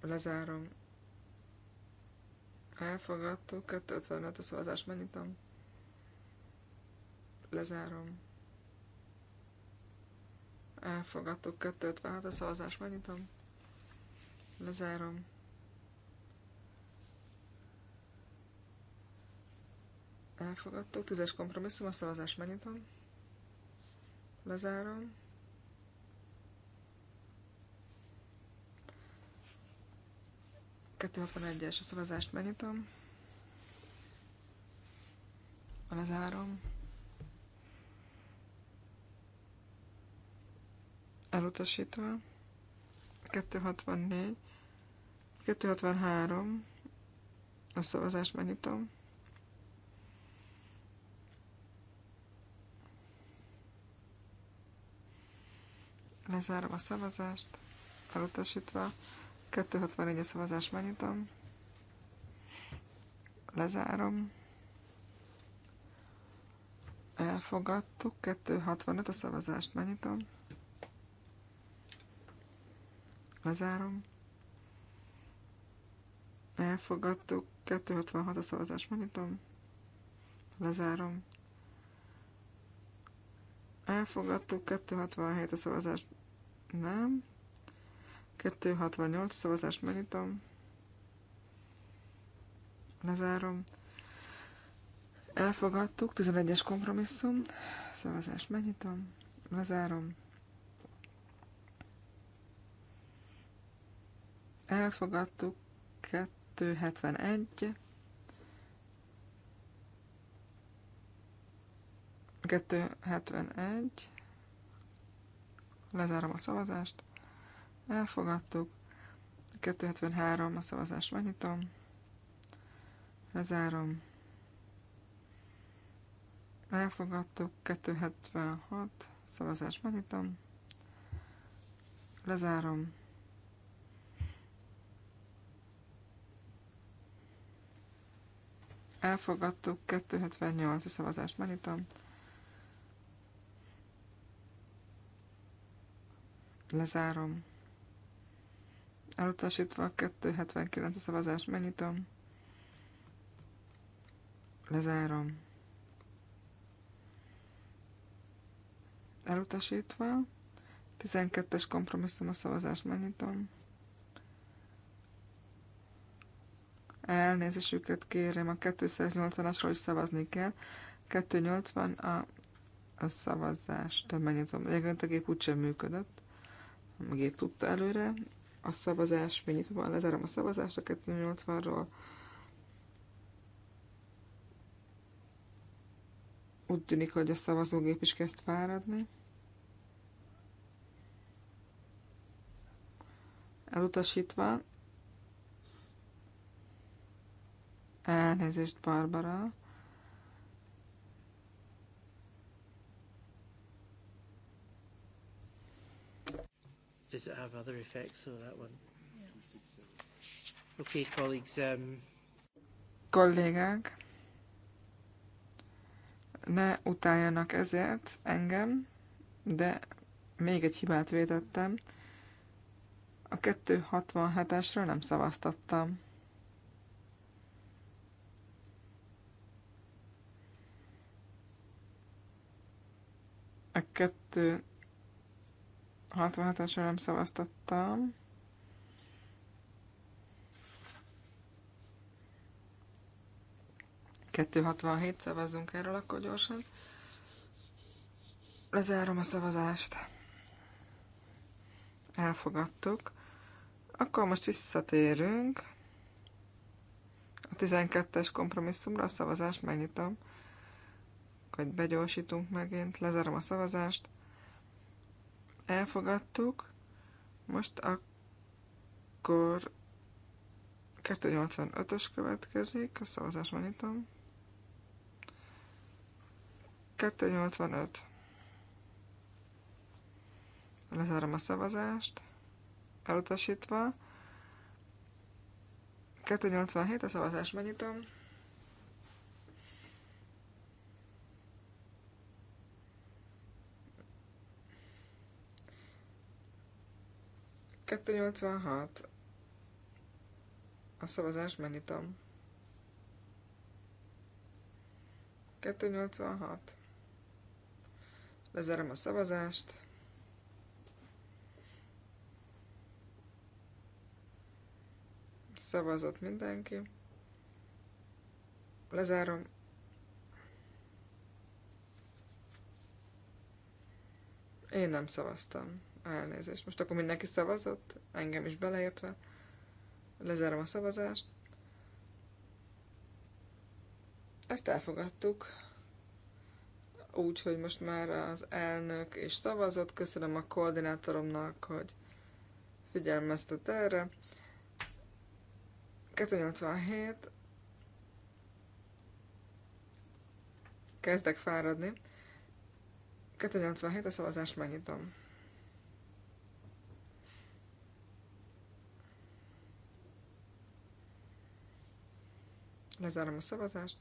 Lezárom. Elfogadtuk. 255 szavazás, megnyitom. Lezárom elfogadtuk 256 a szavazás, megnyitom, lezárom. Elfogadtuk, tízes kompromisszum, a szavazás megnyitom, lezárom. Kettő es a szavazást megnyitom, lezárom. elutasítva, 264, 263, a szavazást megnyitom. Lezárom a szavazást, elutasítva, 264 a szavazást megnyitom. Lezárom. Elfogadtuk, 265 a szavazást megnyitom. Lezárom. Elfogadtuk. 266 a szavazás. Megnyitom. Lezárom. Elfogadtuk. 267 a szavazást. Nem. 268 a szavazást. Megnyitom. Lezárom. Elfogadtuk. 11-es kompromisszum. Szavazást megnyitom. Lezárom elfogadtuk, 271, 271, lezárom a szavazást, elfogadtuk, 273 a szavazást megnyitom, lezárom, elfogadtuk, 276, szavazást megnyitom, lezárom, elfogadtuk, 278 a szavazást megnyitom. Lezárom. Elutasítva 279 a szavazást megnyitom. Lezárom. Elutasítva. 12-es kompromisszum a szavazást megnyitom. Elnézésüket kérem, a 280-asról is szavazni kell. 280 a, a szavazás. Tehát megnyitom. Egyébként a gép úgysem működött. A gép tudta előre. A szavazás, megnyitva van, lezárom a szavazást a 280-ról. Úgy tűnik, hogy a szavazógép is kezd fáradni. Elutasítva Elnézést, Barbara.
Does it have other effects though, that one? Okay, colleagues. Um...
Kollégák, ne utáljanak ezért engem, de még egy hibát vétettem. A 267-esről nem szavaztattam. A kettő 67 esre nem szavaztattam. Kettő 67, szavazzunk erről akkor gyorsan. Lezárom a szavazást. Elfogadtuk. Akkor most visszatérünk a 12-es kompromisszumra, a szavazást megnyitom munkájukat begyorsítunk megint, lezárom a szavazást. Elfogadtuk. Most akkor 285-ös következik, a szavazást megnyitom. 285. Lezárom a szavazást. Elutasítva. 287, a szavazást megnyitom. 286. A szavazás megnyitom. 286. Lezárom a szavazást. Szavazott mindenki. Lezárom. Én nem szavaztam. Elnézést. Most akkor mindenki szavazott, engem is beleértve. Lezárom a szavazást. Ezt elfogadtuk. Úgyhogy most már az elnök és szavazott. Köszönöm a koordinátoromnak, hogy figyelmeztet erre. 287. Kezdek fáradni. 287 a szavazást megnyitom. Lezárom a szavazást.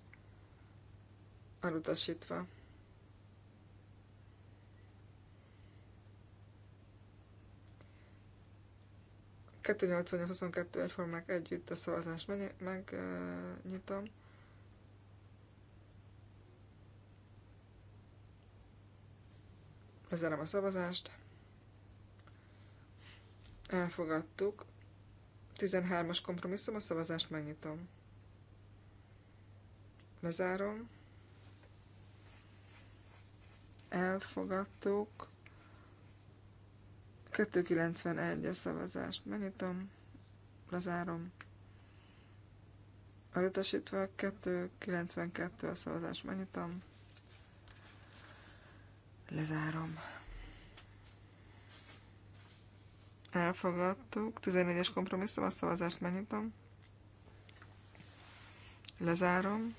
Elutasítva. Kettő egyformák együtt a szavazást megnyitom. Meg, Lezárom a szavazást. Elfogadtuk. 13-as kompromisszum, a szavazást megnyitom lezárom. Elfogadtuk. 291 a szavazást Megnyitom, lezárom. Elutasítva 292 a szavazást. Megnyitom, lezárom. Elfogadtuk. 14-es kompromisszum, a szavazást megnyitom. Lezárom.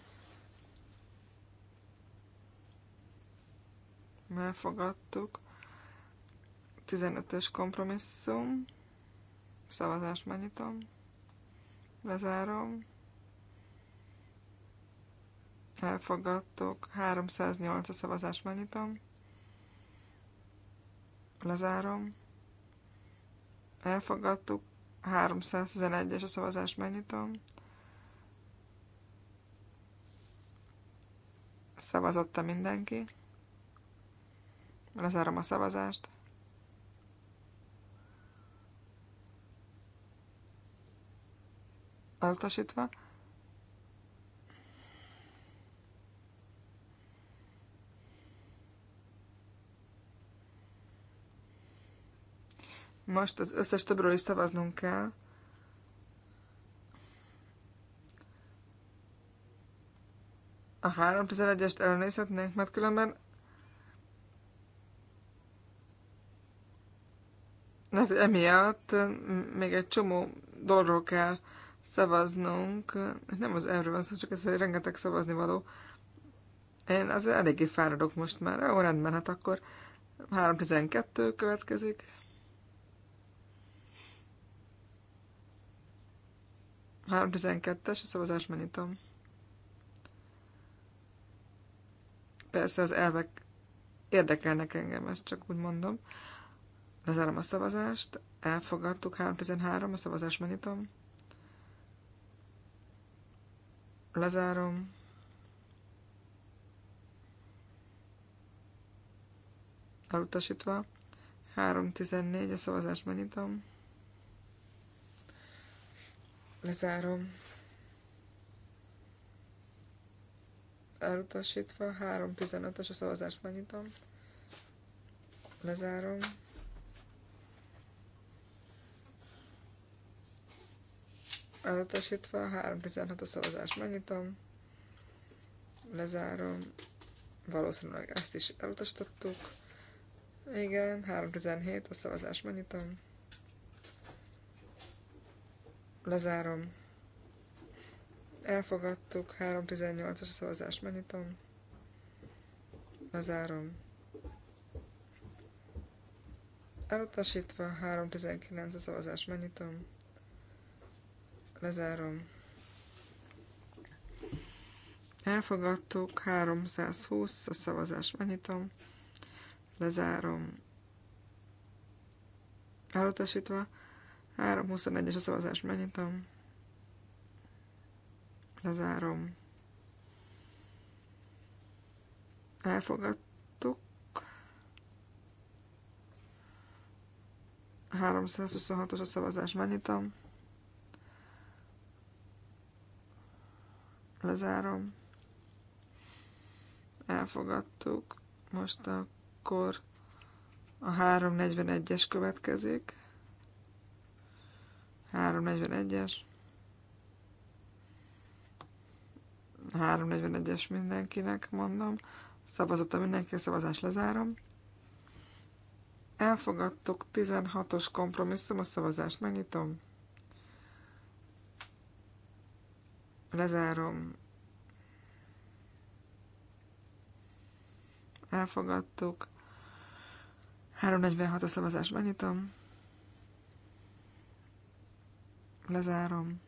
elfogadtuk. 15-ös kompromisszum, szavazást megnyitom, lezárom, elfogadtuk, 308 a szavazást megnyitom, lezárom, elfogadtuk, 311-es a szavazást megnyitom, Szavazott-e mindenki, Lezárom a szavazást. Elutasítva. Most az összes többről is szavaznunk kell. A 311-est elnézhetnénk, mert különben mert emiatt még egy csomó dologról kell szavaznunk. Nem az erről van szó, csak ez egy rengeteg szavazni való. Én az eléggé fáradok most már. Ó, rendben, hát akkor 3.12 következik. Három tizenkettes, a szavazás megnyitom. Persze az elvek érdekelnek engem, ezt csak úgy mondom. Lezárom a szavazást. Elfogadtuk. 313. A szavazást megnyitom. Lezárom. Elutasítva. 314. A szavazást megnyitom. Lezárom. Elutasítva. 315-ös a szavazást megnyitom. Lezárom. elutasítva, 3.16 a szavazás megnyitom, lezárom, valószínűleg ezt is elutasítottuk, igen, 3.17 a szavazás megnyitom, lezárom, elfogadtuk, 3.18-as a szavazás megnyitom, lezárom, elutasítva, 3.19 a szavazás megnyitom, Lezárom. Elfogadtuk. 320. A szavazást megnyitom. Lezárom. Elutasítva. 321-es a szavazást megnyitom. Lezárom. Elfogadtuk. 326-os a szavazást megnyitom. Lezárom. Elfogadtuk. Most akkor a 341-es következik. 341-es. 341-es mindenkinek mondom. Szavazata mindenki, a szavazást lezárom. Elfogadtuk 16-os kompromisszum, a szavazást megnyitom. Lezárom. Elfogadtuk. 346 a szavazást megnyitom. Lezárom.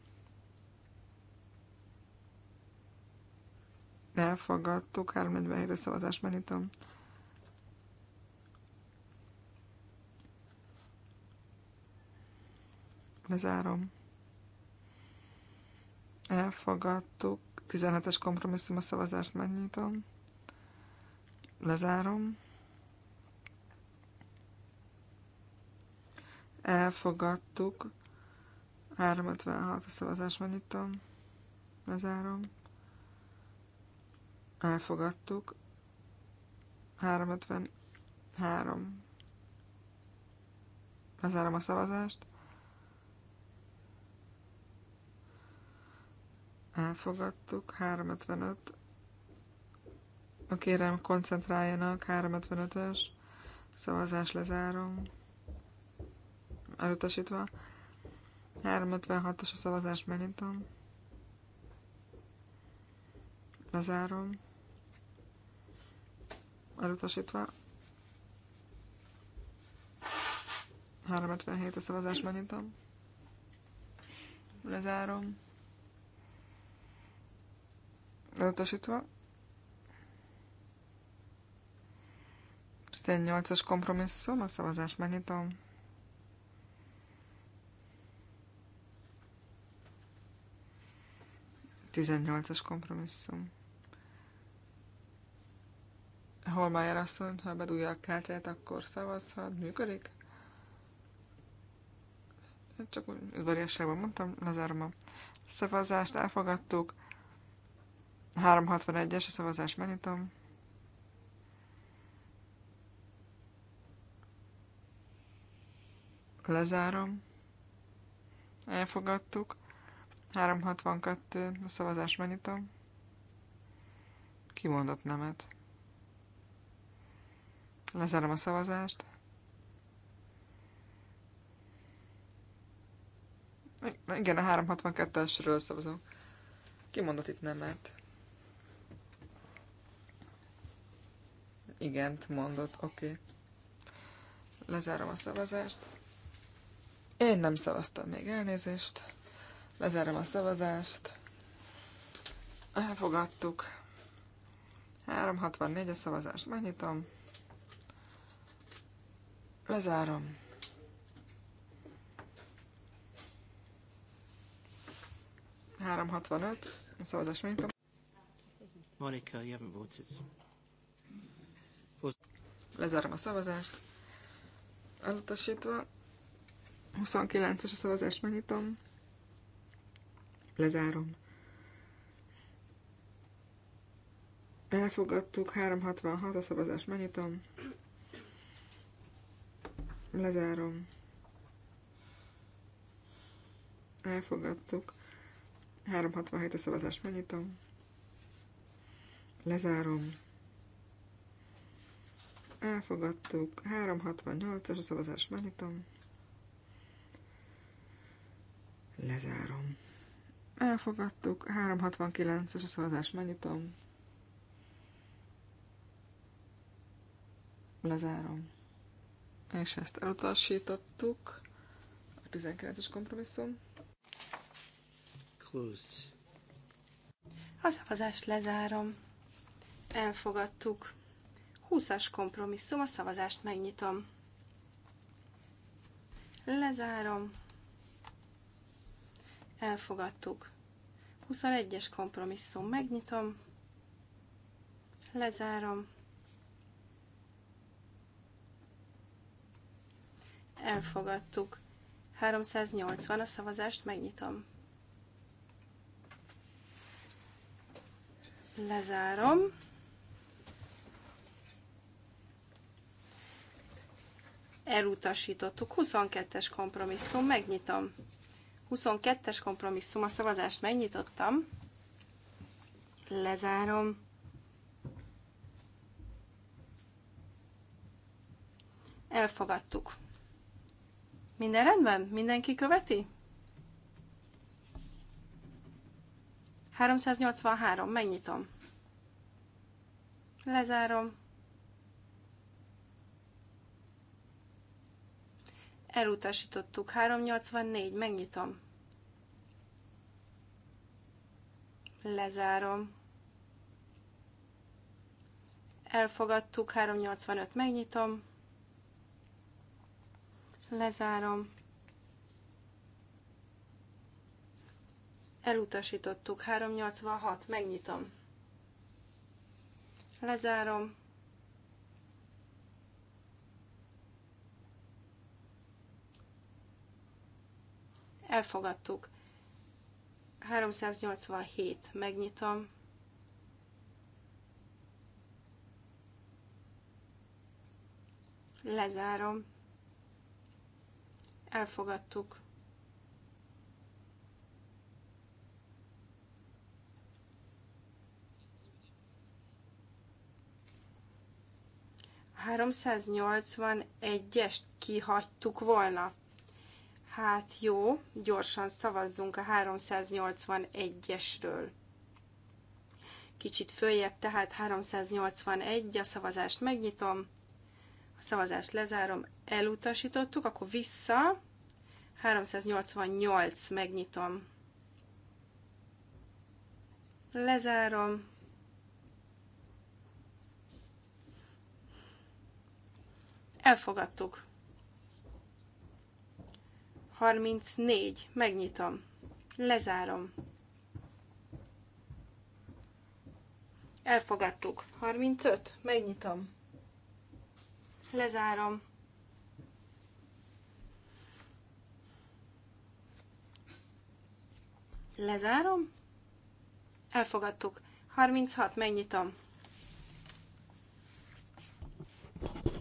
Elfogadtuk. 347 a szavazást megnyitom. Lezárom elfogadtuk. 17-es kompromisszum a szavazást megnyitom. Lezárom. Elfogadtuk. 356 a szavazást megnyitom. Lezárom. Elfogadtuk. 353. Lezárom a szavazást. elfogadtuk, 355, kérem koncentráljanak, 355-ös, szavazás lezárom, elutasítva, 356-os a szavazást megnyitom, lezárom, elutasítva, 357 a szavazást megnyitom, lezárom, elutasítva. 18-as kompromisszum, a szavazást megnyitom. Tizennyolcas kompromisszum. Holmájer asszony, ha bedugja a kártyát, akkor szavazhat. Működik? Csak úgy udvariasságban mondtam, lezárom a szavazást, elfogadtuk. 361-es a szavazás, megnyitom. Lezárom. Elfogadtuk. 362 a szavazás, megnyitom. Kimondott nemet. Lezárom a szavazást. Igen, a 362-esről szavazom. Kimondott itt nemet. igent mondott. Oké. Okay. Lezárom a szavazást. Én nem szavaztam még elnézést. Lezárom a szavazást. Elfogadtuk. 364 a szavazást megnyitom. Lezárom. Három hatvanöt, a szavazást megnyitom.
Monica, you haven't voted.
Lezárom a szavazást. Elutasítva. 29-es a szavazást megnyitom. Lezárom. Elfogadtuk. 366 a szavazást megnyitom. Lezárom. Elfogadtuk. 367 a szavazást megnyitom. Lezárom elfogadtuk. 368-as a szavazás, megnyitom. Lezárom. Elfogadtuk. 369-es a szavazás, megnyitom. Lezárom. És ezt elutasítottuk. A 19-es kompromisszum.
Closed.
A szavazást lezárom. Elfogadtuk. 20-as kompromisszum, a szavazást megnyitom. Lezárom. Elfogadtuk. 21-es kompromisszum, megnyitom. Lezárom. Elfogadtuk. 380 a szavazást megnyitom. Lezárom elutasítottuk. 22-es kompromisszum, megnyitom. 22-es kompromisszum, a szavazást megnyitottam. Lezárom. Elfogadtuk. Minden rendben? Mindenki követi? 383, megnyitom. Lezárom. Elutasítottuk. 384. Megnyitom. Lezárom. Elfogadtuk. 385. Megnyitom. Lezárom. Elutasítottuk. 386. Megnyitom. Lezárom. Elfogadtuk. 387. Megnyitom. Lezárom. Elfogadtuk. A 381-est kihagytuk volna. Hát jó, gyorsan szavazzunk a 381-esről. Kicsit följebb, tehát 381, a szavazást megnyitom, a szavazást lezárom, elutasítottuk, akkor vissza, 388, megnyitom. Lezárom. Elfogadtuk. 34. Megnyitom. Lezárom. Elfogadtuk. 35. Megnyitom. Lezárom. Lezárom. Elfogadtuk. 36. Megnyitom.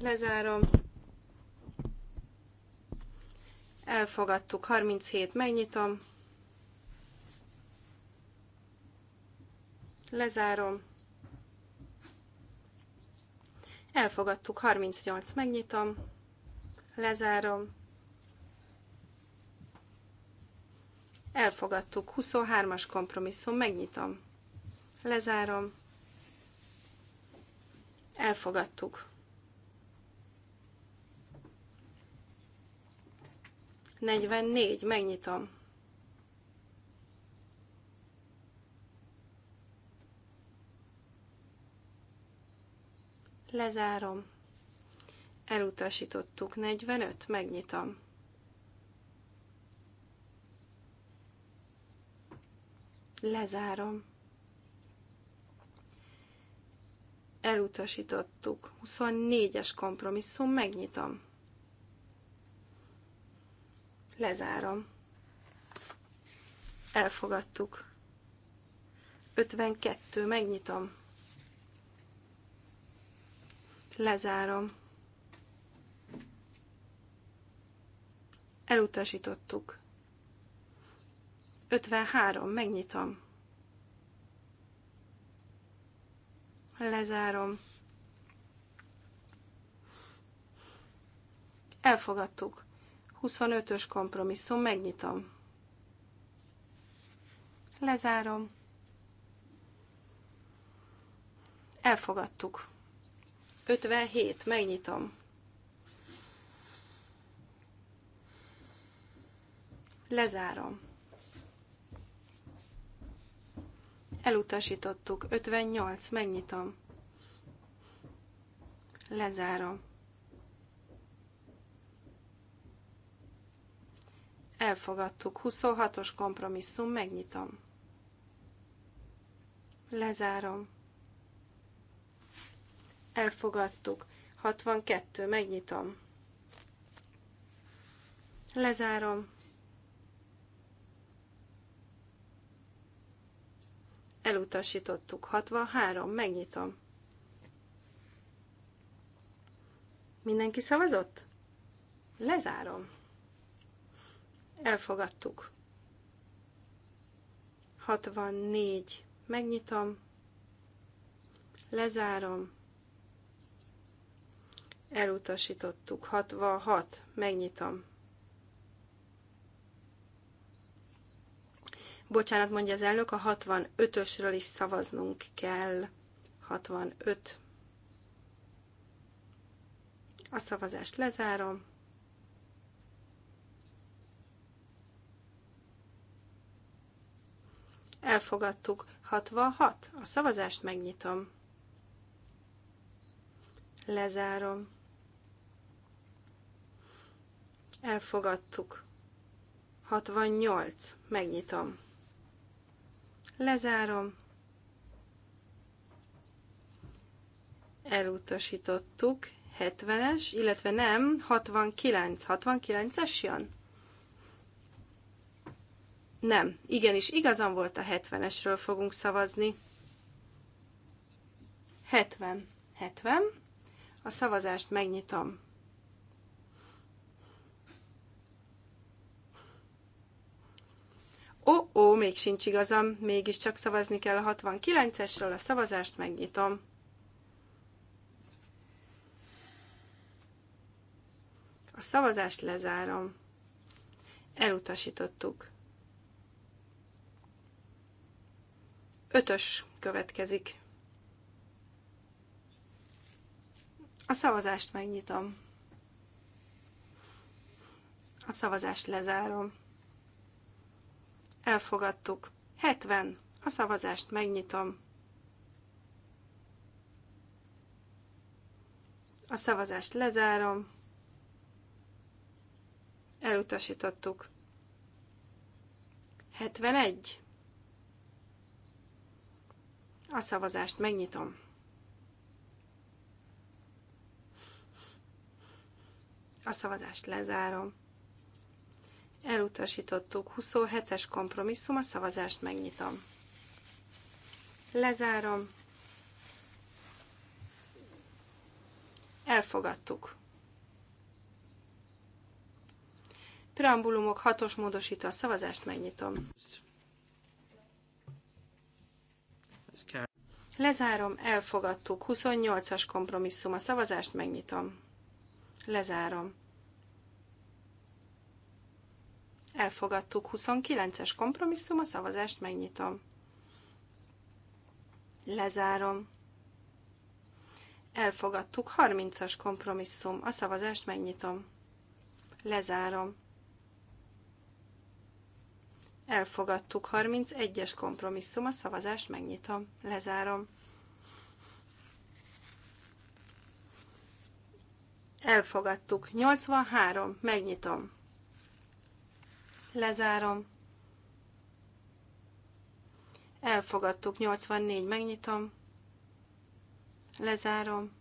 Lezárom. Elfogadtuk. 37. Megnyitom. Lezárom. Elfogadtuk. 38. Megnyitom. Lezárom. Elfogadtuk. 23-as kompromisszum. Megnyitom. Lezárom. Elfogadtuk. 44, megnyitom. Lezárom. Elutasítottuk. 45, megnyitom. Lezárom. Elutasítottuk. 24-es kompromisszum, megnyitom. Lezárom. Elfogadtuk. 52. Megnyitom. Lezárom. Elutasítottuk. 53. Megnyitom. Lezárom. Elfogadtuk. 25-ös kompromisszum, megnyitom. Lezárom. Elfogadtuk. 57, megnyitom. Lezárom. Elutasítottuk. 58, megnyitom. Lezárom. Elfogadtuk. 26-os kompromisszum, megnyitom. Lezárom. Elfogadtuk. 62, megnyitom. Lezárom. Elutasítottuk. 63, megnyitom. Mindenki szavazott? Lezárom. Elfogadtuk. 64. Megnyitom. Lezárom. Elutasítottuk. 66. Megnyitom. Bocsánat, mondja az elnök, a 65-ösről is szavaznunk kell. 65. A szavazást lezárom. Elfogadtuk. 66. A szavazást megnyitom. Lezárom. Elfogadtuk. 68. Megnyitom. Lezárom. Elutasítottuk. 70-es, illetve nem, 69. 69-es jön? Nem, igenis, igazam volt a 70-esről fogunk szavazni. 70. 70. A szavazást megnyitom. Ó, ó, még sincs igazam, csak szavazni kell a 69-esről, a szavazást megnyitom. A szavazást lezárom. Elutasítottuk. Ötös következik. A szavazást megnyitom. A szavazást lezárom. Elfogadtuk. 70. A szavazást megnyitom. A szavazást lezárom. Elutasítottuk. 71. A szavazást megnyitom. A szavazást lezárom. Elutasítottuk 27-es kompromisszum, a szavazást megnyitom. Lezárom. Elfogadtuk. Preambulumok hatos módosító, a szavazást megnyitom. Lezárom, elfogadtuk. 28-as kompromisszum. A szavazást megnyitom. Lezárom. Elfogadtuk. 29-es kompromisszum. A szavazást megnyitom. Lezárom. Elfogadtuk. 30-as kompromisszum. A szavazást megnyitom. Lezárom. Elfogadtuk 31-es kompromisszum, a szavazást megnyitom, lezárom. Elfogadtuk 83, megnyitom, lezárom. Elfogadtuk 84, megnyitom, lezárom.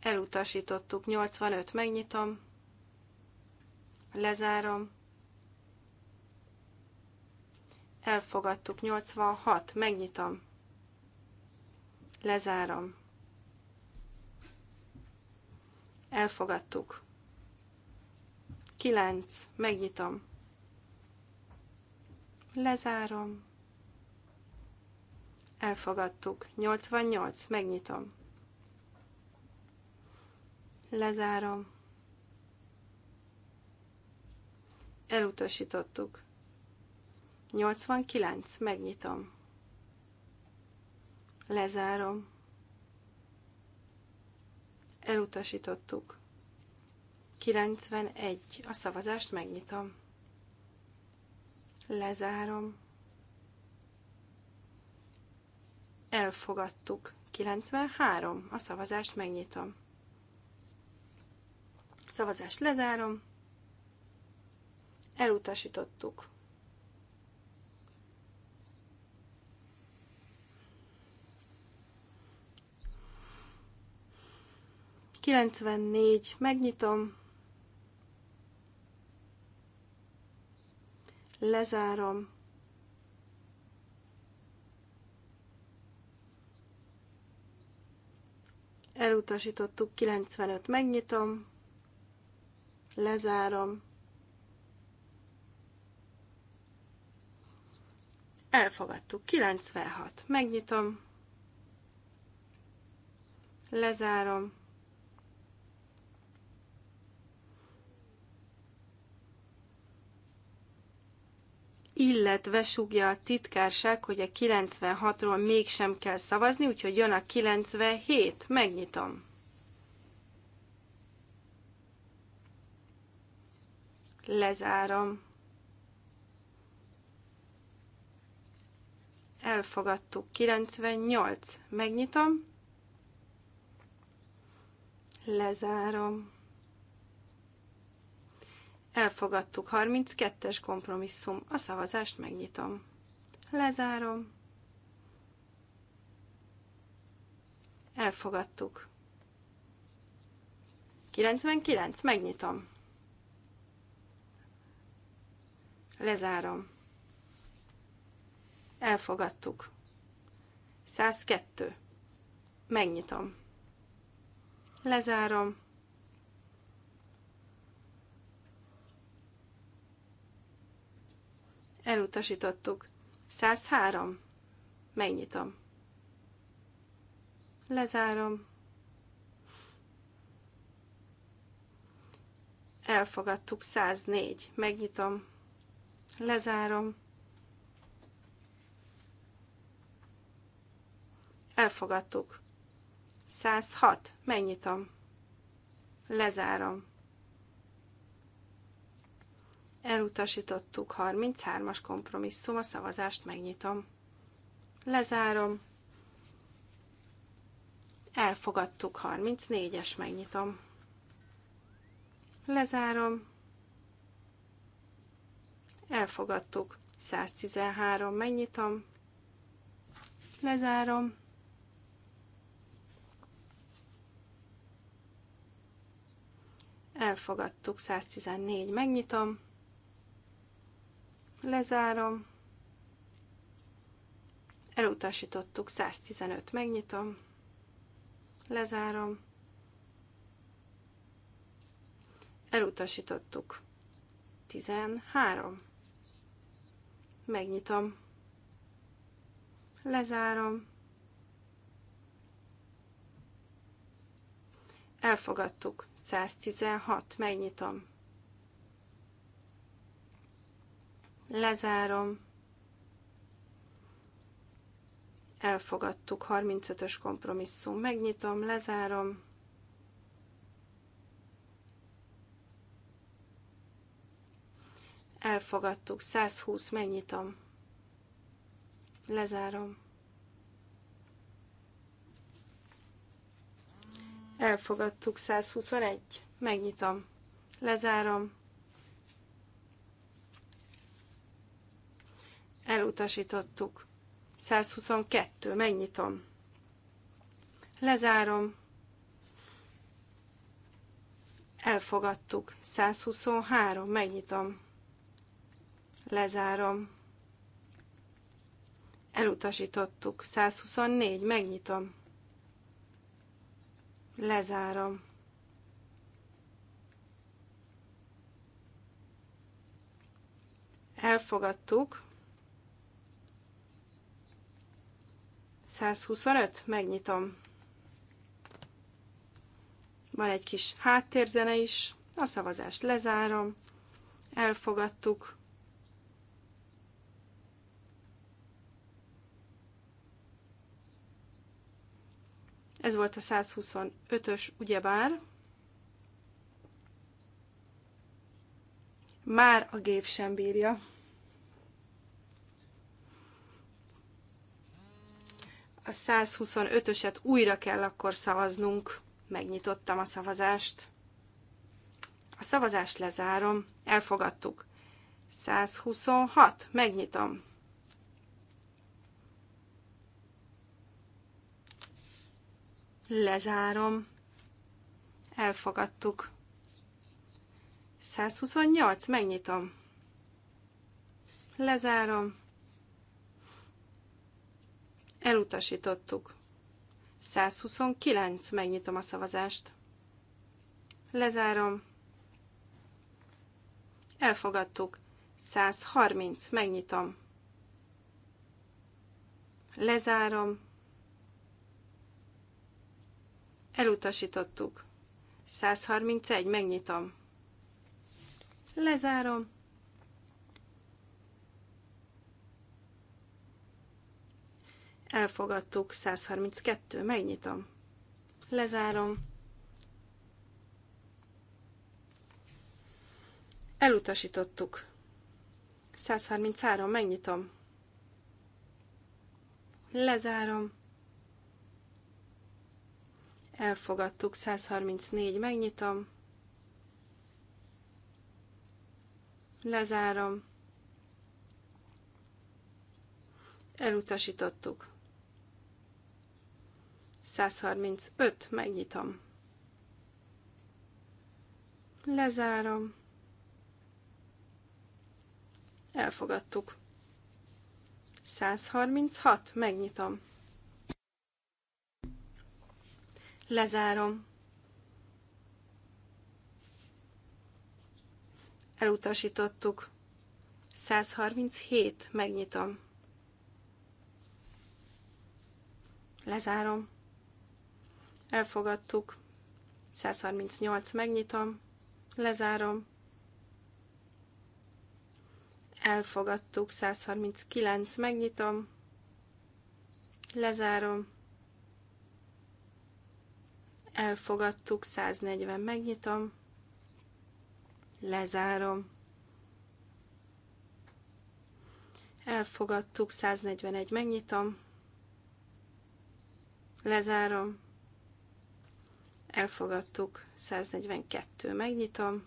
Elutasítottuk 85, megnyitom, Lezárom. Elfogadtuk. 86. Megnyitom. Lezárom. Elfogadtuk. 9. Megnyitom. Lezárom. Elfogadtuk. 88. Megnyitom. Lezárom. Elutasítottuk. 89. Megnyitom. Lezárom. Elutasítottuk. 91. A szavazást megnyitom. Lezárom. Elfogadtuk. 93. A szavazást megnyitom. Szavazást lezárom. Elutasítottuk. négy, Megnyitom. Lezárom. Elutasítottuk. 95. Megnyitom. Lezárom. Elfogadtuk. 96. Megnyitom. Lezárom. illetve sugja a titkárság, hogy a 96-ról mégsem kell szavazni, úgyhogy jön a 97. Megnyitom. Lezárom. elfogadtuk. 98. Megnyitom, lezárom. Elfogadtuk. 32-es kompromisszum. A szavazást megnyitom. Lezárom. Elfogadtuk. 99. Megnyitom. Lezárom. Elfogadtuk. 102. Megnyitom. Lezárom. Elutasítottuk. 103. Megnyitom. Lezárom. Elfogadtuk. 104. Megnyitom. Lezárom. Elfogadtuk. 106. Megnyitom. Lezárom. Elutasítottuk. 33-as kompromisszum. A szavazást megnyitom. Lezárom. Elfogadtuk. 34-es. Megnyitom. Lezárom. Elfogadtuk. 113. Megnyitom. Lezárom Elfogadtuk. 114. Megnyitom. Lezárom. Elutasítottuk. 115. Megnyitom. Lezárom. Elutasítottuk. 13. Megnyitom. Lezárom. Elfogadtuk. 116. Megnyitom. Lezárom. Elfogadtuk. 35-ös kompromisszum. Megnyitom, lezárom. Elfogadtuk. 120. Megnyitom. Lezárom. Elfogadtuk 121. Megnyitom. Lezárom. Elutasítottuk. 122. Megnyitom. Lezárom. Elfogadtuk. 123. Megnyitom. Lezárom. Elutasítottuk. 124. Megnyitom. Lezárom. Elfogadtuk. 125, megnyitom. Van egy kis háttérzene is, a szavazást lezárom, elfogadtuk. Ez volt a 125-ös, ugyebár. Már a gép sem bírja. A 125-öset újra kell akkor szavaznunk. Megnyitottam a szavazást. A szavazást lezárom. Elfogadtuk. 126. Megnyitom. Lezárom. Elfogadtuk. 128, megnyitom. Lezárom. Elutasítottuk. 129, megnyitom a szavazást. Lezárom. Elfogadtuk. 130, megnyitom. Lezárom. Elutasítottuk. 131, megnyitom. Lezárom. Elfogadtuk. 132, megnyitom. Lezárom. Elutasítottuk. 133, megnyitom. Lezárom. Elfogadtuk. 134. Megnyitom. Lezárom. Elutasítottuk. 135. Megnyitom. Lezárom. Elfogadtuk. 136. Megnyitom. Lezárom. Elutasítottuk. 137. Megnyitom. Lezárom. Elfogadtuk. 138. Megnyitom. Lezárom. Elfogadtuk. 139. Megnyitom. Lezárom elfogadtuk, 140 megnyitom, lezárom, elfogadtuk, 141 megnyitom, lezárom, elfogadtuk, 142 megnyitom,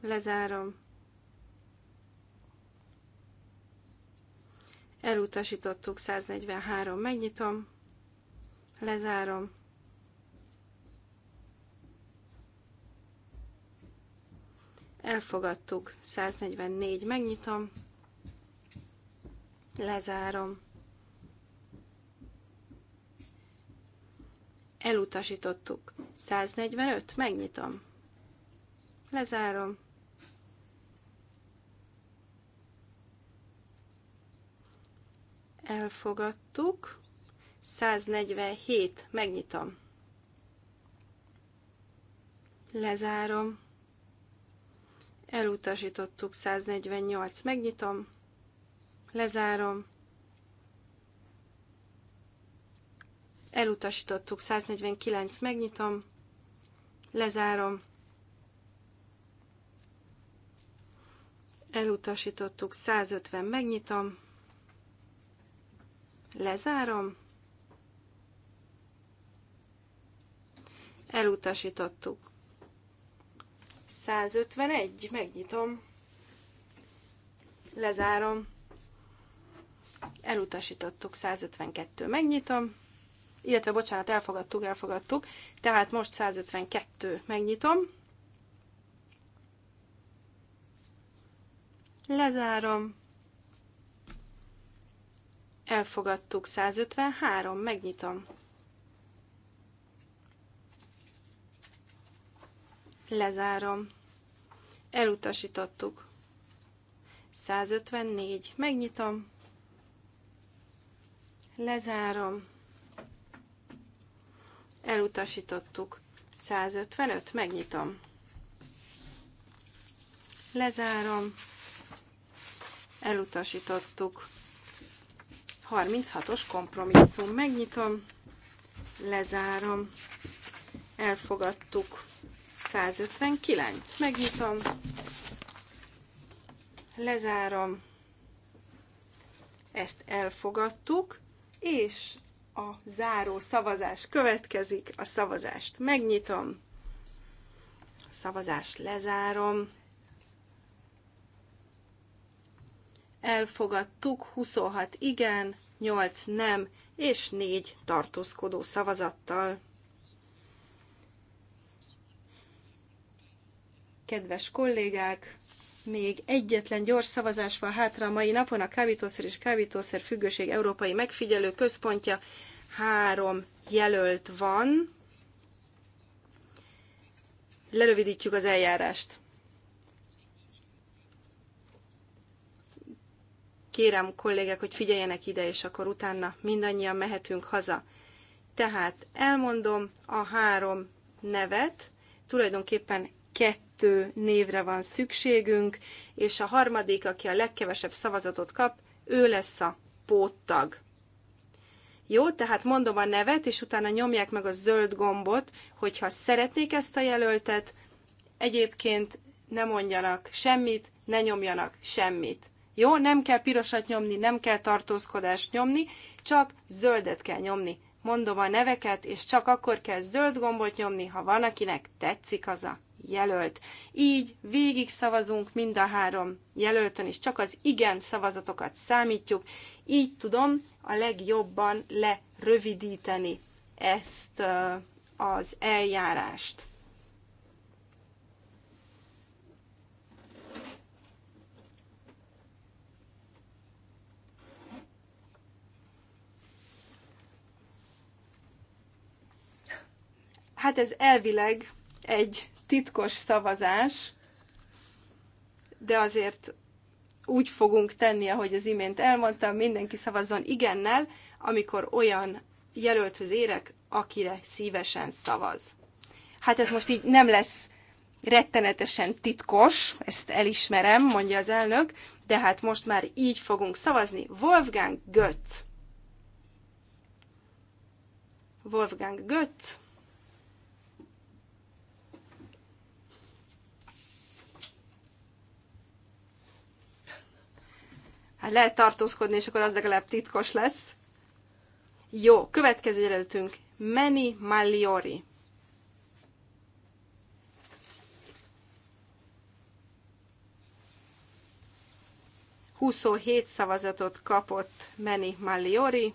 lezárom, elutasítottuk, 143 megnyitom, lezárom, Elfogadtuk. 144. Megnyitom. Lezárom. Elutasítottuk. 145. Megnyitom. Lezárom. Elfogadtuk. 147. Megnyitom. Lezárom elutasítottuk 148, megnyitom, lezárom, elutasítottuk 149, megnyitom, lezárom, elutasítottuk 150, megnyitom, lezárom, elutasítottuk 151, megnyitom, lezárom, elutasítottuk, 152, megnyitom, illetve bocsánat, elfogadtuk, elfogadtuk, tehát most 152, megnyitom, lezárom, elfogadtuk, 153, megnyitom, Lezárom. Elutasítottuk. 154. Megnyitom. Lezárom. Elutasítottuk. 155. Megnyitom. Lezárom. Elutasítottuk. 36-os kompromisszum. Megnyitom. Lezárom. Elfogadtuk. 159. Megnyitom. Lezárom. Ezt elfogadtuk, és a záró szavazás következik. A szavazást megnyitom. A szavazást lezárom. Elfogadtuk 26 igen, 8 nem és 4 tartózkodó szavazattal. Kedves kollégák, még egyetlen gyors szavazás van hátra a mai napon. A kábítószer és kábítószer függőség Európai Megfigyelő Központja három jelölt van. Lerövidítjük az eljárást. Kérem kollégák, hogy figyeljenek ide, és akkor utána mindannyian mehetünk haza. Tehát elmondom a három nevet, tulajdonképpen kettő kettő névre van szükségünk, és a harmadik, aki a legkevesebb szavazatot kap, ő lesz a póttag. Jó, tehát mondom a nevet, és utána nyomják meg a zöld gombot, hogyha szeretnék ezt a jelöltet, egyébként ne mondjanak semmit, ne nyomjanak semmit. Jó, nem kell pirosat nyomni, nem kell tartózkodást nyomni, csak zöldet kell nyomni. Mondom a neveket, és csak akkor kell zöld gombot nyomni, ha van, akinek tetszik az a jelölt. Így végig szavazunk mind a három jelöltön, és csak az igen szavazatokat számítjuk. Így tudom a legjobban lerövidíteni ezt az eljárást. Hát ez elvileg egy titkos szavazás, de azért úgy fogunk tenni, ahogy az imént elmondtam, mindenki szavazzon igennel, amikor olyan jelölthöz érek, akire szívesen szavaz. Hát ez most így nem lesz rettenetesen titkos, ezt elismerem, mondja az elnök, de hát most már így fogunk szavazni. Wolfgang Götz. Wolfgang Götz. Hát lehet tartózkodni, és akkor az legalább titkos lesz. Jó, következő jelöltünk. Meni Malliori. Huszonhét szavazatot kapott Meni Malliori.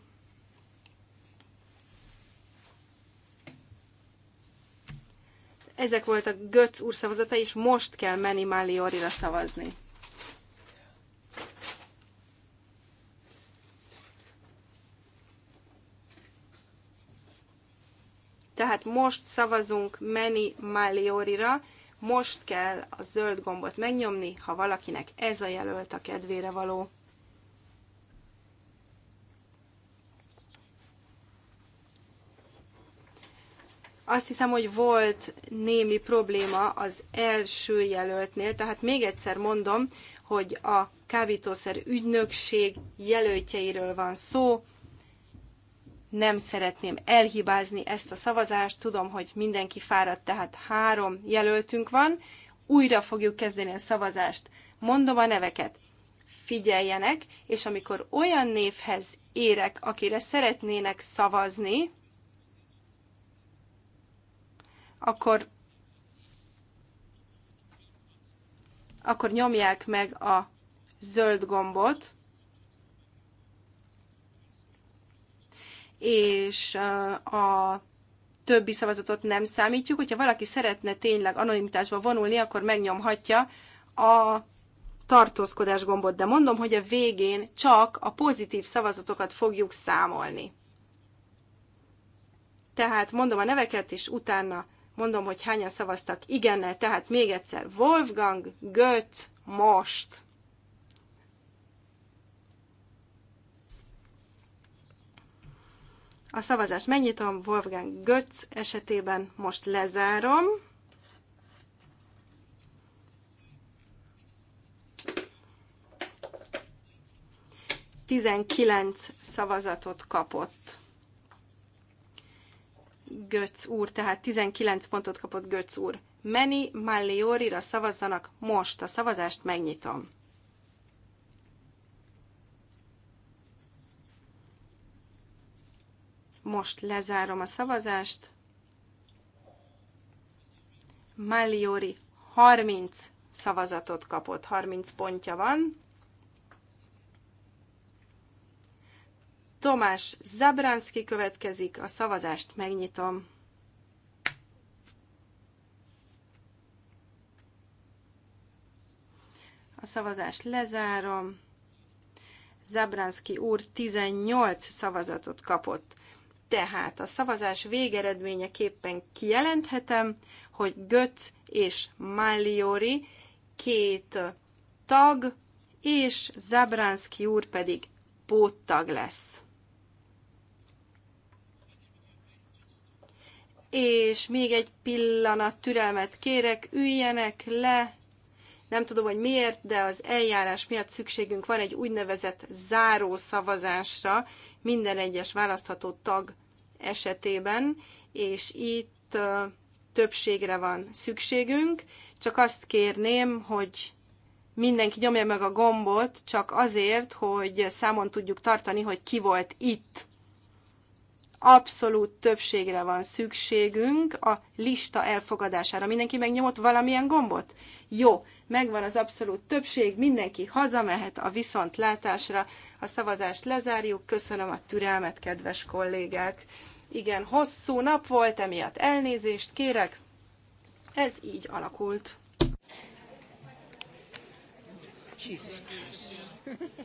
Ezek voltak Götz úr szavazatai, és most kell Meni Malliori-ra szavazni. Tehát most szavazunk Meni Maliorira, most kell a zöld gombot megnyomni, ha valakinek ez a jelölt a kedvére való. Azt hiszem, hogy volt némi probléma az első jelöltnél, tehát még egyszer mondom, hogy a kábítószer ügynökség jelöltjeiről van szó, nem szeretném elhibázni ezt a szavazást. Tudom, hogy mindenki fáradt, tehát három jelöltünk van. Újra fogjuk kezdeni a szavazást. Mondom a neveket. Figyeljenek, és amikor olyan névhez érek, akire szeretnének szavazni, akkor akkor nyomják meg a zöld gombot, és a többi szavazatot nem számítjuk. Hogyha valaki szeretne tényleg anonimitásba vonulni, akkor megnyomhatja a tartózkodás gombot, de mondom, hogy a végén csak a pozitív szavazatokat fogjuk számolni. Tehát mondom a neveket, és utána mondom, hogy hányan szavaztak igennel. Tehát még egyszer, Wolfgang Götz most. A szavazást megnyitom, Wolfgang Götz esetében most lezárom. Tizenkilenc szavazatot kapott. Götz úr, tehát 19 pontot kapott Götz úr. Meni Malliorira szavazzanak most, a szavazást megnyitom. Most lezárom a szavazást. Maliori 30 szavazatot kapott, 30 pontja van. Tomás Zabranski következik, a szavazást megnyitom. A szavazást lezárom. Zabranski úr 18 szavazatot kapott. Tehát a szavazás végeredményeképpen kijelenthetem, hogy Götz és Malliori két tag, és Zabranski úr pedig póttag lesz. És még egy pillanat türelmet kérek, üljenek le, nem tudom, hogy miért, de az eljárás miatt szükségünk van egy úgynevezett záró szavazásra minden egyes választható tag esetében, és itt többségre van szükségünk. Csak azt kérném, hogy mindenki nyomja meg a gombot, csak azért, hogy számon tudjuk tartani, hogy ki volt itt abszolút többségre van szükségünk a lista elfogadására. Mindenki megnyomott valamilyen gombot? Jó, megvan az abszolút többség, mindenki hazamehet a viszontlátásra. A szavazást lezárjuk. Köszönöm a türelmet, kedves kollégák. Igen, hosszú nap volt, emiatt elnézést kérek. Ez így alakult.
Jesus Christ.